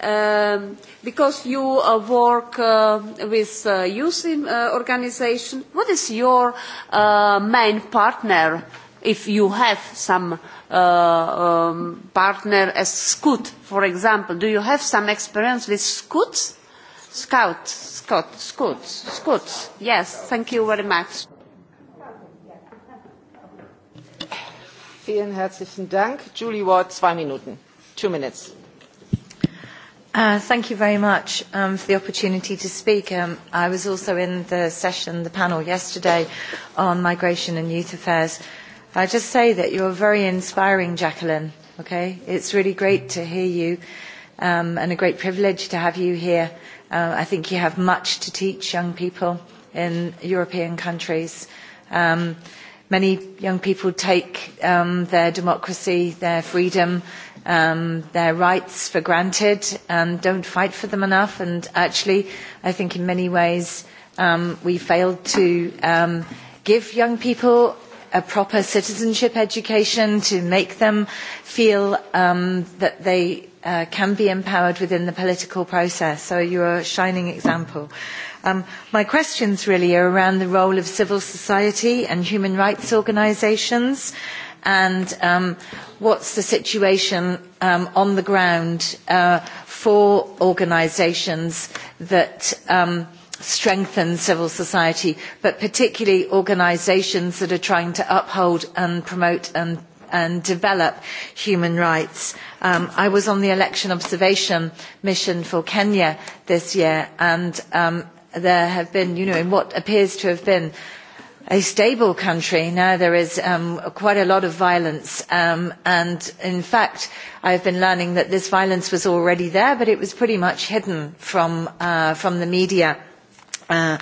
Um, because you uh, work uh, with uh, youth in, uh, organization, what is your uh, main partner if you have some uh, um, partner as scout, for example? Do you have some experience with scouts? Scouts, scouts, scouts, scouts. Yes, thank you very much. Vielen herzlichen Dank. Julie Ward, zwei Minuten. Two minutes. Uh, thank you very much um, for the opportunity to speak. Um, I was also in the session, the panel yesterday on migration and youth affairs. I just say that you're very inspiring, Jacqueline. Okay, it's really great to hear you, um, and a great privilege to have you here. Uh, I think you have much to teach young people in European countries. Um, many young people take um, their democracy, their freedom, um, their rights for granted and don't fight for them enough. And actually, I think in many ways um, we failed to um, give young people a proper citizenship education to make them feel um, that they uh, can be empowered within the political process. So you're a shining example. Um, my questions really are around the role of civil society and human rights organisations and um, what's the situation um, on the ground uh, for organisations that um, strengthen civil society, but particularly organisations that are trying to uphold and promote and and develop human rights. Um, I was on the election observation mission for Kenya this year, and um, there have been, you know, in what appears to have been a stable country. Now there is um, quite a lot of violence, um, and in fact, i have been learning that this violence was already there, but it was pretty much hidden from uh, from the media. Uh,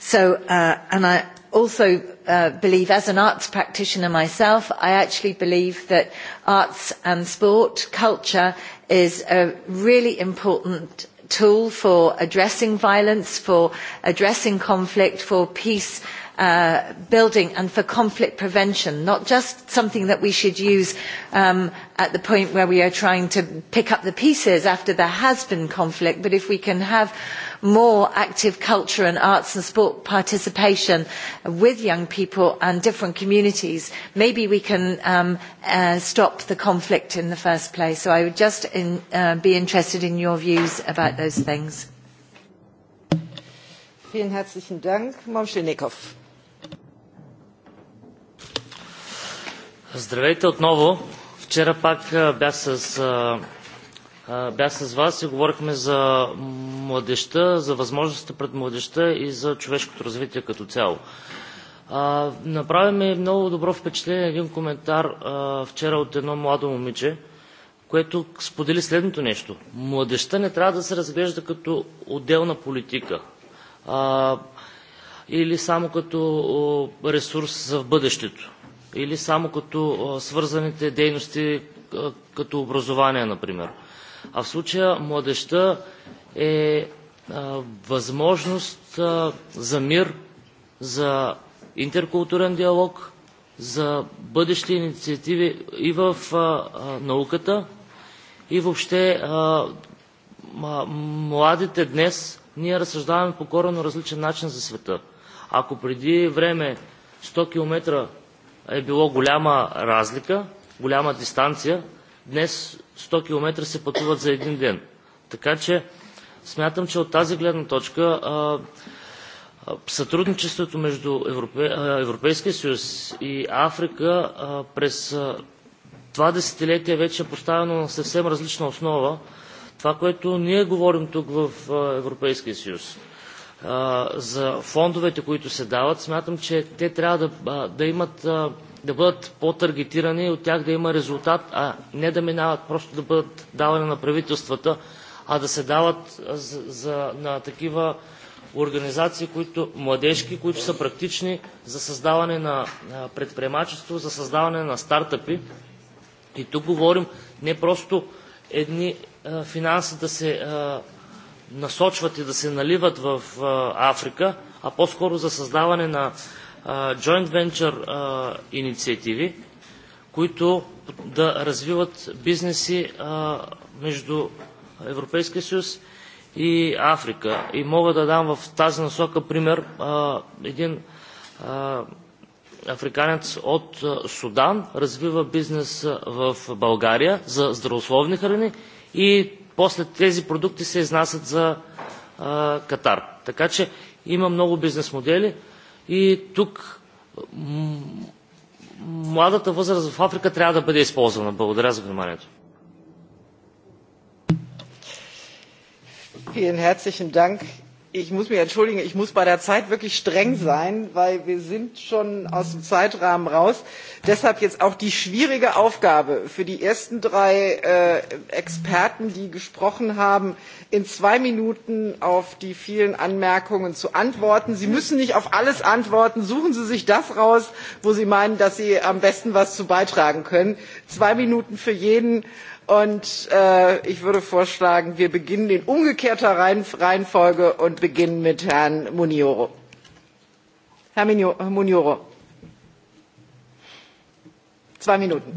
so, uh, and I also uh, believe, as an arts practitioner myself, I actually believe that arts and sport culture is a really important tool for addressing violence, for addressing conflict, for peace Uh, building and for conflict prevention, not just something that we should use um, at the point where we are trying to pick up the pieces after there has been conflict, but if we can have more active culture and arts and sport participation with young people and different communities, maybe we can um, uh, stop the conflict in the first place. So I would just in, uh, be interested in your views about those things. Vielen herzlichen Dank, Momschenikow. Здравейте отново. Вчера пак бях с, бях с вас и говорихме за младеща, за възможностите пред младеща и за човешкото развитие като цяло. Направи ми много добро впечатление един коментар вчера от едно младо момиче, което сподели следното нещо. Младеща не трябва да се разглежда като отделна политика или само като ресурс за бъдещето или само като свързаните дейности като образование, например. А в случая младеща е възможност за мир, за интеркултурен диалог, за бъдещи инициативи и в науката, и въобще младите днес ние разсъждаваме по коренно различен начин за света. Ако преди време 100 км е било голяма разлика, голяма дистанция. Днес 100 км се пътуват за един ден. Така че смятам, че от тази гледна точка а, а, сътрудничеството между Европе, Европейския съюз и Африка а, през а, това десетилетие вече е поставено на съвсем различна основа. Това, което ние говорим тук в Европейския съюз за фондовете, които се дават, смятам, че те трябва да, да имат да бъдат по-таргетирани и от тях да има резултат, а не да минават просто да бъдат давани на правителствата, а да се дават за, за, на такива организации, които, младежки, които са практични за създаване на предприемачество, за създаване на стартъпи. И тук говорим не просто едни финанси да се а, насочват и да се наливат в Африка, а по-скоро за създаване на joint venture инициативи, които да развиват бизнеси между Европейския съюз и Африка. И мога да дам в тази насока пример един африканец от Судан развива бизнес в България за здравословни храни и после тези продукти се изнасят за а, Катар. Така че има много бизнес модели и тук младата възраст в Африка трябва да бъде използвана. Благодаря за вниманието. Vielen herzlichen Dank ich muss mich entschuldigen, ich muss bei der Zeit wirklich streng sein, weil wir sind schon aus dem Zeitrahmen raus. Deshalb jetzt auch die schwierige Aufgabe für die ersten drei äh, Experten, die gesprochen haben, in zwei Minuten auf die vielen Anmerkungen zu antworten. Sie müssen nicht auf alles antworten. Suchen Sie sich das raus, wo Sie meinen, dass Sie am besten was zu beitragen können. Zwei Minuten für jeden und äh, ich würde vorschlagen wir beginnen in umgekehrter reihenfolge und beginnen mit herrn Munioro. herr Munioro, zwei minuten.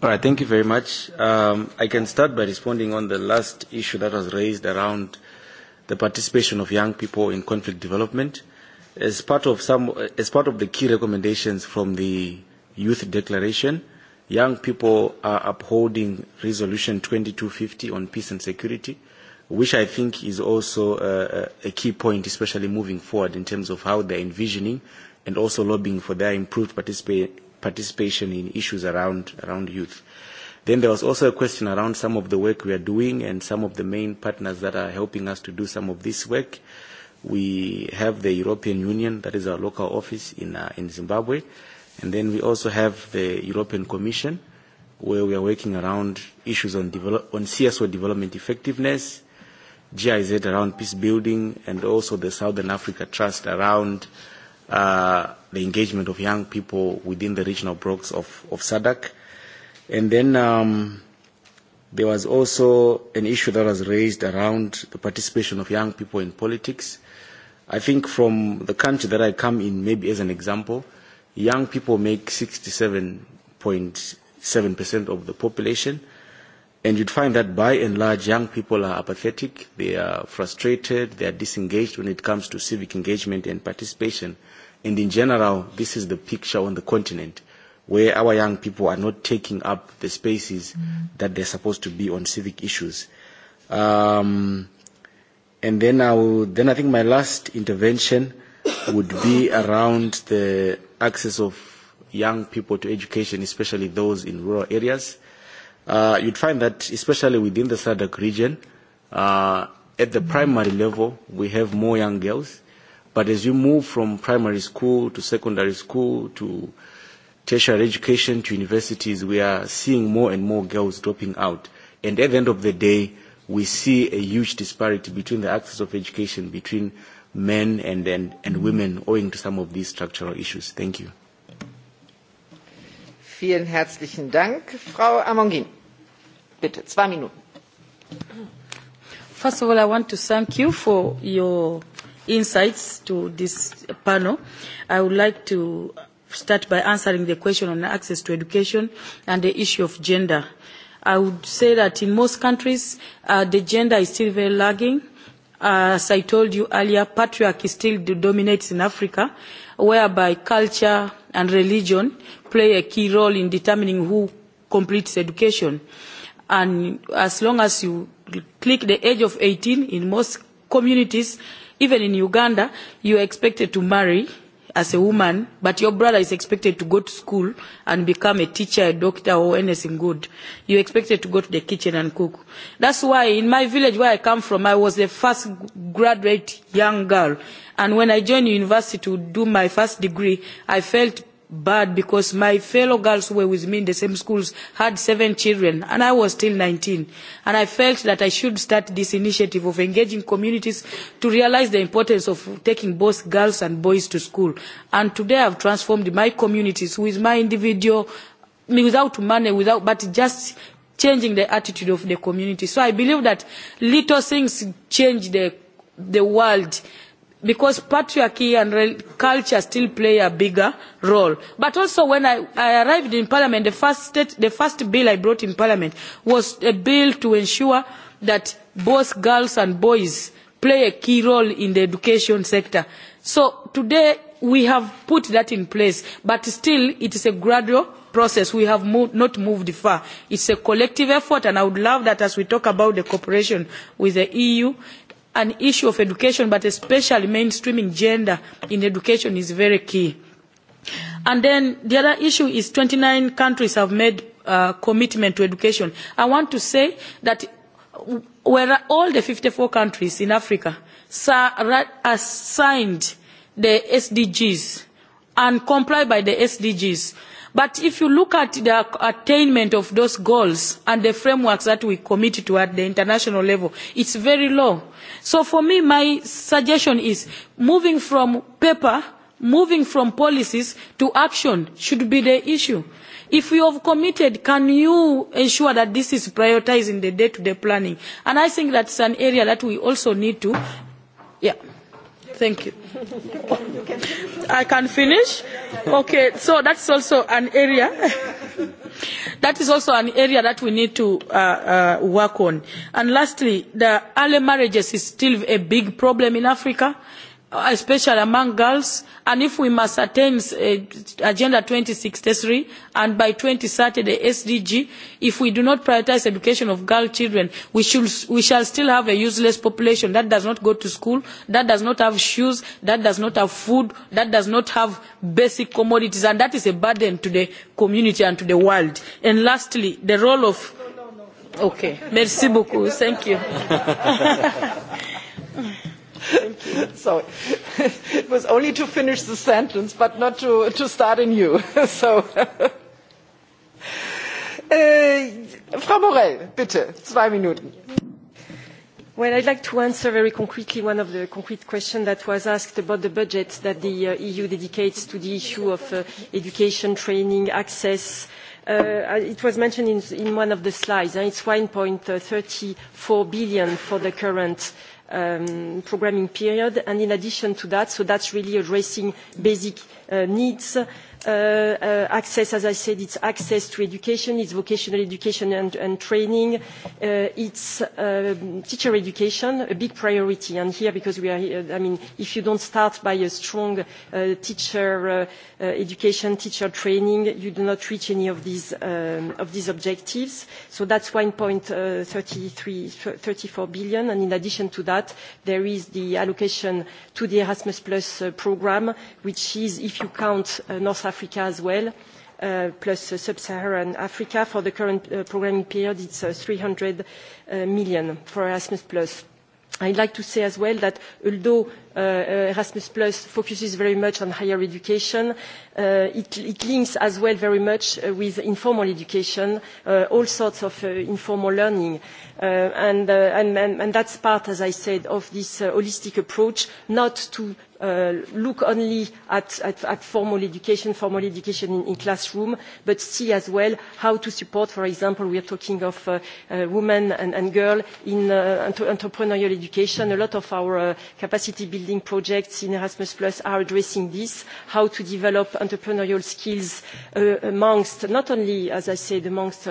All right, thank you very much. Um, I can start by responding on the last issue that was raised around the participation of young people in conflict development. As part of, some, as part of the key recommendations from the Youth Declaration, uh, young people are upholding Resolution 2250 on peace and security, which I think is also uh, uh, a key point, especially moving forward in terms of how they're envisioning and also lobbying for their improved participa participation in issues around, around youth. Then there was also a question around some of the work we are doing and some of the main partners that are helping us to do some of this work. We have the European Union, that is our local office in, uh, in Zimbabwe And then we also have the European Commission, where we are working around issues on, develop, on CSO development effectiveness, GIZ around peace building, and also the Southern Africa Trust around uh, the engagement of young people within the regional blocks of, of SADC. And then um, there was also an issue that was raised around the participation of young people in politics. I think from the country that I come in, maybe as an example, young people make 67.7% of the population. And you'd find that by and large, young people are apathetic, they are frustrated, they are disengaged when it comes to civic engagement and participation. And in general, this is the picture on the continent where our young people are not taking up the spaces mm. that they're supposed to be on civic issues. Um, and then I, will, then I think my last intervention would be around the access of young people to education, especially those in rural areas. Uh, you'd find that, especially within the SADC region, uh, at the primary level, we have more young girls. But as you move from primary school to secondary school to tertiary education to universities, we are seeing more and more girls dropping out. And at the end of the day, we see a huge disparity between the access of education between men and, and, and women owing to some of these structural issues. Thank you. Vielen herzlichen Dank. Frau Amongin, bitte, zwei Minuten. First of all, I want to thank you for your insights to this panel. I would like to start by answering the question on access to education and the issue of gender. I would say that in most countries, uh, the gender is still very lagging as I told you earlier, patriarchy still dominates in Africa, whereby culture and religion play a key role in determining who completes education. And as long as you click the age of 18 in most communities, even in Uganda, you are expected to marry as a woman, but your brother is expected to go to school and become a teacher, a doctor, or anything good. You're expected to go to the kitchen and cook. That's why in my village where I come from, I was the first graduate young girl. And when I joined university to do my first degree, I felt bad because my fellow girls who were with me in the same schools had seven children and I was still 19. And I felt that I should start this initiative of engaging communities to realize the importance of taking both girls and boys to school. And today I've transformed my communities with my individual, without money, without, but just changing the attitude of the community. So I believe that little things change the, the world because patriarchy and culture still play a bigger role. But also when I, I arrived in Parliament, the first, state, the first bill I brought in Parliament was a bill to ensure that both girls and boys play a key role in the education sector. So today we have put that in place, but still it is a gradual process. We have moved, not moved far. It's a collective effort, and I would love that as we talk about the cooperation with the EU, an issue of education, but especially mainstreaming gender in education is very key. And then the other issue is 29 countries have made uh, commitment to education. I want to say that where all the 54 countries in Africa are signed the SDGs and comply by the SDGs, But if you look at the attainment of those goals and the frameworks that we commit to at the international level, it's very low. So for me, my suggestion is moving from paper, moving from policies to action should be the issue. If you have committed, can you ensure that this is prioritized in the day-to-day -day planning? And I think that's an area that we also need to, yeah. Thank you. I can finish. Okay, so that's also an area. that is also an area that we need to uh, uh, work on. And lastly, the early marriages is still a big problem in Africa especially among girls and if we must attain uh, agenda 2063 and by 2030 the sdg if we do not prioritize education of girl children we, should, we shall still have a useless population that does not go to school that does not have shoes that does not have food that does not have basic commodities and that is a burden to the community and to the world and lastly the role of okay merci beaucoup thank you Thank it was only to finish the sentence, but not to, to start anew. So, uh, Frau Morell, bitte, zwei Minuten. Well, I'd like to answer very concretely one of the concrete questions that was asked about the budget that the uh, EU dedicates to the issue of uh, education, training, access, uh, uh, it was mentioned in, in one of the slides, and it's 1.34 uh, billion for the current Um, programming period. And in addition to that, so that's really addressing basic uh, needs Uh, uh, access, as I said, it's access to education, it's vocational education and, training, uh, it's um, teacher education, a big priority. And here, because we are, I mean, if you don't start by a strong teacher education, teacher training, you do not reach any of these, um, of these objectives. So that's 1.34 billion. And in addition to that, there is the allocation to the Erasmus programme, which is, if you count North Africa as well, uh, plus uh, sub-Saharan Africa. For the current uh, programming period, it's 300 million for Erasmus+. I'd like to say as well that although Erasmus focuses very much on higher education, it, links as well very much with informal education, all sorts of informal learning. and, that's part, as I said, of this holistic approach, not to Uh, look only at, formal education formal education in, in classroom but see as well how to support for example we are talking of uh, uh, women and, and girls in entrepreneurial education a lot of our capacity building projects in erasmus are addressing this how to develop entrepreneurial skills amongst not only as i said amongst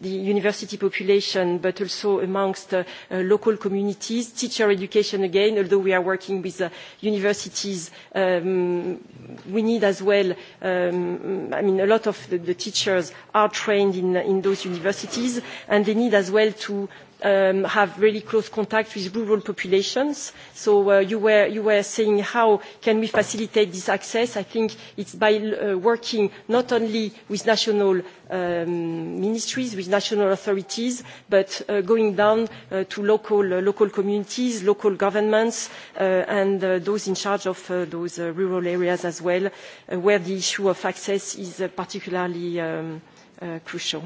the university population but also amongst uh, uh, local communities teacher education again although we are working with uh, universities um, we need as well um, i mean a lot of the, the teachers are trained in, in those universities and they need as well to Um, have really close contact with rural populations. So uh, you, were, you were saying how can we facilitate this access? I think it's by uh, working not only with national um, ministries, with national authorities, but uh, going down uh, to local, uh, local communities, local governments, uh, and those in charge of those rural areas as well, where the issue of access is particularly um, crucial.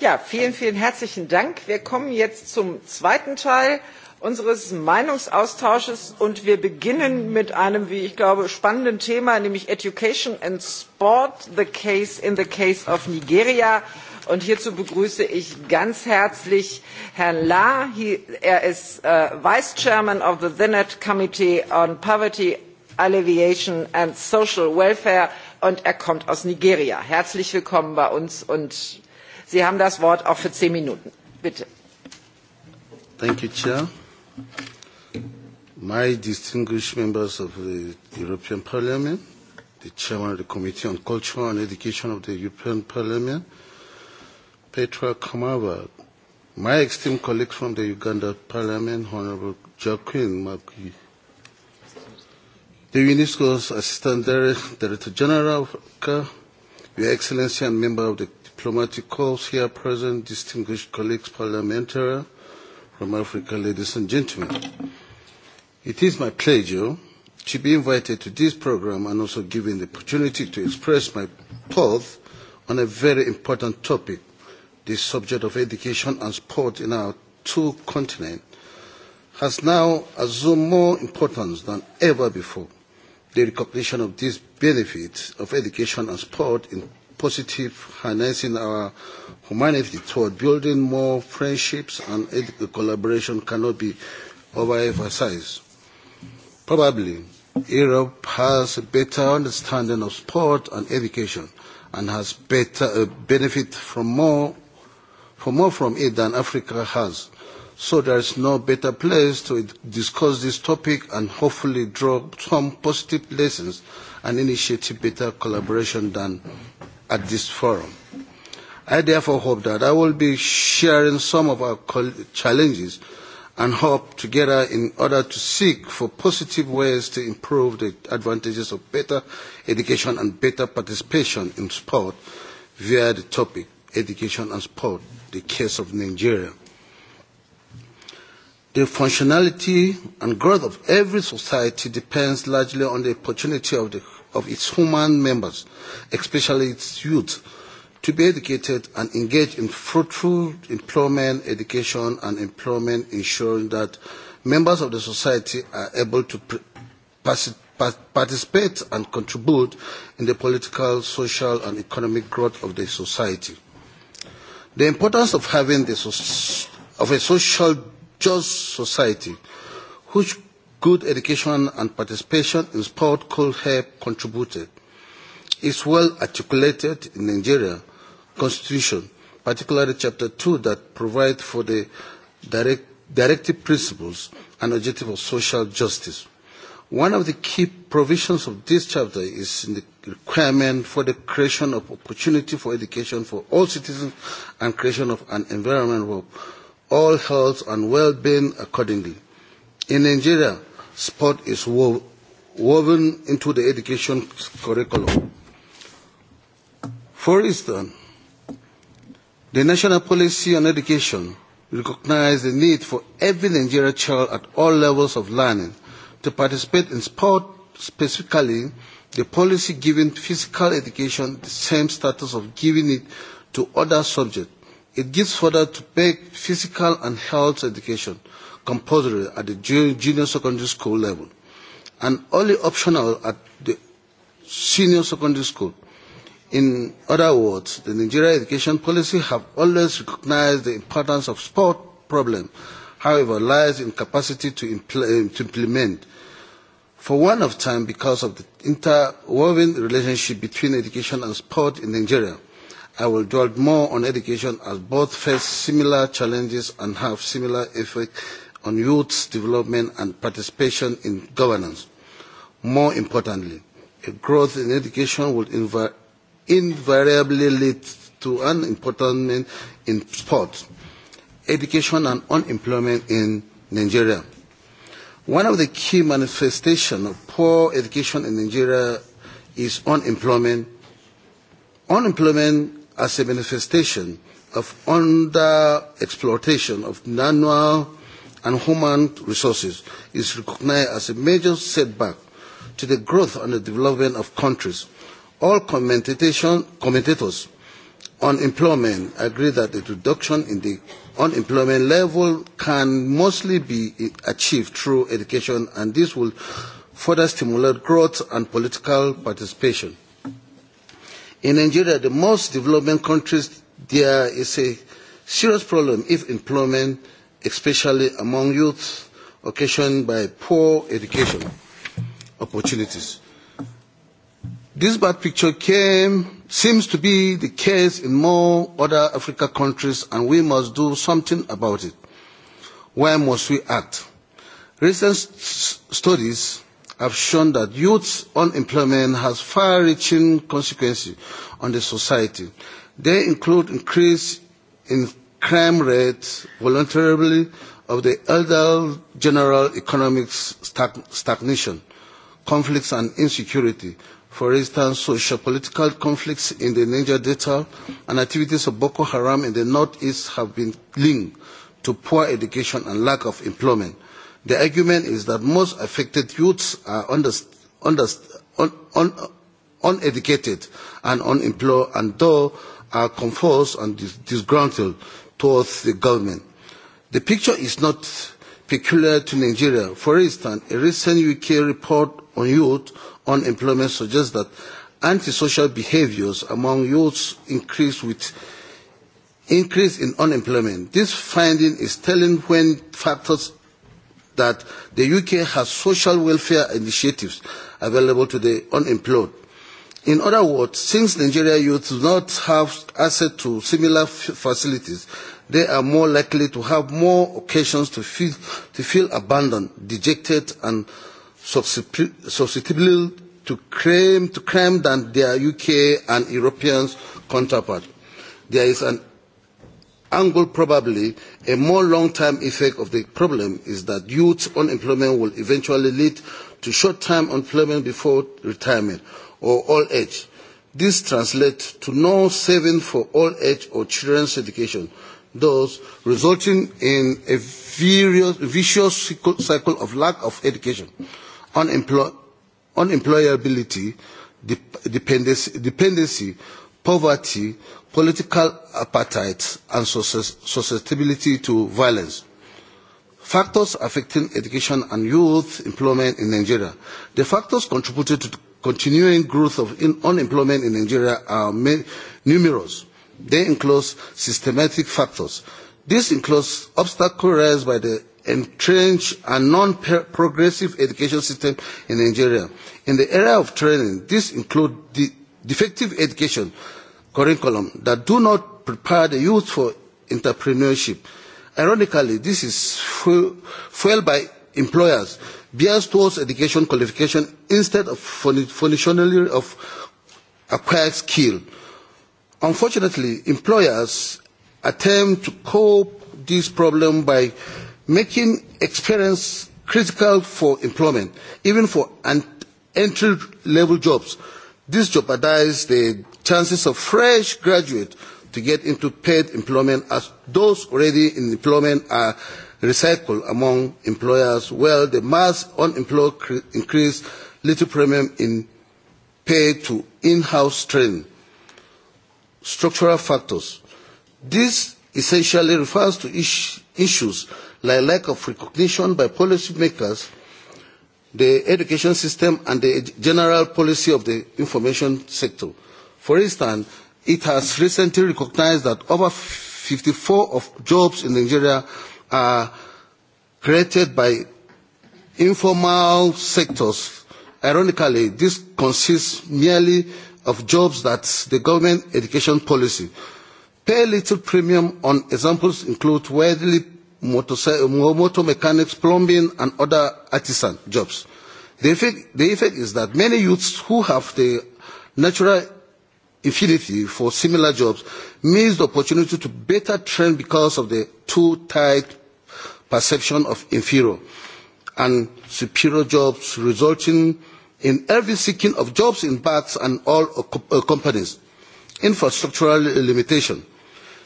Ja, vielen, vielen herzlichen Dank. Wir kommen jetzt zum zweiten Teil unseres Meinungsaustausches und wir beginnen mit einem, wie ich glaube, spannenden Thema, nämlich Education and Sport, the case in the case of Nigeria. Und hierzu begrüße ich ganz herzlich Herrn La. Er ist äh, Vice Chairman of the Senate Committee on Poverty Alleviation and Social Welfare und er kommt aus Nigeria. Herzlich willkommen bei uns und Sie haben das Wort auch für zehn Minuten. Bitte. Thank you, Chair. My distinguished members of the European Parliament, the Chairman of the Committee on Culture and Education of the European Parliament, Petra Kamava, my esteemed colleagues from the Uganda Parliament, Honorable Joaquin Maki, the UNESCO's Assistant Director General of Africa, Your Excellency and member of the diplomatic corps here present, distinguished colleagues, parliamentary from Africa, ladies and gentlemen. It is my pleasure to be invited to this program and also given the opportunity to express my thoughts on a very important topic, the subject of education and sport in our two continents has now assumed more importance than ever before. The recognition of these benefits of education and sport in positive, harnessing our humanity toward building more friendships and collaboration cannot be overemphasized. Probably, Europe has a better understanding of sport and education and has better uh, benefit from more, from more from it than Africa has. So there is no better place to discuss this topic and hopefully draw some positive lessons and initiate better collaboration than at this forum. I therefore hope that I will be sharing some of our challenges and hope together in order to seek for positive ways to improve the advantages of better education and better participation in sport via the topic education and sport, the case of Nigeria. The functionality and growth of every society depends largely on the opportunity of the of its human members, especially its youth, to be educated and engaged in fruitful employment, education and employment, ensuring that members of the society are able to participate and contribute in the political, social and economic growth of the society. The importance of having the so of a social just society which Good education and participation in sport could help contribute. It's well articulated in Nigeria constitution, particularly chapter 2 that provides for the direct, directive principles and objective of social justice. One of the key provisions of this chapter is in the requirement for the creation of opportunity for education for all citizens and creation of an environment where all health and well-being accordingly. In Nigeria, sport is wo woven into the education curriculum. For instance, the National Policy on Education recognizes the need for every Nigerian child at all levels of learning to participate in sport, specifically the policy giving physical education the same status of giving it to other subjects. It gives further to peg physical and health education compulsory at the junior secondary school level and only optional at the senior secondary school. In other words, the Nigeria education policy have always recognized the importance of sport problem, however, lies in capacity to, impl eh, to implement for one of time because of the interwoven relationship between education and sport in Nigeria. I will dwell more on education as both face similar challenges and have similar effect, on youth's development and participation in governance. More importantly, a growth in education will inv invariably lead to an important in sports, education and unemployment in Nigeria. One of the key manifestations of poor education in Nigeria is unemployment. Unemployment as a manifestation of underexploitation of manual and human resources is recognized as a major setback to the growth and the development of countries. All commentators on employment agree that a reduction in the unemployment level can mostly be achieved through education and this will further stimulate growth and political participation. In Nigeria, the most developing countries, there is a serious problem if employment especially among youth, occasioned by poor education opportunities. This bad picture came, seems to be the case in more other Africa countries, and we must do something about it. Where must we act? Recent st studies have shown that youth unemployment has far-reaching consequences on the society. They include increase in crime rates voluntarily of the elder general economic stagnation, conflicts and insecurity, for instance, socio-political conflicts in the Niger Delta and activities of Boko Haram in the northeast have been linked to poor education and lack of employment. The argument is that most affected youths are under, under, un, un, uneducated and unemployed and though are confused and disgruntled towards the government. The picture is not peculiar to Nigeria. For instance, a recent UK report on youth unemployment suggests that antisocial behaviours among youths increase with increase in unemployment. This finding is telling when factors that the UK has social welfare initiatives available to the unemployed In other words, since Nigeria youth do not have access to similar facilities, they are more likely to have more occasions to feel, to feel abandoned, dejected, and susceptible to crime, to crime than their UK and European counterparts. There is an angle probably a more long-term effect of the problem is that youth unemployment will eventually lead to short-term unemployment before retirement or all age. This translates to no saving for all age or children's education, thus resulting in a vicious cycle of lack of education, unemployability, dependency, poverty, political appetite, and susceptibility to violence. Factors affecting education and youth employment in Nigeria. The factors contributed to continuing growth of in unemployment in Nigeria are numerous. They include systematic factors. This includes obstacles raised by the entrenched and non-progressive education system in Nigeria. In the area of training, this includes the defective education curriculum that do not prepare the youth for entrepreneurship. Ironically, this is fuelled by employers bears towards education qualification instead of functionally of acquired skill. Unfortunately, employers attempt to cope this problem by making experience critical for employment, even for entry-level jobs. This jeopardizes the chances of fresh graduates to get into paid employment as those already in employment are recycle among employers while the mass unemployed increase little premium in pay to in-house training. Structural factors. This essentially refers to is issues like lack of recognition by policymakers, the education system and the general policy of the information sector. For instance, it has recently recognized that over 54 of jobs in Nigeria are created by informal sectors. Ironically, this consists merely of jobs that the government education policy pay little premium on examples include widely motor, motor mechanics, plumbing and other artisan jobs. The effect, the effect is that many youths who have the natural infinity for similar jobs miss the opportunity to better train because of the too tight perception of inferior and superior jobs resulting in every seeking of jobs in banks and all uh, companies. Infrastructural limitation.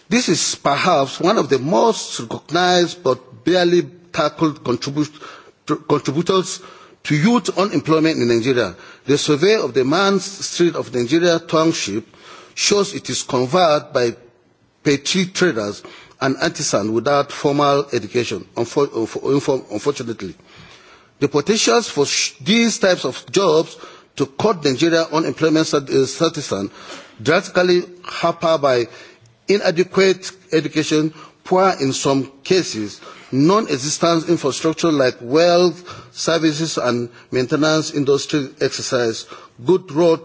This is perhaps one of the most recognised but barely tackled contributors to youth unemployment in Nigeria. The survey of the main street of Nigeria township shows it is covered by petty traders an artisan without formal education, uh, unfortunately. The potentials for these types of jobs to cut Nigeria unemployment statistics uh, drastically hampered by inadequate education, poor in some cases, non-existent infrastructure like wealth, services and maintenance industry exercise, good road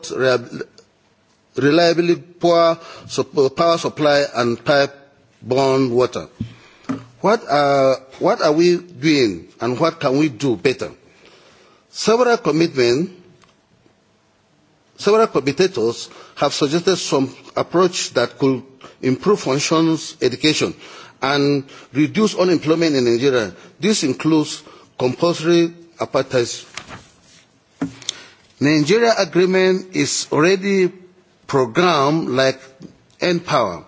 reliability, poor power supply and pipe born water. What are, what are we doing and what can we do better? Several commitments, several commentators have suggested some approach that could improve functions education and reduce unemployment in Nigeria. This includes compulsory apartheid. Nigeria agreement is already programmed like end power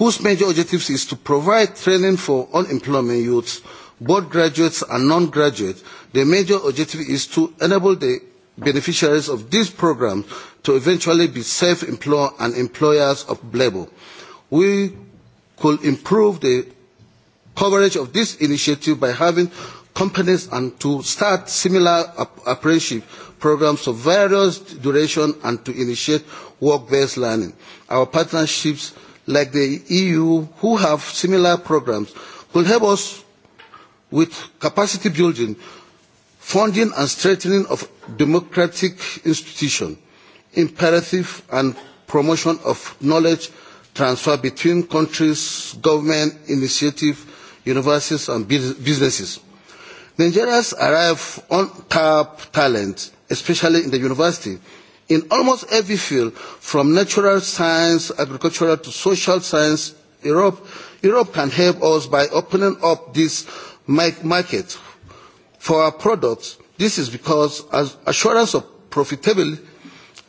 whose major objective is to provide training for unemployment youths, both graduates and non-graduates. The major objective is to enable the beneficiaries of this program to eventually be self-employed and employers of labour. We could improve the coverage of this initiative by having companies and to start similar apprenticeship programs of various duration and to initiate work-based learning. Our partnerships like the EU who have similar programs could help us with capacity building, funding and strengthening of democratic institutions, imperative and promotion of knowledge transfer between countries, government initiatives, universities and businesses. Nigerians arrive on top talent, especially in the university, in almost every field, from natural science, agricultural to social science, Europe, Europe can help us by opening up this market for our products. This is because as assurance of profitable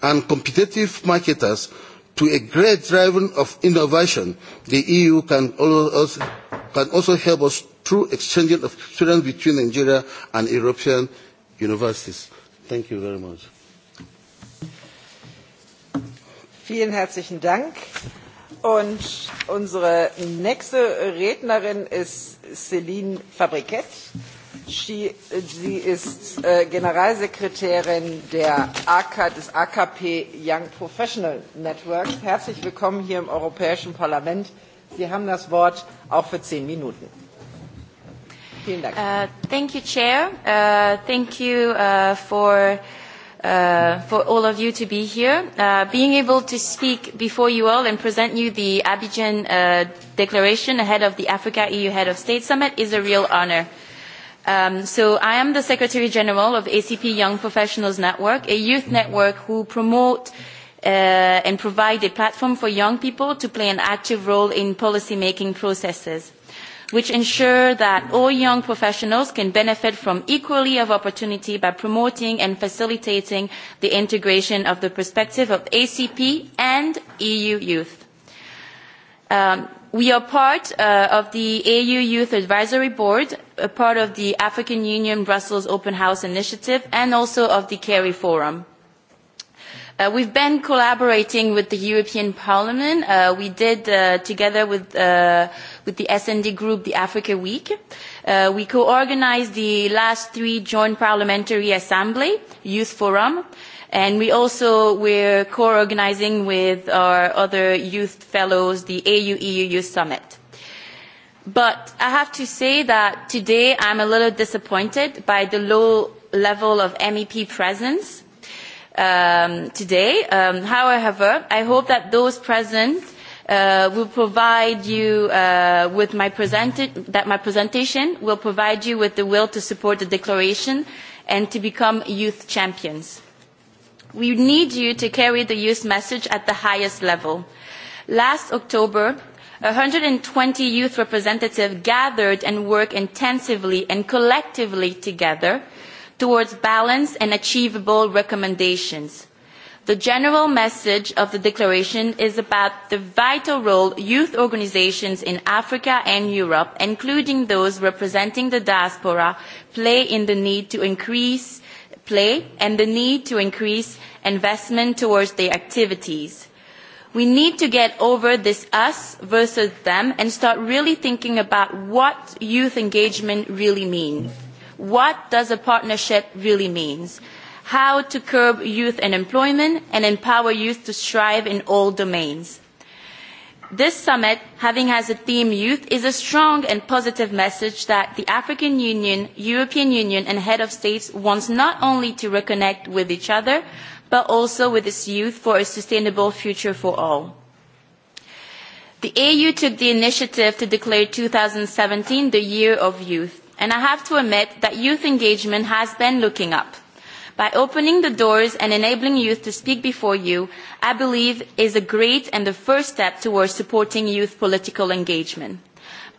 and competitive marketers to a great driving of innovation, the EU can also, can also help us through exchanging of experience between Nigeria and European universities. Thank you very much. Vielen herzlichen Dank. Und unsere nächste Rednerin ist Céline Fabriquet. sie ist äh, Generalsekretärin der AK, des AKP Young Professional Network. Herzlich willkommen hier im Europäischen Parlament. Sie haben das Wort auch für zehn Minuten. Vielen Dank. Uh, thank you, Chair. Uh, thank you uh, for uh, for all of you to be here. Uh, being able to speak before you all and present you the Abidjan uh, Declaration ahead of the Africa-EU Head of State Summit is a real honor. Um, so I am the Secretary General of ACP Young Professionals Network, a youth network who promote uh, and provide a platform for young people to play an active role in policy-making processes which ensure that all young professionals can benefit from equally of opportunity by promoting and facilitating the integration of the perspective of ACP and EU youth. Um, we are part uh, of the AU Youth Advisory Board, a part of the African Union Brussels Open House Initiative, and also of the CARI Forum. Uh, we've been collaborating with the European Parliament. Uh, we did, uh, together with uh, with the SND group, the Africa Week. Uh, we co-organized the last three joint parliamentary assembly, Youth Forum, and we also were co-organizing with our other youth fellows the AU-EU e Youth Summit. But I have to say that today I'm a little disappointed by the low level of MEP presence um, today. Um, however, I hope that those present uh, will provide you uh, with my presenta- that my presentation will provide you with the will to support the declaration and to become youth champions. We need you to carry the youth message at the highest level. Last October, 120 youth representatives gathered and worked intensively and collectively together towards balanced and achievable recommendations The general message of the declaration is about the vital role youth organisations in Africa and Europe, including those representing the diaspora, play in the need to increase play and the need to increase investment towards their activities. We need to get over this us versus them and start really thinking about what youth engagement really means. What does a partnership really mean? how to curb youth unemployment and empower youth to strive in all domains. This summit, having as a theme youth, is a strong and positive message that the African Union, European Union and head of states wants not only to reconnect with each other, but also with its youth for a sustainable future for all. The AU took the initiative to declare 2017 the Year of Youth, and I have to admit that youth engagement has been looking up. By opening the doors and enabling youth to speak before you, I believe is a great and the first step towards supporting youth political engagement.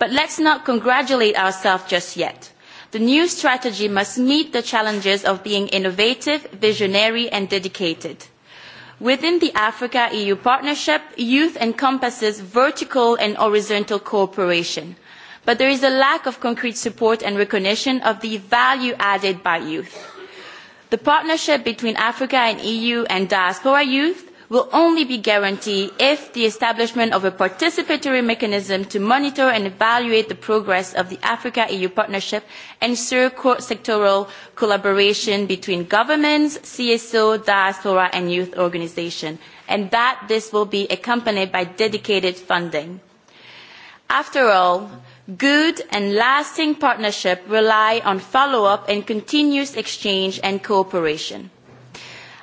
But let's not congratulate ourselves just yet. The new strategy must meet the challenges of being innovative, visionary and dedicated. Within the Africa-EU partnership, youth encompasses vertical and horizontal cooperation. But there is a lack of concrete support and recognition of the value added by youth The partnership between Africa and EU and diaspora youth will only be guaranteed if the establishment of a participatory mechanism to monitor and evaluate the progress of the Africa-EU partnership ensure cross-sectoral collaboration between governments, CSO, diaspora and youth organisations, and that this will be accompanied by dedicated funding. After all, Good and lasting partnership rely on follow-up and continuous exchange and cooperation.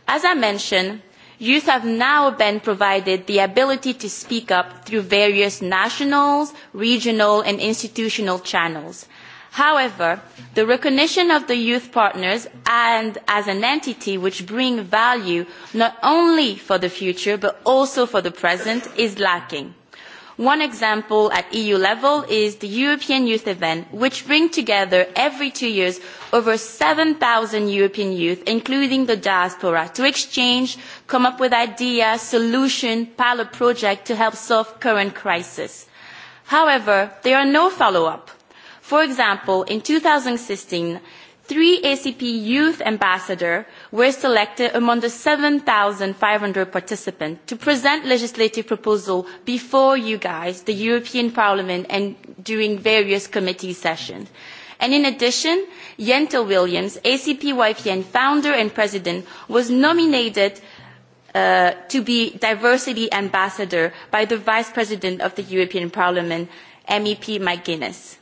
As I mentioned, youth have now been provided the ability to speak up through various national, regional and institutional channels. However, the recognition of the youth partners and as an entity which bring value not only for the future but also for the present is lacking One example at EU level is the European Youth Event, which brings together every two years over 7,000 European youth, including the diaspora, to exchange, come up with ideas, solutions, pilot projects to help solve current crisis. However, there are no follow-up. For example, in 2016, three ACP youth ambassadors were selected among the 7,500 participants to present legislative proposals before you guys, the European Parliament, and during various committee sessions. And in addition, Yenta Williams, ACP-YPN founder and president, was nominated uh, to be diversity ambassador by the vice president of the European Parliament, MEP McGuinness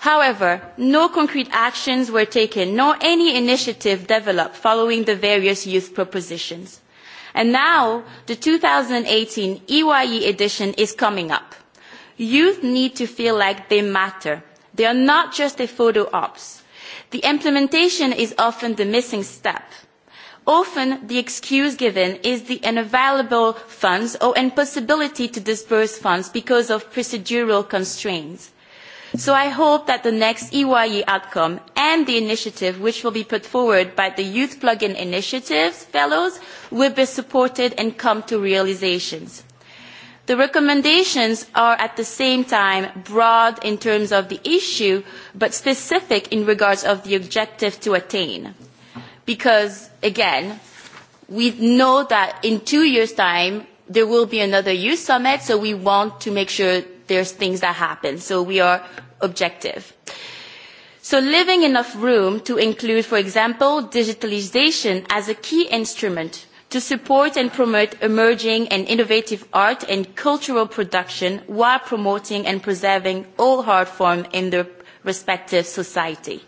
however no concrete actions were taken nor any initiative developed following the various youth propositions and now the two thousand and eighteen eye e edition is coming up. youth need to feel like they matter they are not just a photo ops. the implementation is often the missing step. often the excuse given is the unavailable funds or impossibility to disburse funds because of procedural constraints So I hope that the next EYE e outcome and the initiative which will be put forward by the Youth Plug-in initiative Fellows will be supported and come to realisation. The recommendations are at the same time broad in terms of the issue, but specific in regards of the objective to attain. Because, again, we know that in two years' time, there will be another youth summit, so we want to make sure there's things that happen. So we are objective. So leaving enough room to include, for example, digitalization as a key instrument to support and promote emerging and innovative art and cultural production while promoting and preserving all art forms in their respective society.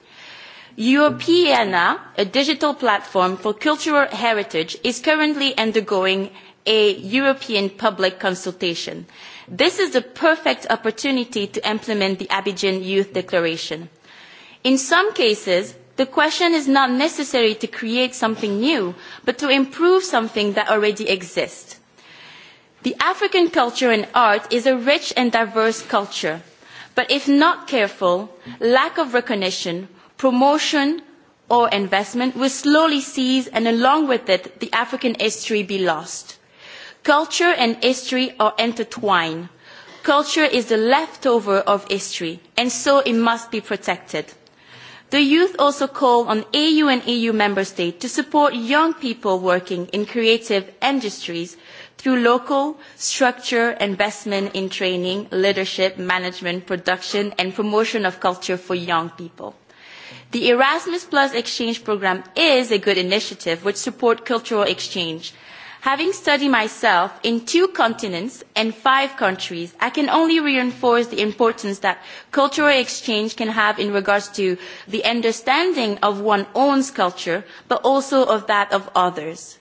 Europeana, a digital platform for cultural heritage, is currently undergoing a European public consultation This is the perfect opportunity to implement the Abidjan Youth Declaration. In some cases, the question is not necessary to create something new, but to improve something that already exists. The African culture and art is a rich and diverse culture, but if not careful, lack of recognition, promotion, or investment will slowly cease and along with it the African history be lost. Culture and history are intertwined. Culture is the leftover of history, and so it must be protected. The youth also call on EU and EU member states to support young people working in creative industries through local structure investment in training, leadership, management, production and promotion of culture for young people. The Erasmus Plus exchange program is a good initiative which supports cultural exchange Having studied myself in two continents and five countries, I can only reinforce the importance that cultural exchange can have in regards to the understanding of one's own culture, but also of that of others.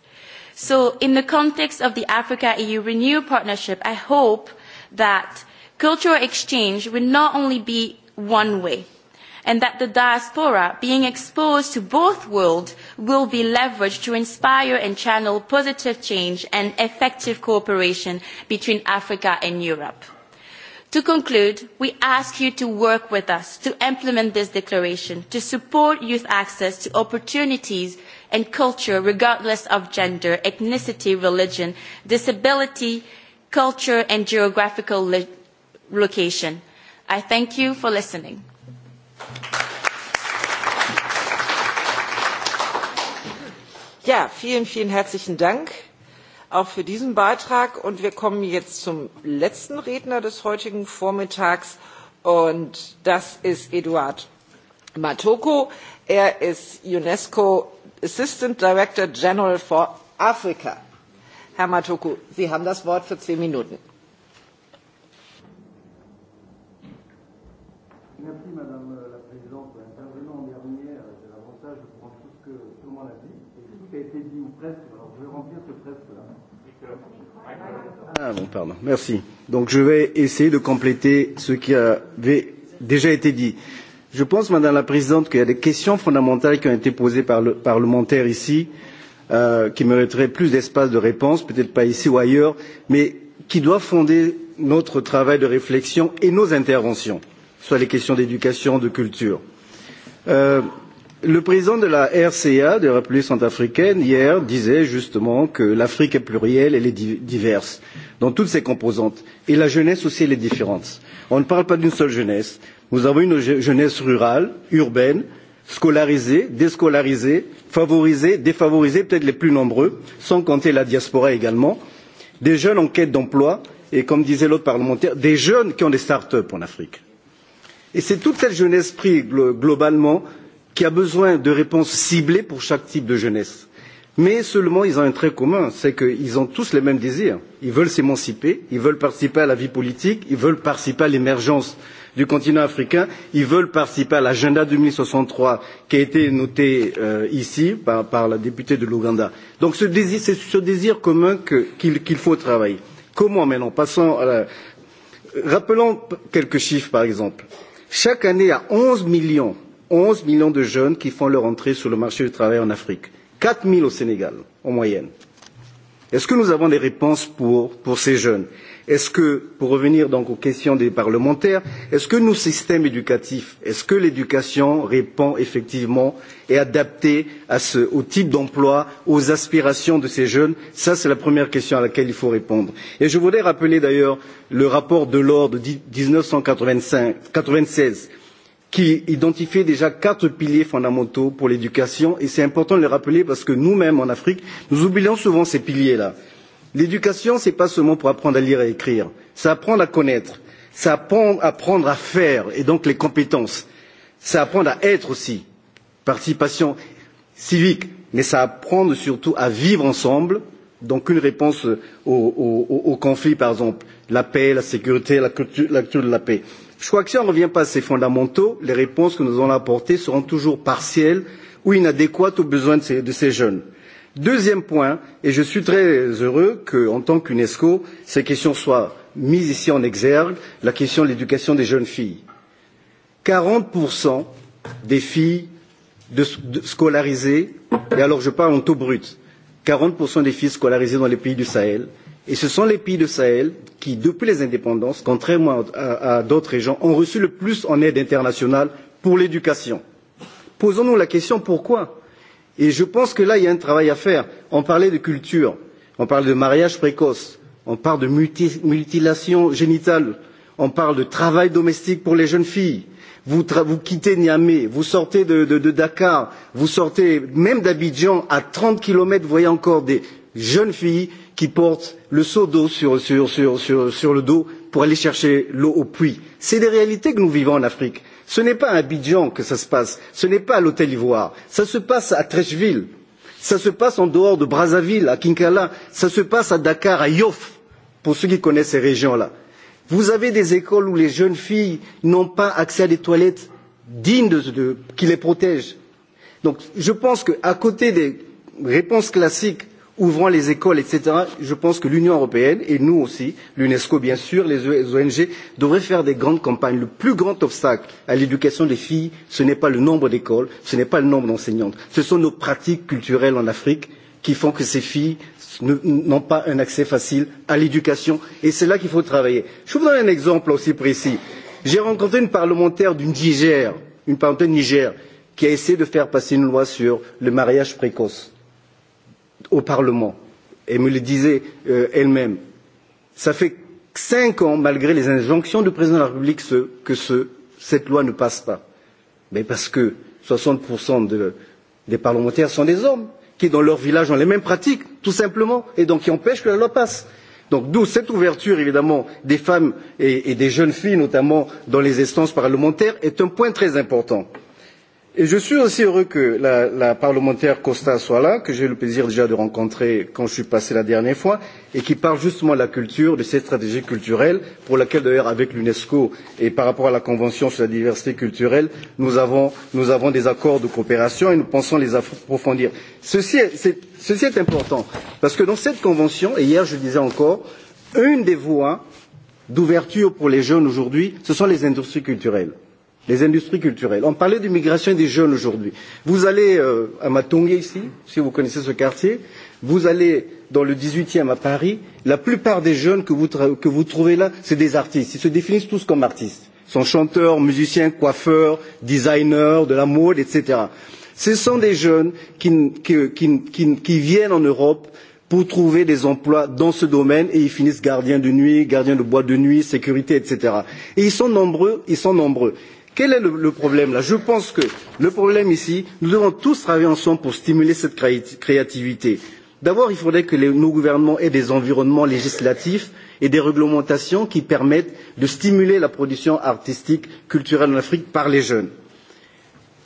So in the context of the Africa-EU Renew partnership, I hope that cultural exchange will not only be one way, and that the diaspora, being exposed to both worlds, will be leveraged to inspire and channel positive change and effective cooperation between Africa and Europe. To conclude, we ask you to work with us to implement this declaration, to support youth access to opportunities and culture regardless of gender, ethnicity, religion, disability, culture and geographical location. I thank you for listening. Ja, vielen, vielen herzlichen Dank auch für diesen Beitrag. Und wir kommen jetzt zum letzten Redner des heutigen Vormittags. Und das ist Eduard Matoko. Er ist UNESCO Assistant Director General for Africa. Herr Matoko, Sie haben das Wort für zehn Minuten. Merci, prima, Ah bon, pardon. Merci. Donc je vais essayer de compléter ce qui avait déjà été dit. Je pense, Madame la Présidente, qu'il y a des questions fondamentales qui ont été posées par le parlementaire ici, euh, qui mériteraient plus d'espace de réponse, peut-être pas ici ou ailleurs, mais qui doivent fonder notre travail de réflexion et nos interventions, soit les questions d'éducation, de culture. Euh, Le président de la RCA, de la République centrafricaine, hier disait justement que l'Afrique est plurielle, elle est diverse, dans toutes ses composantes. Et la jeunesse aussi, elle est différente. On ne parle pas d'une seule jeunesse. Nous avons une jeunesse rurale, urbaine, scolarisée, déscolarisée, favorisée, défavorisée, peut-être les plus nombreux, sans compter la diaspora également, des jeunes en quête d'emploi et, comme disait l'autre parlementaire, des jeunes qui ont des start-up en Afrique. Et c'est toute cette jeunesse prise globalement qui a besoin de réponses ciblées pour chaque type de jeunesse. Mais seulement, ils ont un trait commun, c'est qu'ils ont tous les mêmes désirs. Ils veulent s'émanciper, ils veulent participer à la vie politique, ils veulent participer à l'émergence du continent africain, ils veulent participer à l'agenda 2063 qui a été noté euh, ici par, par la députée de l'Ouganda. Donc ce désir, c'est ce désir commun qu'il qu qu faut travailler. Comment maintenant Passons à la... Rappelons quelques chiffres par exemple. Chaque année, à 11 millions 11 millions de jeunes qui font leur entrée sur le marché du travail en Afrique. 4 000 au Sénégal, en moyenne. Est-ce que nous avons des réponses pour, pour ces jeunes Est-ce que, pour revenir donc aux questions des parlementaires, est-ce que nos systèmes éducatifs, est-ce que l'éducation répond effectivement et adaptée à ce, au type d'emploi, aux aspirations de ces jeunes Ça, c'est la première question à laquelle il faut répondre. Et je voudrais rappeler d'ailleurs le rapport de l'ordre de 1996 qui identifiait déjà quatre piliers fondamentaux pour l'éducation et c'est important de le rappeler parce que nous mêmes en afrique nous oublions souvent ces piliers là. l'éducation ce n'est pas seulement pour apprendre à lire et à écrire c'est apprendre à connaître c'est apprendre, apprendre à faire et donc les compétences c'est apprendre à être aussi participation civique mais c'est apprendre surtout à vivre ensemble donc une réponse aux au, au, au conflits par exemple la paix la sécurité la culture, la culture de la paix. Je crois que si on ne revient pas à ces fondamentaux, les réponses que nous allons apporter seront toujours partielles ou inadéquates aux besoins de ces, de ces jeunes. Deuxième point, et je suis très heureux qu'en tant qu'UNESCO, ces questions soient mises ici en exergue, la question de l'éducation des jeunes filles. 40% des filles de, de, scolarisées, et alors je parle en taux brut, 40% des filles scolarisées dans les pays du Sahel Et ce sont les pays du Sahel qui, depuis les indépendances, contrairement à, à d'autres régions, ont reçu le plus en aide internationale pour l'éducation. Posons-nous la question pourquoi Et je pense que là, il y a un travail à faire. On parlait de culture, on parle de mariage précoce, on parle de muti mutilation génitale, on parle de travail domestique pour les jeunes filles. Vous, vous quittez Niamey, vous sortez de, de, de Dakar, vous sortez même d'Abidjan, à 30 km, vous voyez encore des jeunes filles qui portent le seau d'eau sur, sur, sur, sur, sur le dos pour aller chercher l'eau au puits. C'est des réalités que nous vivons en Afrique. Ce n'est pas à Abidjan que ça se passe, ce n'est pas à l'Hôtel Ivoire, ça se passe à Trècheville, ça se passe en dehors de Brazzaville, à Kinkala, ça se passe à Dakar, à Yoff, pour ceux qui connaissent ces régions-là. Vous avez des écoles où les jeunes filles n'ont pas accès à des toilettes dignes de, de, qui les protègent. Donc je pense qu'à côté des réponses classiques ouvrant les écoles, etc. Je pense que l'Union européenne et nous aussi, l'UNESCO bien sûr, les ONG devraient faire des grandes campagnes. Le plus grand obstacle à l'éducation des filles, ce n'est pas le nombre d'écoles, ce n'est pas le nombre d'enseignantes, ce sont nos pratiques culturelles en Afrique qui font que ces filles n'ont pas un accès facile à l'éducation et c'est là qu'il faut travailler. Je vous donne un exemple aussi précis. J'ai rencontré une parlementaire du Niger, une parlementaire du Niger, qui a essayé de faire passer une loi sur le mariage précoce au Parlement. Elle me le disait euh, elle-même. Ça fait cinq ans, malgré les injonctions du président de la République, ce, que ce, cette loi ne passe pas. Mais parce que 60% de, des parlementaires sont des hommes qui, dans leur village, ont les mêmes pratiques, tout simplement, et donc qui empêchent que la loi passe. Donc d'où cette ouverture, évidemment, des femmes et, et des jeunes filles, notamment dans les instances parlementaires, est un point très important. Et je suis aussi heureux que la, la parlementaire Costa soit là, que j'ai eu le plaisir déjà de rencontrer quand je suis passé la dernière fois, et qui parle justement de la culture, de cette stratégie culturelle, pour laquelle d'ailleurs avec l'UNESCO et par rapport à la Convention sur la diversité culturelle, nous avons, nous avons des accords de coopération et nous pensons les approfondir. Ceci est, est, ceci est important, parce que dans cette Convention, et hier je le disais encore, une des voies d'ouverture pour les jeunes aujourd'hui, ce sont les industries culturelles les industries culturelles. On parlait de migration des jeunes aujourd'hui. Vous allez euh, à Matongé ici, si vous connaissez ce quartier, vous allez dans le 18e à Paris, la plupart des jeunes que vous, que vous trouvez là, c'est des artistes. Ils se définissent tous comme artistes. Ils sont chanteurs, musiciens, coiffeurs, designers, de la mode, etc. Ce sont des jeunes qui, qui, qui, qui, qui viennent en Europe pour trouver des emplois dans ce domaine et ils finissent gardiens de nuit, gardiens de boîte de nuit, sécurité, etc. Et ils sont nombreux, ils sont nombreux. Quel est le, le problème là Je pense que le problème ici, nous devons tous travailler ensemble pour stimuler cette créativité. D'abord, il faudrait que les, nos gouvernements aient des environnements législatifs et des réglementations qui permettent de stimuler la production artistique, culturelle en Afrique par les jeunes.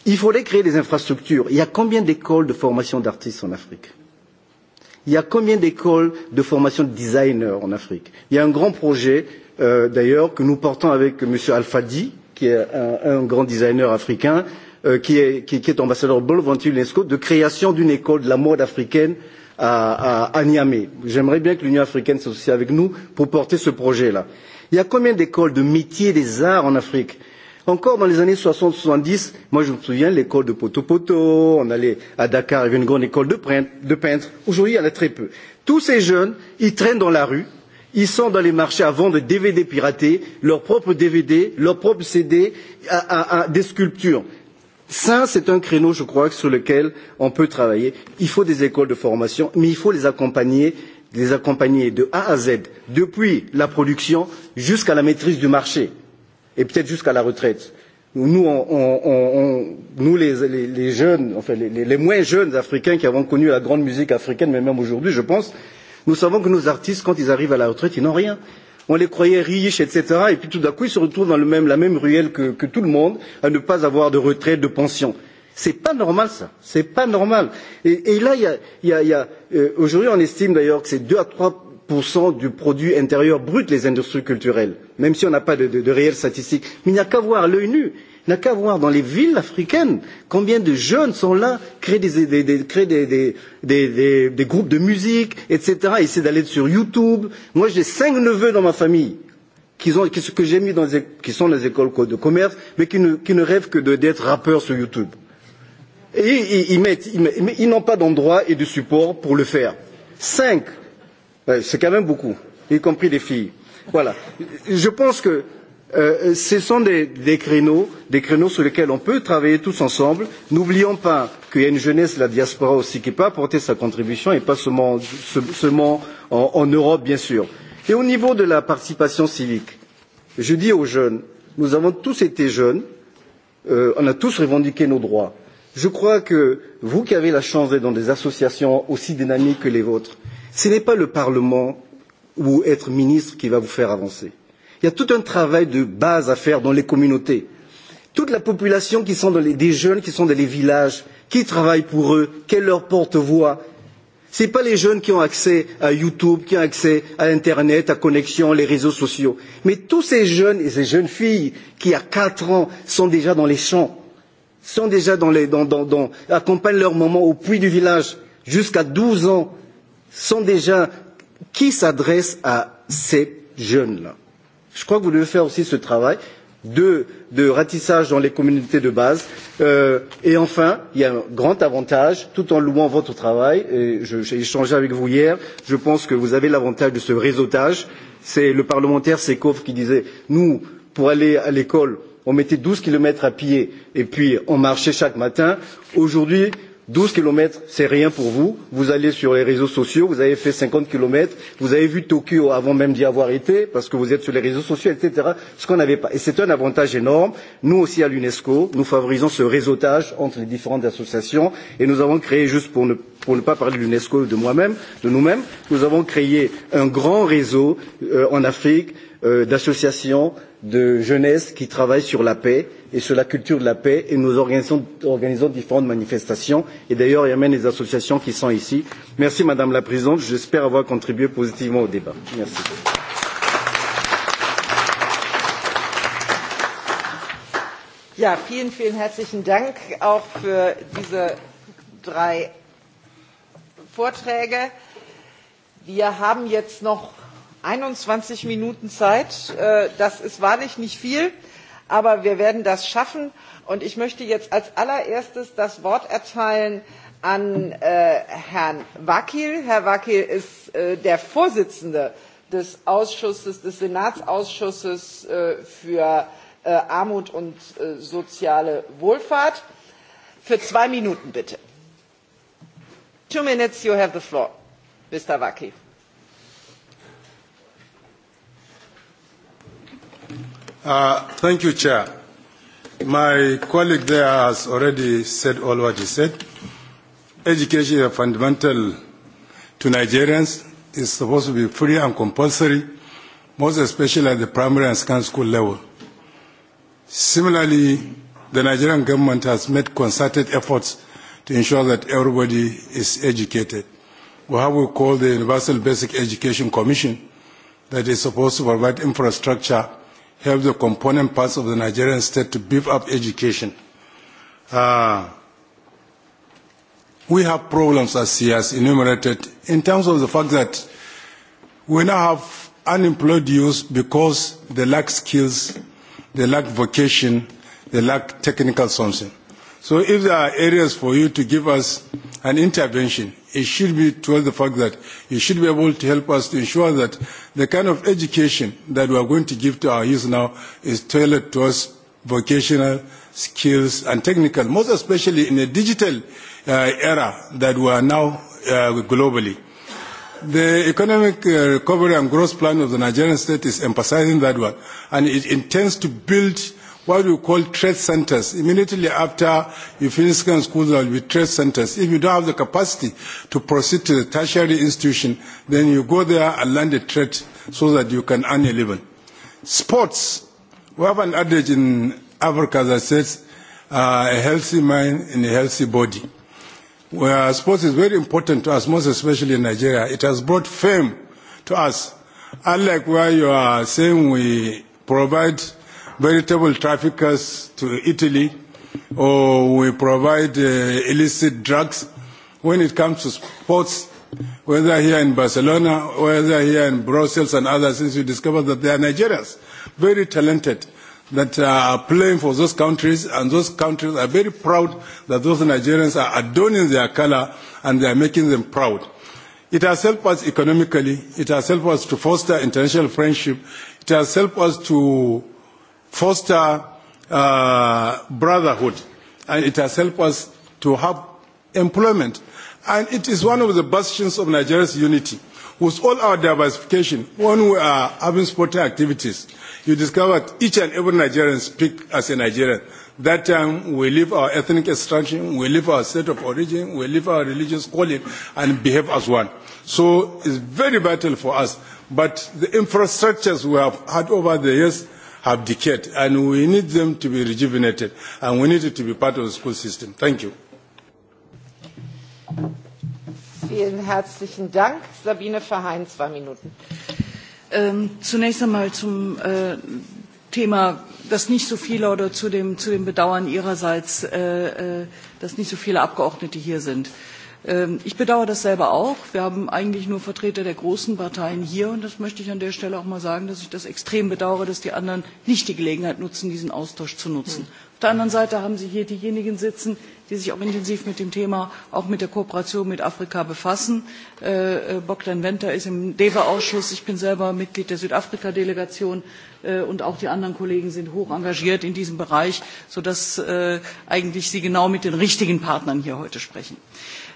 Il faudrait créer des infrastructures. Il y a combien d'écoles de formation d'artistes en Afrique Il y a combien d'écoles de formation de designers en Afrique Il y a un grand projet, euh, d'ailleurs, que nous portons avec M. Alfadi, qui est un, un grand designer africain, euh, qui, est, qui, qui est ambassadeur Bolventu UNESCO, de création d'une école de la mode africaine à, à, à Niamey. J'aimerais bien que l'Union africaine s'associe avec nous pour porter ce projet-là. Il y a combien d'écoles de métiers des arts en Afrique Encore dans les années 60-70, moi je me souviens l'école de Poto-Poto, on allait à Dakar, il y avait une grande école de, de peintres. Aujourd'hui, il y en a très peu. Tous ces jeunes, ils traînent dans la rue, ils sont dans les marchés à vendre des DVD piratés, leurs propres DVD, leurs propres CD, à, à, à, des sculptures. Ça, c'est un créneau, je crois, sur lequel on peut travailler. Il faut des écoles de formation, mais il faut les accompagner, les accompagner de A à Z, depuis la production jusqu'à la maîtrise du marché, et peut-être jusqu'à la retraite. Nous, on, on, on, nous les, les, les jeunes, enfin les, les moins jeunes africains qui avons connu la grande musique africaine, mais même aujourd'hui, je pense, Nous savons que nos artistes, quand ils arrivent à la retraite, ils n'ont rien. On les croyait riches, etc. Et puis tout d'un coup, ils se retrouvent dans le même, la même ruelle que, que tout le monde, à ne pas avoir de retraite, de pension. C'est pas normal ça, c'est pas normal. Et, et là, il y a, y a, y a euh, aujourd'hui, on estime d'ailleurs que c'est 2 à 3 du produit intérieur brut les industries culturelles, même si on n'a pas de, de, de réelles statistiques. Mais il n'y a qu'à voir l'œil nu n'a qu'à voir dans les villes africaines combien de jeunes sont là, créent des, des, des, créent des, des, des, des, des groupes de musique, etc. Essaient d'aller sur YouTube. Moi, j'ai cinq neveux dans ma famille qui, ont, qui, que mis dans les, qui sont dans les écoles de commerce, mais qui ne, qui ne rêvent que d'être rappeurs sur YouTube. Et, et ils, mettent, ils, mettent, ils n'ont pas d'endroit et de support pour le faire. Cinq, c'est quand même beaucoup, y compris les filles. Voilà. Je pense que Euh, euh, ce sont des, des, créneaux, des créneaux sur lesquels on peut travailler tous ensemble. N'oublions pas qu'il y a une jeunesse la diaspora aussi qui peut apporter sa contribution et pas seulement, seulement en, en Europe, bien sûr. Et au niveau de la participation civique, je dis aux jeunes, nous avons tous été jeunes, euh, on a tous revendiqué nos droits. Je crois que vous qui avez la chance d'être dans des associations aussi dynamiques que les vôtres, ce n'est pas le Parlement ou être ministre qui va vous faire avancer Il y a tout un travail de base à faire dans les communautés. Toute la population qui sont dans les, des jeunes qui sont dans les villages, qui travaillent pour eux, quelle leur porte-voix, ce n'est pas les jeunes qui ont accès à YouTube, qui ont accès à Internet, à connexion, les réseaux sociaux. Mais tous ces jeunes et ces jeunes filles qui, à 4 ans, sont déjà dans les champs, sont déjà dans les, dans, dans, dans, accompagnent leur maman au puits du village jusqu'à 12 ans, sont déjà, qui s'adresse à ces jeunes-là? je crois que vous devez faire aussi ce travail de, de ratissage dans les communautés de base. Euh, et enfin, il y a un grand avantage, tout en louant votre travail, et j'ai échangé avec vous hier, je pense que vous avez l'avantage de ce réseautage. C'est le parlementaire Sekov qui disait, nous, pour aller à l'école, on mettait 12 kilomètres à pied et puis on marchait chaque matin. Aujourd'hui, 12 km, c'est rien pour vous. Vous allez sur les réseaux sociaux, vous avez fait 50 km, vous avez vu Tokyo avant même d'y avoir été, parce que vous êtes sur les réseaux sociaux, etc. Ce qu'on n'avait pas. Et c'est un avantage énorme. Nous aussi, à l'UNESCO, nous favorisons ce réseautage entre les différentes associations. Et nous avons créé, juste pour ne, pour ne pas parler de l'UNESCO de moi-même, de nous-mêmes, nous avons créé un grand réseau euh, en Afrique Euh, d'associations de jeunesse qui travaillent sur la paix et sur la culture de la paix et nous organisons, organisons différentes manifestations et d'ailleurs il y a même des associations qui sont ici. Merci Madame la Présidente, j'espère avoir contribué positivement au débat. Merci. Ja, vielen, vielen herzlichen Dank auch für diese drei Vorträge. Wir haben jetzt noch einundzwanzig minuten zeit äh, das ist wahrlich nicht viel aber wir werden das schaffen und ich möchte jetzt als allererstes das wort erteilen an äh, herrn wackel. herr wackel ist äh, der vorsitzende des ausschusses des senatsausschusses für armut und soziale wohlfahrt. für zwei minuten bitte. two minutes you have the floor mr wackel. Uh, thank you, Chair. My colleague there has already said all what he said. Education is fundamental to Nigerians. It's supposed to be free and compulsory, most especially at the primary and secondary school level. Similarly, the Nigerian government has made concerted efforts to ensure that everybody is educated. We have what we call the Universal Basic Education Commission that is supposed to provide infrastructure help the component parts of the Nigerian state to beef up education. Uh, we have problems, as he has enumerated, in terms of the fact that we now have unemployed youth because they lack skills, they lack vocation, they lack technical something. So if there are areas for you to give us an intervention it should be towards the fact that you should be able to help us to ensure that the kind of education that we are going to give to our youth now is tailored towards vocational skills and technical, most especially in a digital uh, era that we are now uh, globally. The economic uh, recovery and growth plan of the Nigerian state is emphasizing that one, and it intends to build what we call trade centers. Immediately after you finish school, there will be trade centers. If you don't have the capacity to proceed to the tertiary institution, then you go there and learn the trade so that you can earn a living. Sports. We have an adage in Africa that says, uh, a healthy mind in a healthy body. Where sports is very important to us, most especially in Nigeria. It has brought fame to us. Unlike where you are saying we provide Veritable traffickers to Italy, or we provide uh, illicit drugs. When it comes to sports, whether here in Barcelona, whether here in Brussels and other since we discover that they are Nigerians, very talented, that uh, are playing for those countries, and those countries are very proud that those Nigerians are adorning their color and they are making them proud. It has helped us economically. It has helped us to foster international friendship. It has helped us to foster uh, brotherhood, and it has helped us to have employment. And it is one of the bastions of Nigeria's unity. With all our diversification, when we are having sporting activities, you discover that each and every Nigerian speak as a Nigerian. That time we leave our ethnic extraction, we leave our state of origin, we leave our religious calling and behave as one. So it's very vital for us. But the infrastructures we have had over the years abdicate. And we need them to be rejuvenated, and we need it to be part of the school system. Thank you. Vielen herzlichen Dank. Sabine Verheyen, zwei Minuten. Ähm, zunächst einmal zum äh, Thema, dass nicht so viele oder zu dem, zu dem Bedauern Ihrerseits, äh, äh dass nicht so viele Abgeordnete hier sind. Äh, Ähm, ich bedauere das selber auch. Wir haben eigentlich nur Vertreter der großen Parteien hier und das möchte ich an der Stelle auch mal sagen, dass ich das extrem bedauere, dass die anderen nicht die Gelegenheit nutzen, diesen Austausch zu nutzen. Auf der anderen Seite haben Sie hier diejenigen sitzen, die sich auch intensiv mit dem Thema, auch mit der Kooperation mit Afrika befassen. Äh, äh Bogdan Wenta ist im DEWA-Ausschuss, ich bin selber Mitglied der Südafrika-Delegation äh, und auch die anderen Kollegen sind hoch engagiert in diesem Bereich, sodass äh, eigentlich Sie genau mit den richtigen Partnern hier heute sprechen.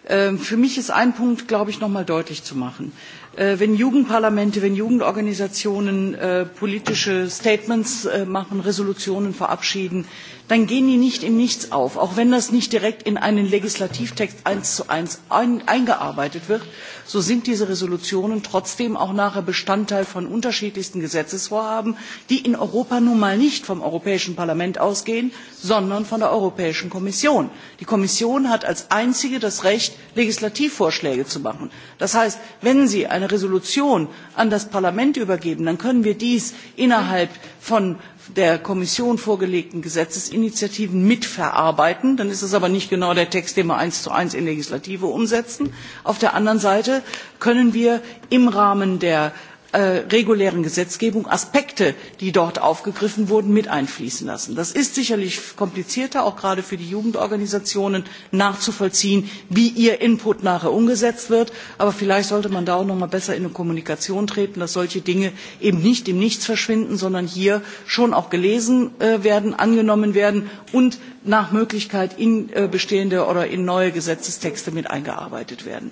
Ähm, für mich ist ein Punkt, glaube ich, noch mal deutlich zu machen. Äh, wenn Jugendparlamente, wenn Jugendorganisationen äh, politische Statements äh, machen, Resolutionen verabschieden, dann gehen die nicht im Nichts auf, auch wenn das nicht direkt in einen Legislativtext eins zu eins ein, eingearbeitet wird, so sind diese Resolutionen trotzdem auch nachher Bestandteil von unterschiedlichsten Gesetzesvorhaben, die in Europa nun mal nicht vom Europäischen Parlament ausgehen, sondern von der Europäischen Kommission. Die Kommission hat als einzige das Recht, Legislativvorschläge zu machen. Das heißt, wenn Sie eine Resolution an das Parlament übergeben, dann können wir dies innerhalb von der Kommission vorgelegten Gesetzesinitiativen mitverarbeiten. Dann ist es aber nicht genau der Text, den wir eins zu eins in Legislative umsetzen. Auf der anderen Seite können wir im Rahmen der Äh, regulären gesetzgebung aspekte die dort aufgegriffen wurden mit einfließen lassen. das ist sicherlich komplizierter auch gerade für die jugendorganisationen nachzuvollziehen wie ihr input nachher umgesetzt wird aber vielleicht sollte man da auch noch mal besser in die kommunikation treten dass solche dinge eben nicht im nichts verschwinden sondern hier schon auch gelesen äh, werden angenommen werden und nach möglichkeit in äh, bestehende oder in neue gesetzestexte mit eingearbeitet werden.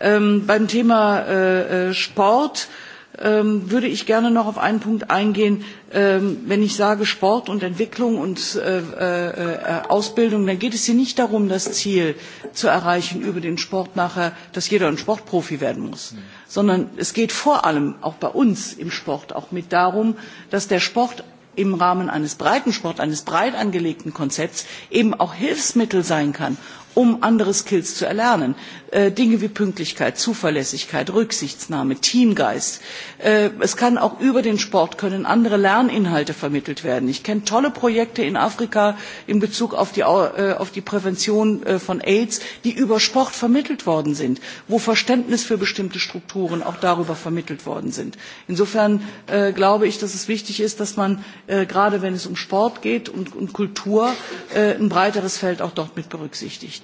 Ähm, beim thema sport Ähm, würde ich gerne noch auf einen Punkt eingehen. Ähm, wenn ich sage Sport und Entwicklung und äh, äh, äh, Ausbildung, dann geht es hier nicht darum, das Ziel zu erreichen über den Sport nachher, dass jeder ein Sportprofi werden muss, mhm. sondern es geht vor allem auch bei uns im Sport auch mit darum, dass der Sport im Rahmen eines Breitensport, eines breit angelegten Konzepts eben auch Hilfsmittel sein kann, um andere Skills zu erlernen. Äh, Dinge wie Pünktlichkeit, Zuverlässigkeit, Rücksichtnahme, Teamgeist. Äh, es kann auch über den Sport können andere Lerninhalte vermittelt werden. Ich kenne tolle Projekte in Afrika in Bezug auf die, äh, Prävention von AIDS, die über Sport vermittelt worden sind, wo Verständnis für bestimmte Strukturen auch darüber vermittelt worden ist. Insofern glaube ich, dass es wichtig ist, dass man gerade wenn es um Sport geht und um Kultur auch ein breiteres Feld dort mit berücksichtigt.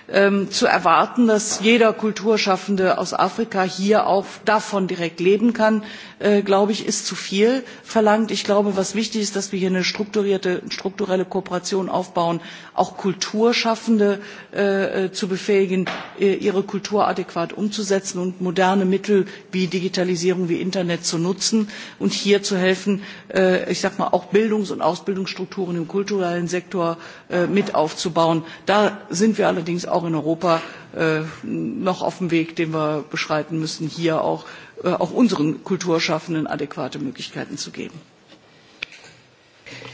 Ähm, zu erwarten dass jeder kulturschaffende aus afrika hier auch davon direkt leben kann äh, glaube ich ist zu viel verlangt. ich glaube was wichtig ist dass wir hier eine strukturierte, strukturelle kooperation aufbauen auch kulturschaffende äh, äh, zu befähigen ihre kultur adäquat umzusetzen und moderne mittel wie digitalisierung wie internet zu nutzen und hier zu helfen ich sag mal auch bildungs und ausbildungsstrukturen im kulturellen sektor mit aufzubauen. da sind wir allerdings auch in Europa äh, noch auf dem Weg, den wir beschreiten müssen, hier auch, äh, auch unseren Kulturschaffenden adäquate Möglichkeiten zu geben.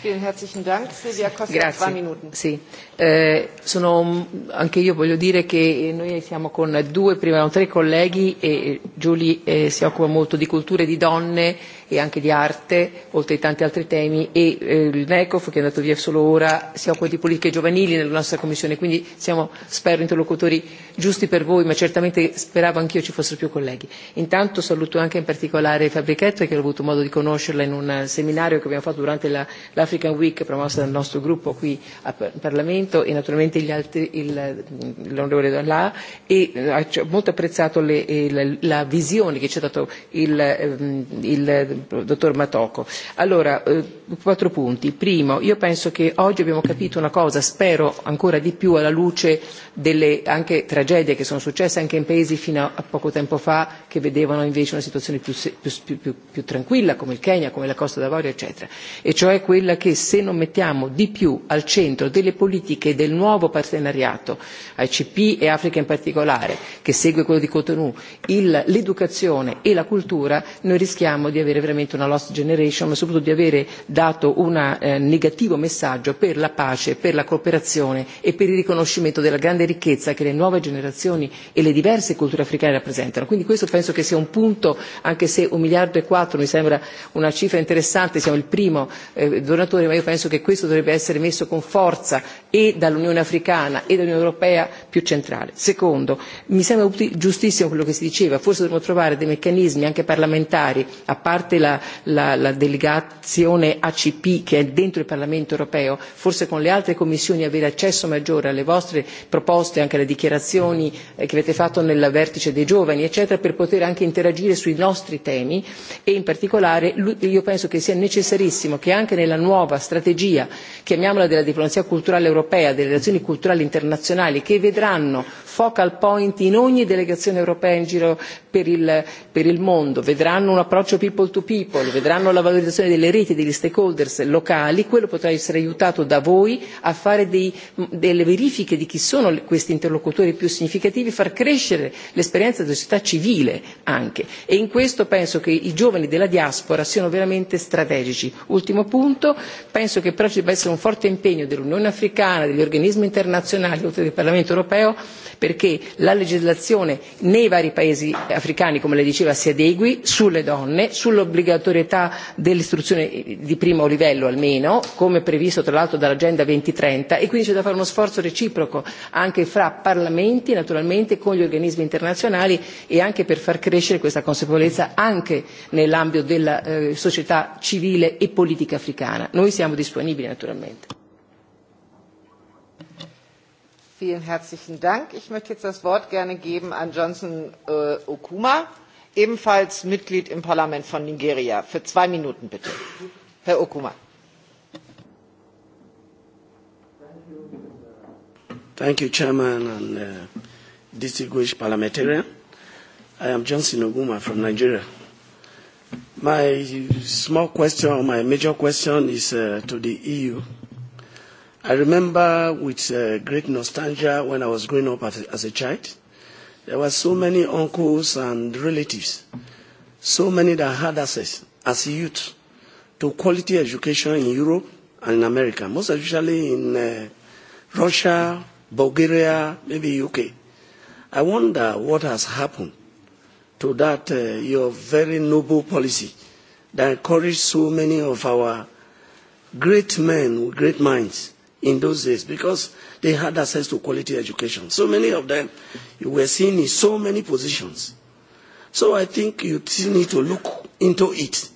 Vielen herzlichen Dank. Silvia Costa, zwei Minuten. Sì, eh, sono, anche io voglio dire che noi siamo con due, prima tre colleghi e eh, si occupa molto di culture di donne e anche di arte, oltre ai tanti altri temi, e eh, il NECOF, che è andato via solo ora, si occupa di politiche giovanili nella nostra Commissione, quindi siamo, spero, interlocutori giusti per voi, ma certamente speravo anch'io ci fossero più colleghi. Intanto saluto anche in particolare Fabrichetto, che ho avuto modo di conoscerla in un seminario che abbiamo fatto durante la, l'African Week promossa dal nostro gruppo qui a Parlamento, e naturalmente gli altri, il, l'onorevole Dallà, e ho eh, molto apprezzato le, la, la visione che ci ha dato il, ehm, il dottor matoko. Allora, eh, quattro punti. Primo, io penso che oggi abbiamo capito una cosa, spero ancora di più alla luce delle anche tragedie che sono successe anche in paesi fino a poco tempo fa che vedevano invece una situazione più, più, più, più tranquilla come il Kenya, come la Costa d'Avorio eccetera. E cioè quella che se non mettiamo di più al centro delle politiche del nuovo partenariato, ACP e Africa in particolare, che segue quello di Cotonou, il, l'educazione e la cultura, noi rischiamo di avere veramente una lost generation, ma soprattutto di avere dato un eh, negativo messaggio per la pace, per la cooperazione e per il riconoscimento della grande ricchezza che le nuove generazioni e le diverse culture africane rappresentano. Quindi questo penso che sia un punto, anche se un miliardo e quattro mi sembra una cifra interessante, siamo il primo eh, donatore, ma io penso che questo dovrebbe essere messo con forza e dall'Unione Africana e dall'Unione Europea più centrale. Secondo, mi sembra giustissimo quello che si diceva, forse dovremmo trovare dei meccanismi anche parlamentari, a parte importante la, la, la delegazione ACP che è dentro il Parlamento europeo, forse con le altre commissioni avere accesso maggiore alle vostre proposte, anche alle dichiarazioni eh, che avete fatto nel vertice dei giovani, eccetera, per poter anche interagire sui nostri temi e in particolare io penso che sia necessarissimo che anche nella nuova strategia, chiamiamola della diplomazia culturale europea, delle relazioni culturali internazionali, che vedranno focal point in ogni delegazione europea in giro per il, per il mondo vedranno un approccio people to people vedranno la valorizzazione delle reti degli stakeholders locali quello potrà essere aiutato da voi a fare dei, delle verifiche di chi sono questi interlocutori più significativi far crescere l'esperienza della società civile anche e in questo penso che i giovani della diaspora siano veramente strategici. ultimo punto penso che però ci debba essere un forte impegno dell'unione africana degli organismi internazionali oltre che del parlamento europeo perché la legislazione nei vari paesi africani come lei diceva si adegui sulle donne sull'obbligatorietà dell'istruzione di primo livello almeno come previsto tra l'altro dall'agenda duemilatrenta e quindi c'è da fare uno sforzo reciproco anche fra parlamenti naturalmente con gli organismi internazionali e anche per far crescere questa consapevolezza anche nell'ambito della eh, società civile e politica africana. noi siamo disponibili naturalmente. Vielen herzlichen Dank. Ich möchte jetzt das Wort gerne geben an Johnson äh, Okuma, ebenfalls Mitglied im Parlament von Nigeria. Für zwei Minuten bitte. Herr Okuma. Thank you, Chairman and uh, distinguished parliamentarian. I am Johnson Oguma from Nigeria. My small question, my major question is uh, to the EU. Uh, i remember with uh, great nostalgia when I was growing up as, as a child, there were so many uncles and relatives, so many that had access as a youth to quality education in Europe and in America, most especially in uh, Russia, Bulgaria, maybe UK. I wonder what has happened to that, uh, your very noble policy that encouraged so many of our great men with great minds in those days because they had access to quality education. So many of them you were seen in so many positions. So I think you still need to look into it.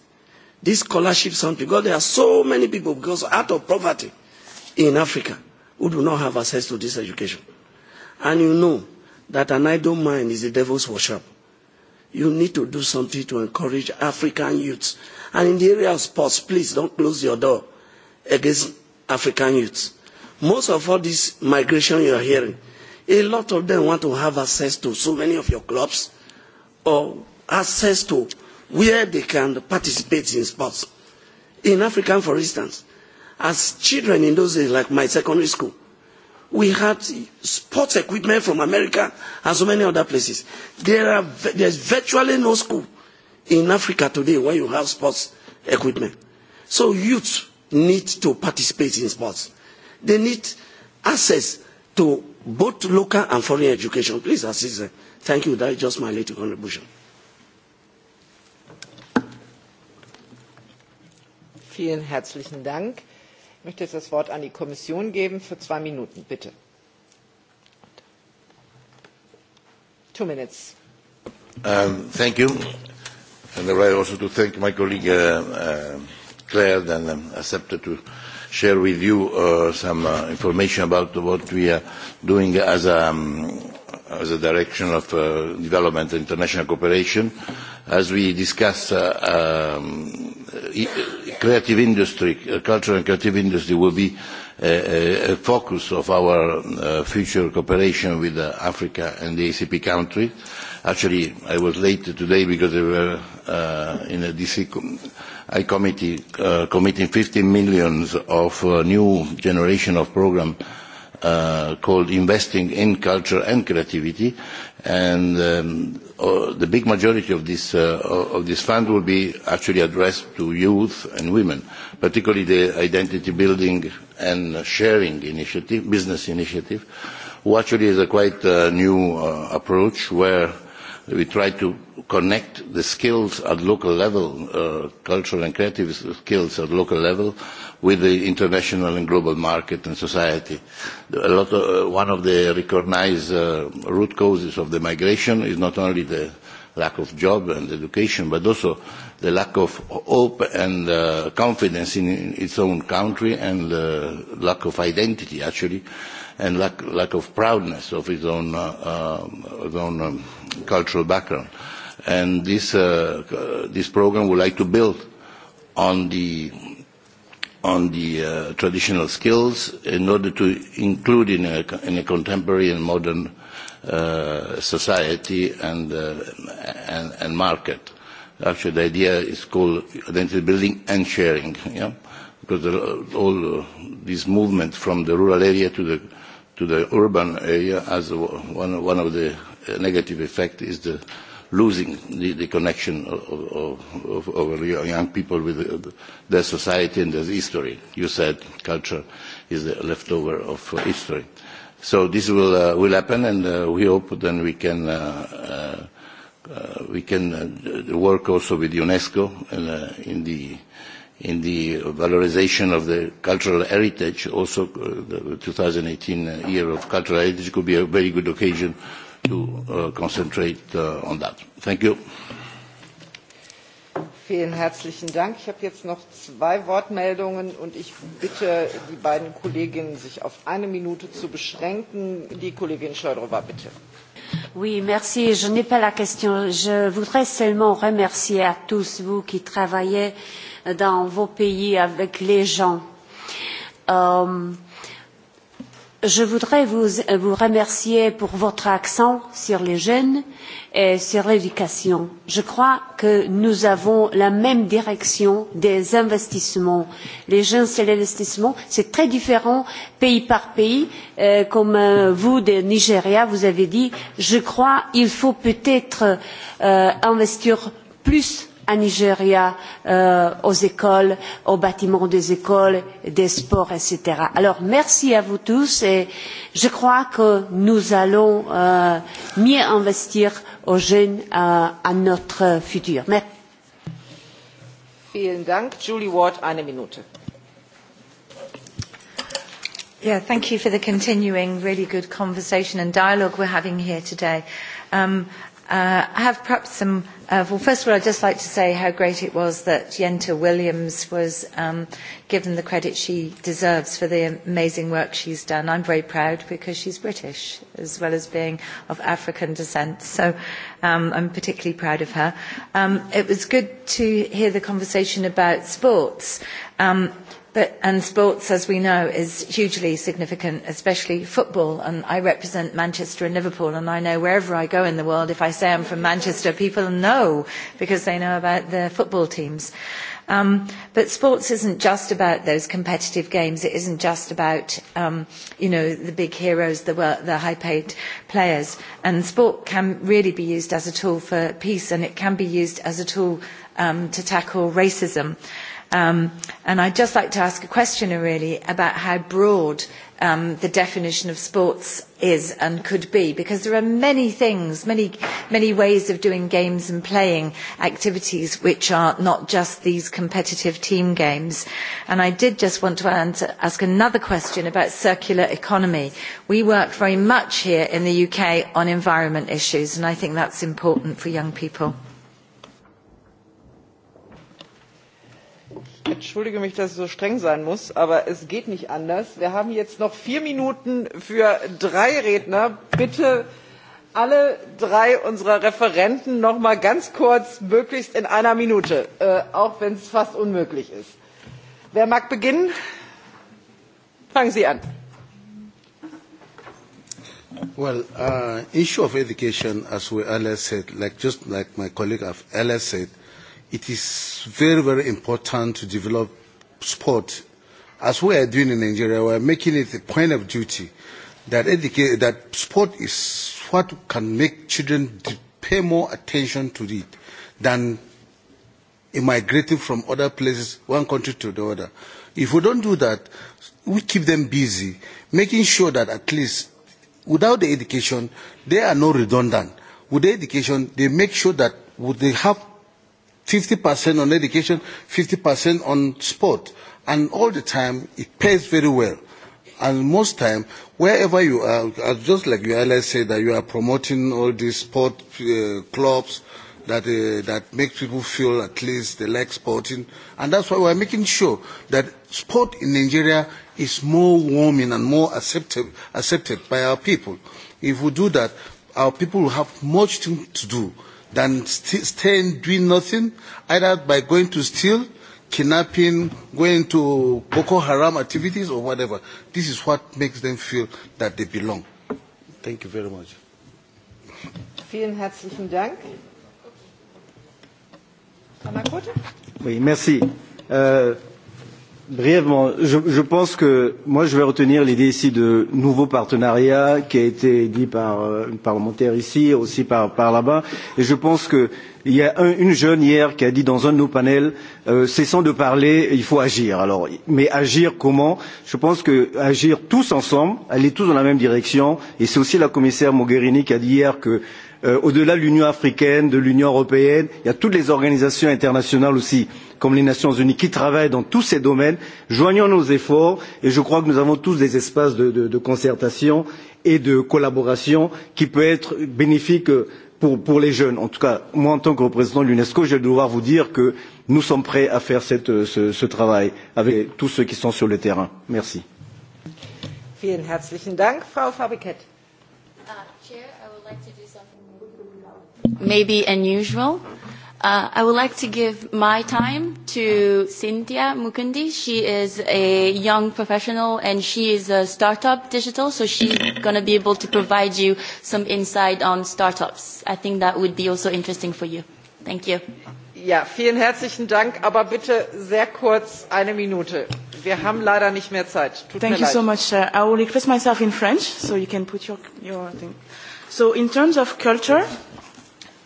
This scholarship something, because there are so many people because out of poverty in Africa who do not have access to this education. And you know that an idle mind is the devil's worship. You need to do something to encourage African youths. And in the area of sports, please don't close your door against African youths. Most of all this migration you are hearing, a lot of them want to have access to so many of your clubs or access to where they can participate in sports. In Africa, for instance, as children in those days, like my secondary school, we had sports equipment from America and so many other places. There are, there's virtually no school in Africa today where you have sports equipment. So youth need to participate in sports. They need access to both local and foreign education. Please assist them. Uh, thank you. That is just my little contribution. Vielen herzlichen Dank. Ich möchte jetzt das Wort an die Kommission geben für zwei Minuten, bitte. Two minutes. Um, thank you. And I also to thank my colleague uh, uh, declared and I'm um, accepted to share with you uh, some uh, information about what we are doing as a, um, as a direction of uh, development and international cooperation. As we discuss uh, um, creative industry, uh, cultural and creative industry will be a, uh, uh, a focus of our uh, future cooperation with uh, Africa and the ACP countries. Actually, I was late today because they were uh, in a DC i committee, uh, committing 50 million of uh, new generation of program uh, called Investing in Culture and Creativity, and um, uh, the big majority of this, uh, of this fund will be actually addressed to youth and women, particularly the identity building and sharing initiative, business initiative, which actually is a quite uh, new uh, approach where we try to connect the skills at local level, uh, cultural and creative skills at local level, with the international and global market and society. A lot of, uh, one of the recognized uh, root causes of the migration is not only the lack of job and education, but also the lack of hope and uh, confidence in, in its own country and uh, lack of identity, actually, uh, and lack, lack of proudness of his own, uh, um, his own um, cultural background. And this, uh, uh, this program would like to build on the, on the uh, traditional skills in order to include in a, in a contemporary and modern uh, society and, uh, and, and market. Actually, the idea is called identity building and sharing, yeah? because the, all uh, this movement from the rural area to the to the urban area as one, one of the uh, negative effects is the losing the, the connection of, of, of of young people with their society and their history. You said culture is the leftover of history. So this will, uh, will happen and uh, we hope then we can, uh, uh, uh we can uh, work also with UNESCO and, uh, in the in the valorization of the cultural heritage, also uh, the 2018 uh, year of cultural heritage could be a very good occasion to uh, concentrate uh, on that. Thank you. Vielen herzlichen Dank. Ich habe jetzt noch zwei Wortmeldungen und ich bitte die beiden Kolleginnen, sich auf eine Minute zu beschränken. Die Kollegin Schödrova, bitte. Oui, merci. Je n'ai pas la question. Je voudrais seulement remercier à tous vous qui travaillez dans vos pays avec les gens. Euh, je voudrais vous, vous remercier pour votre accent sur les jeunes et sur l'éducation. Je crois que nous avons la même direction des investissements. Les jeunes, c'est l'investissement. C'est très différent pays par pays. Euh, comme euh, vous, de Nigeria, vous avez dit, je crois qu'il faut peut-être euh, investir plus un Nigeria euh, aux écoles, aux bâtiments des écoles, des sports, etc. Alors merci à vous tous et je crois que nous allons euh, mieux investir aux jeunes euh, à notre futur. Merci. Vielen Dank. Julie Ward, eine Minute. Yeah, thank you for the continuing really good conversation and dialogue we're having here today. Um, Uh, I have perhaps some, uh, well, first of all, I'd just like to say how great it was that Yenta Williams was um, given the credit she deserves for the amazing work she's done. I'm very proud because she's British as well as being of African descent, so um, I'm particularly proud of her. Um, it was good to hear the conversation about sports. Um, and sports, as we know, is hugely significant, especially football. And I represent Manchester and Liverpool, and I know wherever I go in the world, if I say I'm from Manchester, people know because they know about their football teams. Um, but sports isn't just about those competitive games. It isn't just about, um, you know, the big heroes, the, the high-paid players. And sport can really be used as a tool for peace, and it can be used as a tool um, to tackle racism. Um, and I'd just like to ask a question really about how broad um, the definition of sports is and could be, because there are many things, many, many ways of doing games and playing activities which are not just these competitive team games. And I did just want to answer, ask another question about circular economy. We work very much here in the UK on environment issues, and I think that's important for young people. entschuldige mich, dass ich so streng sein muss, aber es geht nicht anders. Wir haben jetzt noch vier Minuten für drei Redner. Bitte alle drei unserer Referenten noch mal ganz kurz, möglichst in einer Minute, äh, auch wenn es fast unmöglich ist. Wer mag beginnen? Fangen Sie an. Well, uh, issue of education, as we earlier said, like just like my colleague have earlier said, it is very, very important to develop sport. As we are doing in Nigeria, we are making it a point of duty that, educate, that sport is what can make children pay more attention to it than immigrating from other places, one country to the other. If we don't do that, we keep them busy, making sure that at least without the education, they are not redundant. With the education, they make sure that they have 50% on education, 50% on sport. And all the time, it pays very well. And most time, wherever you are, uh, just like you earlier said, that you are promoting all these sport uh, clubs that, uh, that make people feel at least they like sporting. And that's why we're making sure that sport in Nigeria is more warming and more accepted, accepted by our people. If we do that, our people will have much to do than st- staying doing nothing, either by going to steal, kidnapping, going to Boko Haram activities or whatever. This is what makes them feel that they belong. Thank you very much. Vielen herzlichen Dank. Anna Kote? Oui, merci. Uh, Brièvement, je, je pense que moi je vais retenir l'idée ici de nouveau partenariat qui a été dit par euh, une parlementaire ici, aussi par, par là-bas. Et je pense qu'il y a un, une jeune hier qui a dit dans un de nos panels, euh, cessons de parler, il faut agir. Alors, mais agir comment Je pense que agir tous ensemble, aller tous dans la même direction. Et c'est aussi la commissaire Mogherini qui a dit hier que euh, euh, au-delà de l'Union africaine, de l'Union européenne, il y a toutes les organisations internationales aussi, comme les Nations unies, qui travaillent dans tous ces domaines. Joignons nos efforts et je crois que nous avons tous des espaces de, de, de concertation et de collaboration qui peuvent être bénéfiques pour, pour les jeunes. En tout cas, moi, en tant que représentant de l'UNESCO, je vais devoir vous dire que nous sommes prêts à faire cette, ce, ce travail avec tous ceux qui sont sur le terrain. Merci. Vielen herzlichen Dank, Frau Fabriket. Uh, Chair, I would like to do maybe unusual. Uh, I would like to give my time to Cynthia Mukundi. She is a young professional and she is a startup digital, so she's going to be able to provide you some insight on startups. I think that would be also interesting for you. Thank you. Ja, vielen herzlichen Dank, aber bitte sehr kurz, eine Minute. Wir haben leider nicht mehr Zeit. Tut Thank mir you leid. so much. Uh, I will request myself in French, so you can put your, your thing. So in terms of culture,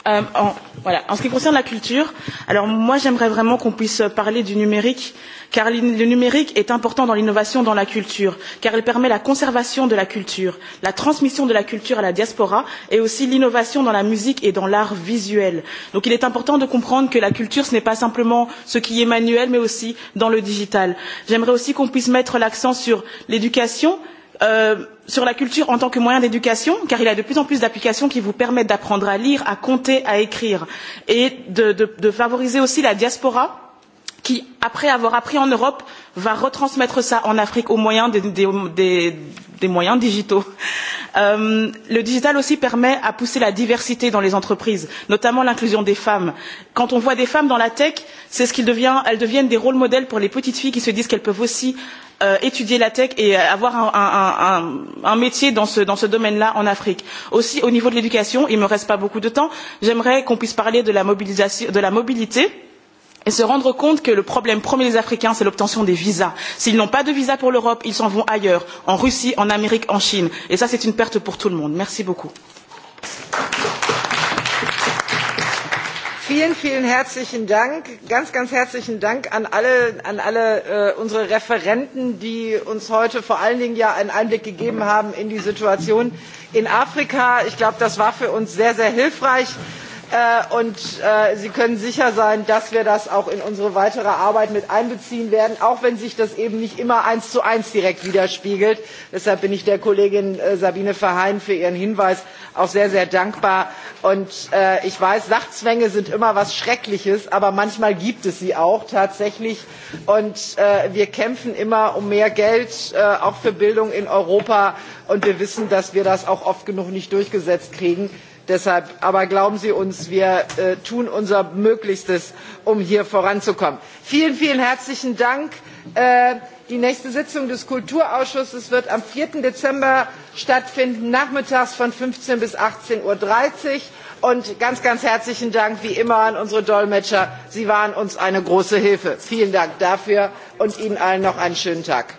Euh, en, voilà. en ce qui concerne la culture, alors moi j'aimerais vraiment qu'on puisse parler du numérique, car le numérique est important dans l'innovation dans la culture, car il permet la conservation de la culture, la transmission de la culture à la diaspora et aussi l'innovation dans la musique et dans l'art visuel. Donc il est important de comprendre que la culture ce n'est pas simplement ce qui est manuel, mais aussi dans le digital. J'aimerais aussi qu'on puisse mettre l'accent sur l'éducation, Euh, sur la culture en tant que moyen d'éducation car il y a de plus en plus d'applications qui vous permettent d'apprendre à lire à compter à écrire et de, de, de favoriser aussi la diaspora qui après avoir appris en europe va retransmettre ça en afrique au moyen des, des, des, des moyens digitaux. Euh, le digital aussi permet à pousser la diversité dans les entreprises notamment l'inclusion des femmes. quand on voit des femmes dans la tech c'est ce qu'elles deviennent elles deviennent des rôles modèles pour les petites filles qui se disent qu'elles peuvent aussi euh, étudier la tech et euh, avoir un, un, un, un métier dans ce, dans ce domaine-là en Afrique. Aussi, au niveau de l'éducation, il ne me reste pas beaucoup de temps, j'aimerais qu'on puisse parler de la, mobilisation, de la mobilité et se rendre compte que le problème premier des Africains, c'est l'obtention des visas. S'ils n'ont pas de visa pour l'Europe, ils s'en vont ailleurs, en Russie, en Amérique, en Chine. Et ça, c'est une perte pour tout le monde. Merci beaucoup. Vielen, vielen herzlichen Dank. Ganz, ganz herzlichen Dank an alle, an alle äh, unsere Referenten, die uns heute vor allen Dingen ja einen Einblick gegeben haben in die Situation in Afrika. Ich glaube, das war für uns sehr, sehr hilfreich. Äh, und äh, sie können sicher sein dass wir das auch in unsere weitere arbeit mit einbeziehen werden auch wenn sich das eben nicht immer eins zu eins direkt widerspiegelt. deshalb bin ich der kollegin äh, sabine verheyen für ihren hinweis auch sehr sehr dankbar. und ich weiß sachzwänge sind immer etwas schreckliches aber manchmal gibt es sie auch tatsächlich und wir kämpfen immer um mehr geld auch für bildung in europa und wir wissen dass wir das auch oft genug nicht durchgesetzt kriegen deshalb aber glauben sie uns wir äh, tun unser möglichstes um hier voranzukommen. vielen vielen herzlichen dank! Äh, die nächste sitzung des kulturausschusses wird am. vier dezember stattfinden nachmittags von fünfzehn bis. achtzehn dreißig uhr und ganz ganz herzlichen dank wie immer an unsere dolmetscher sie waren uns eine große hilfe. vielen dank dafür und ihnen allen noch einen schönen tag.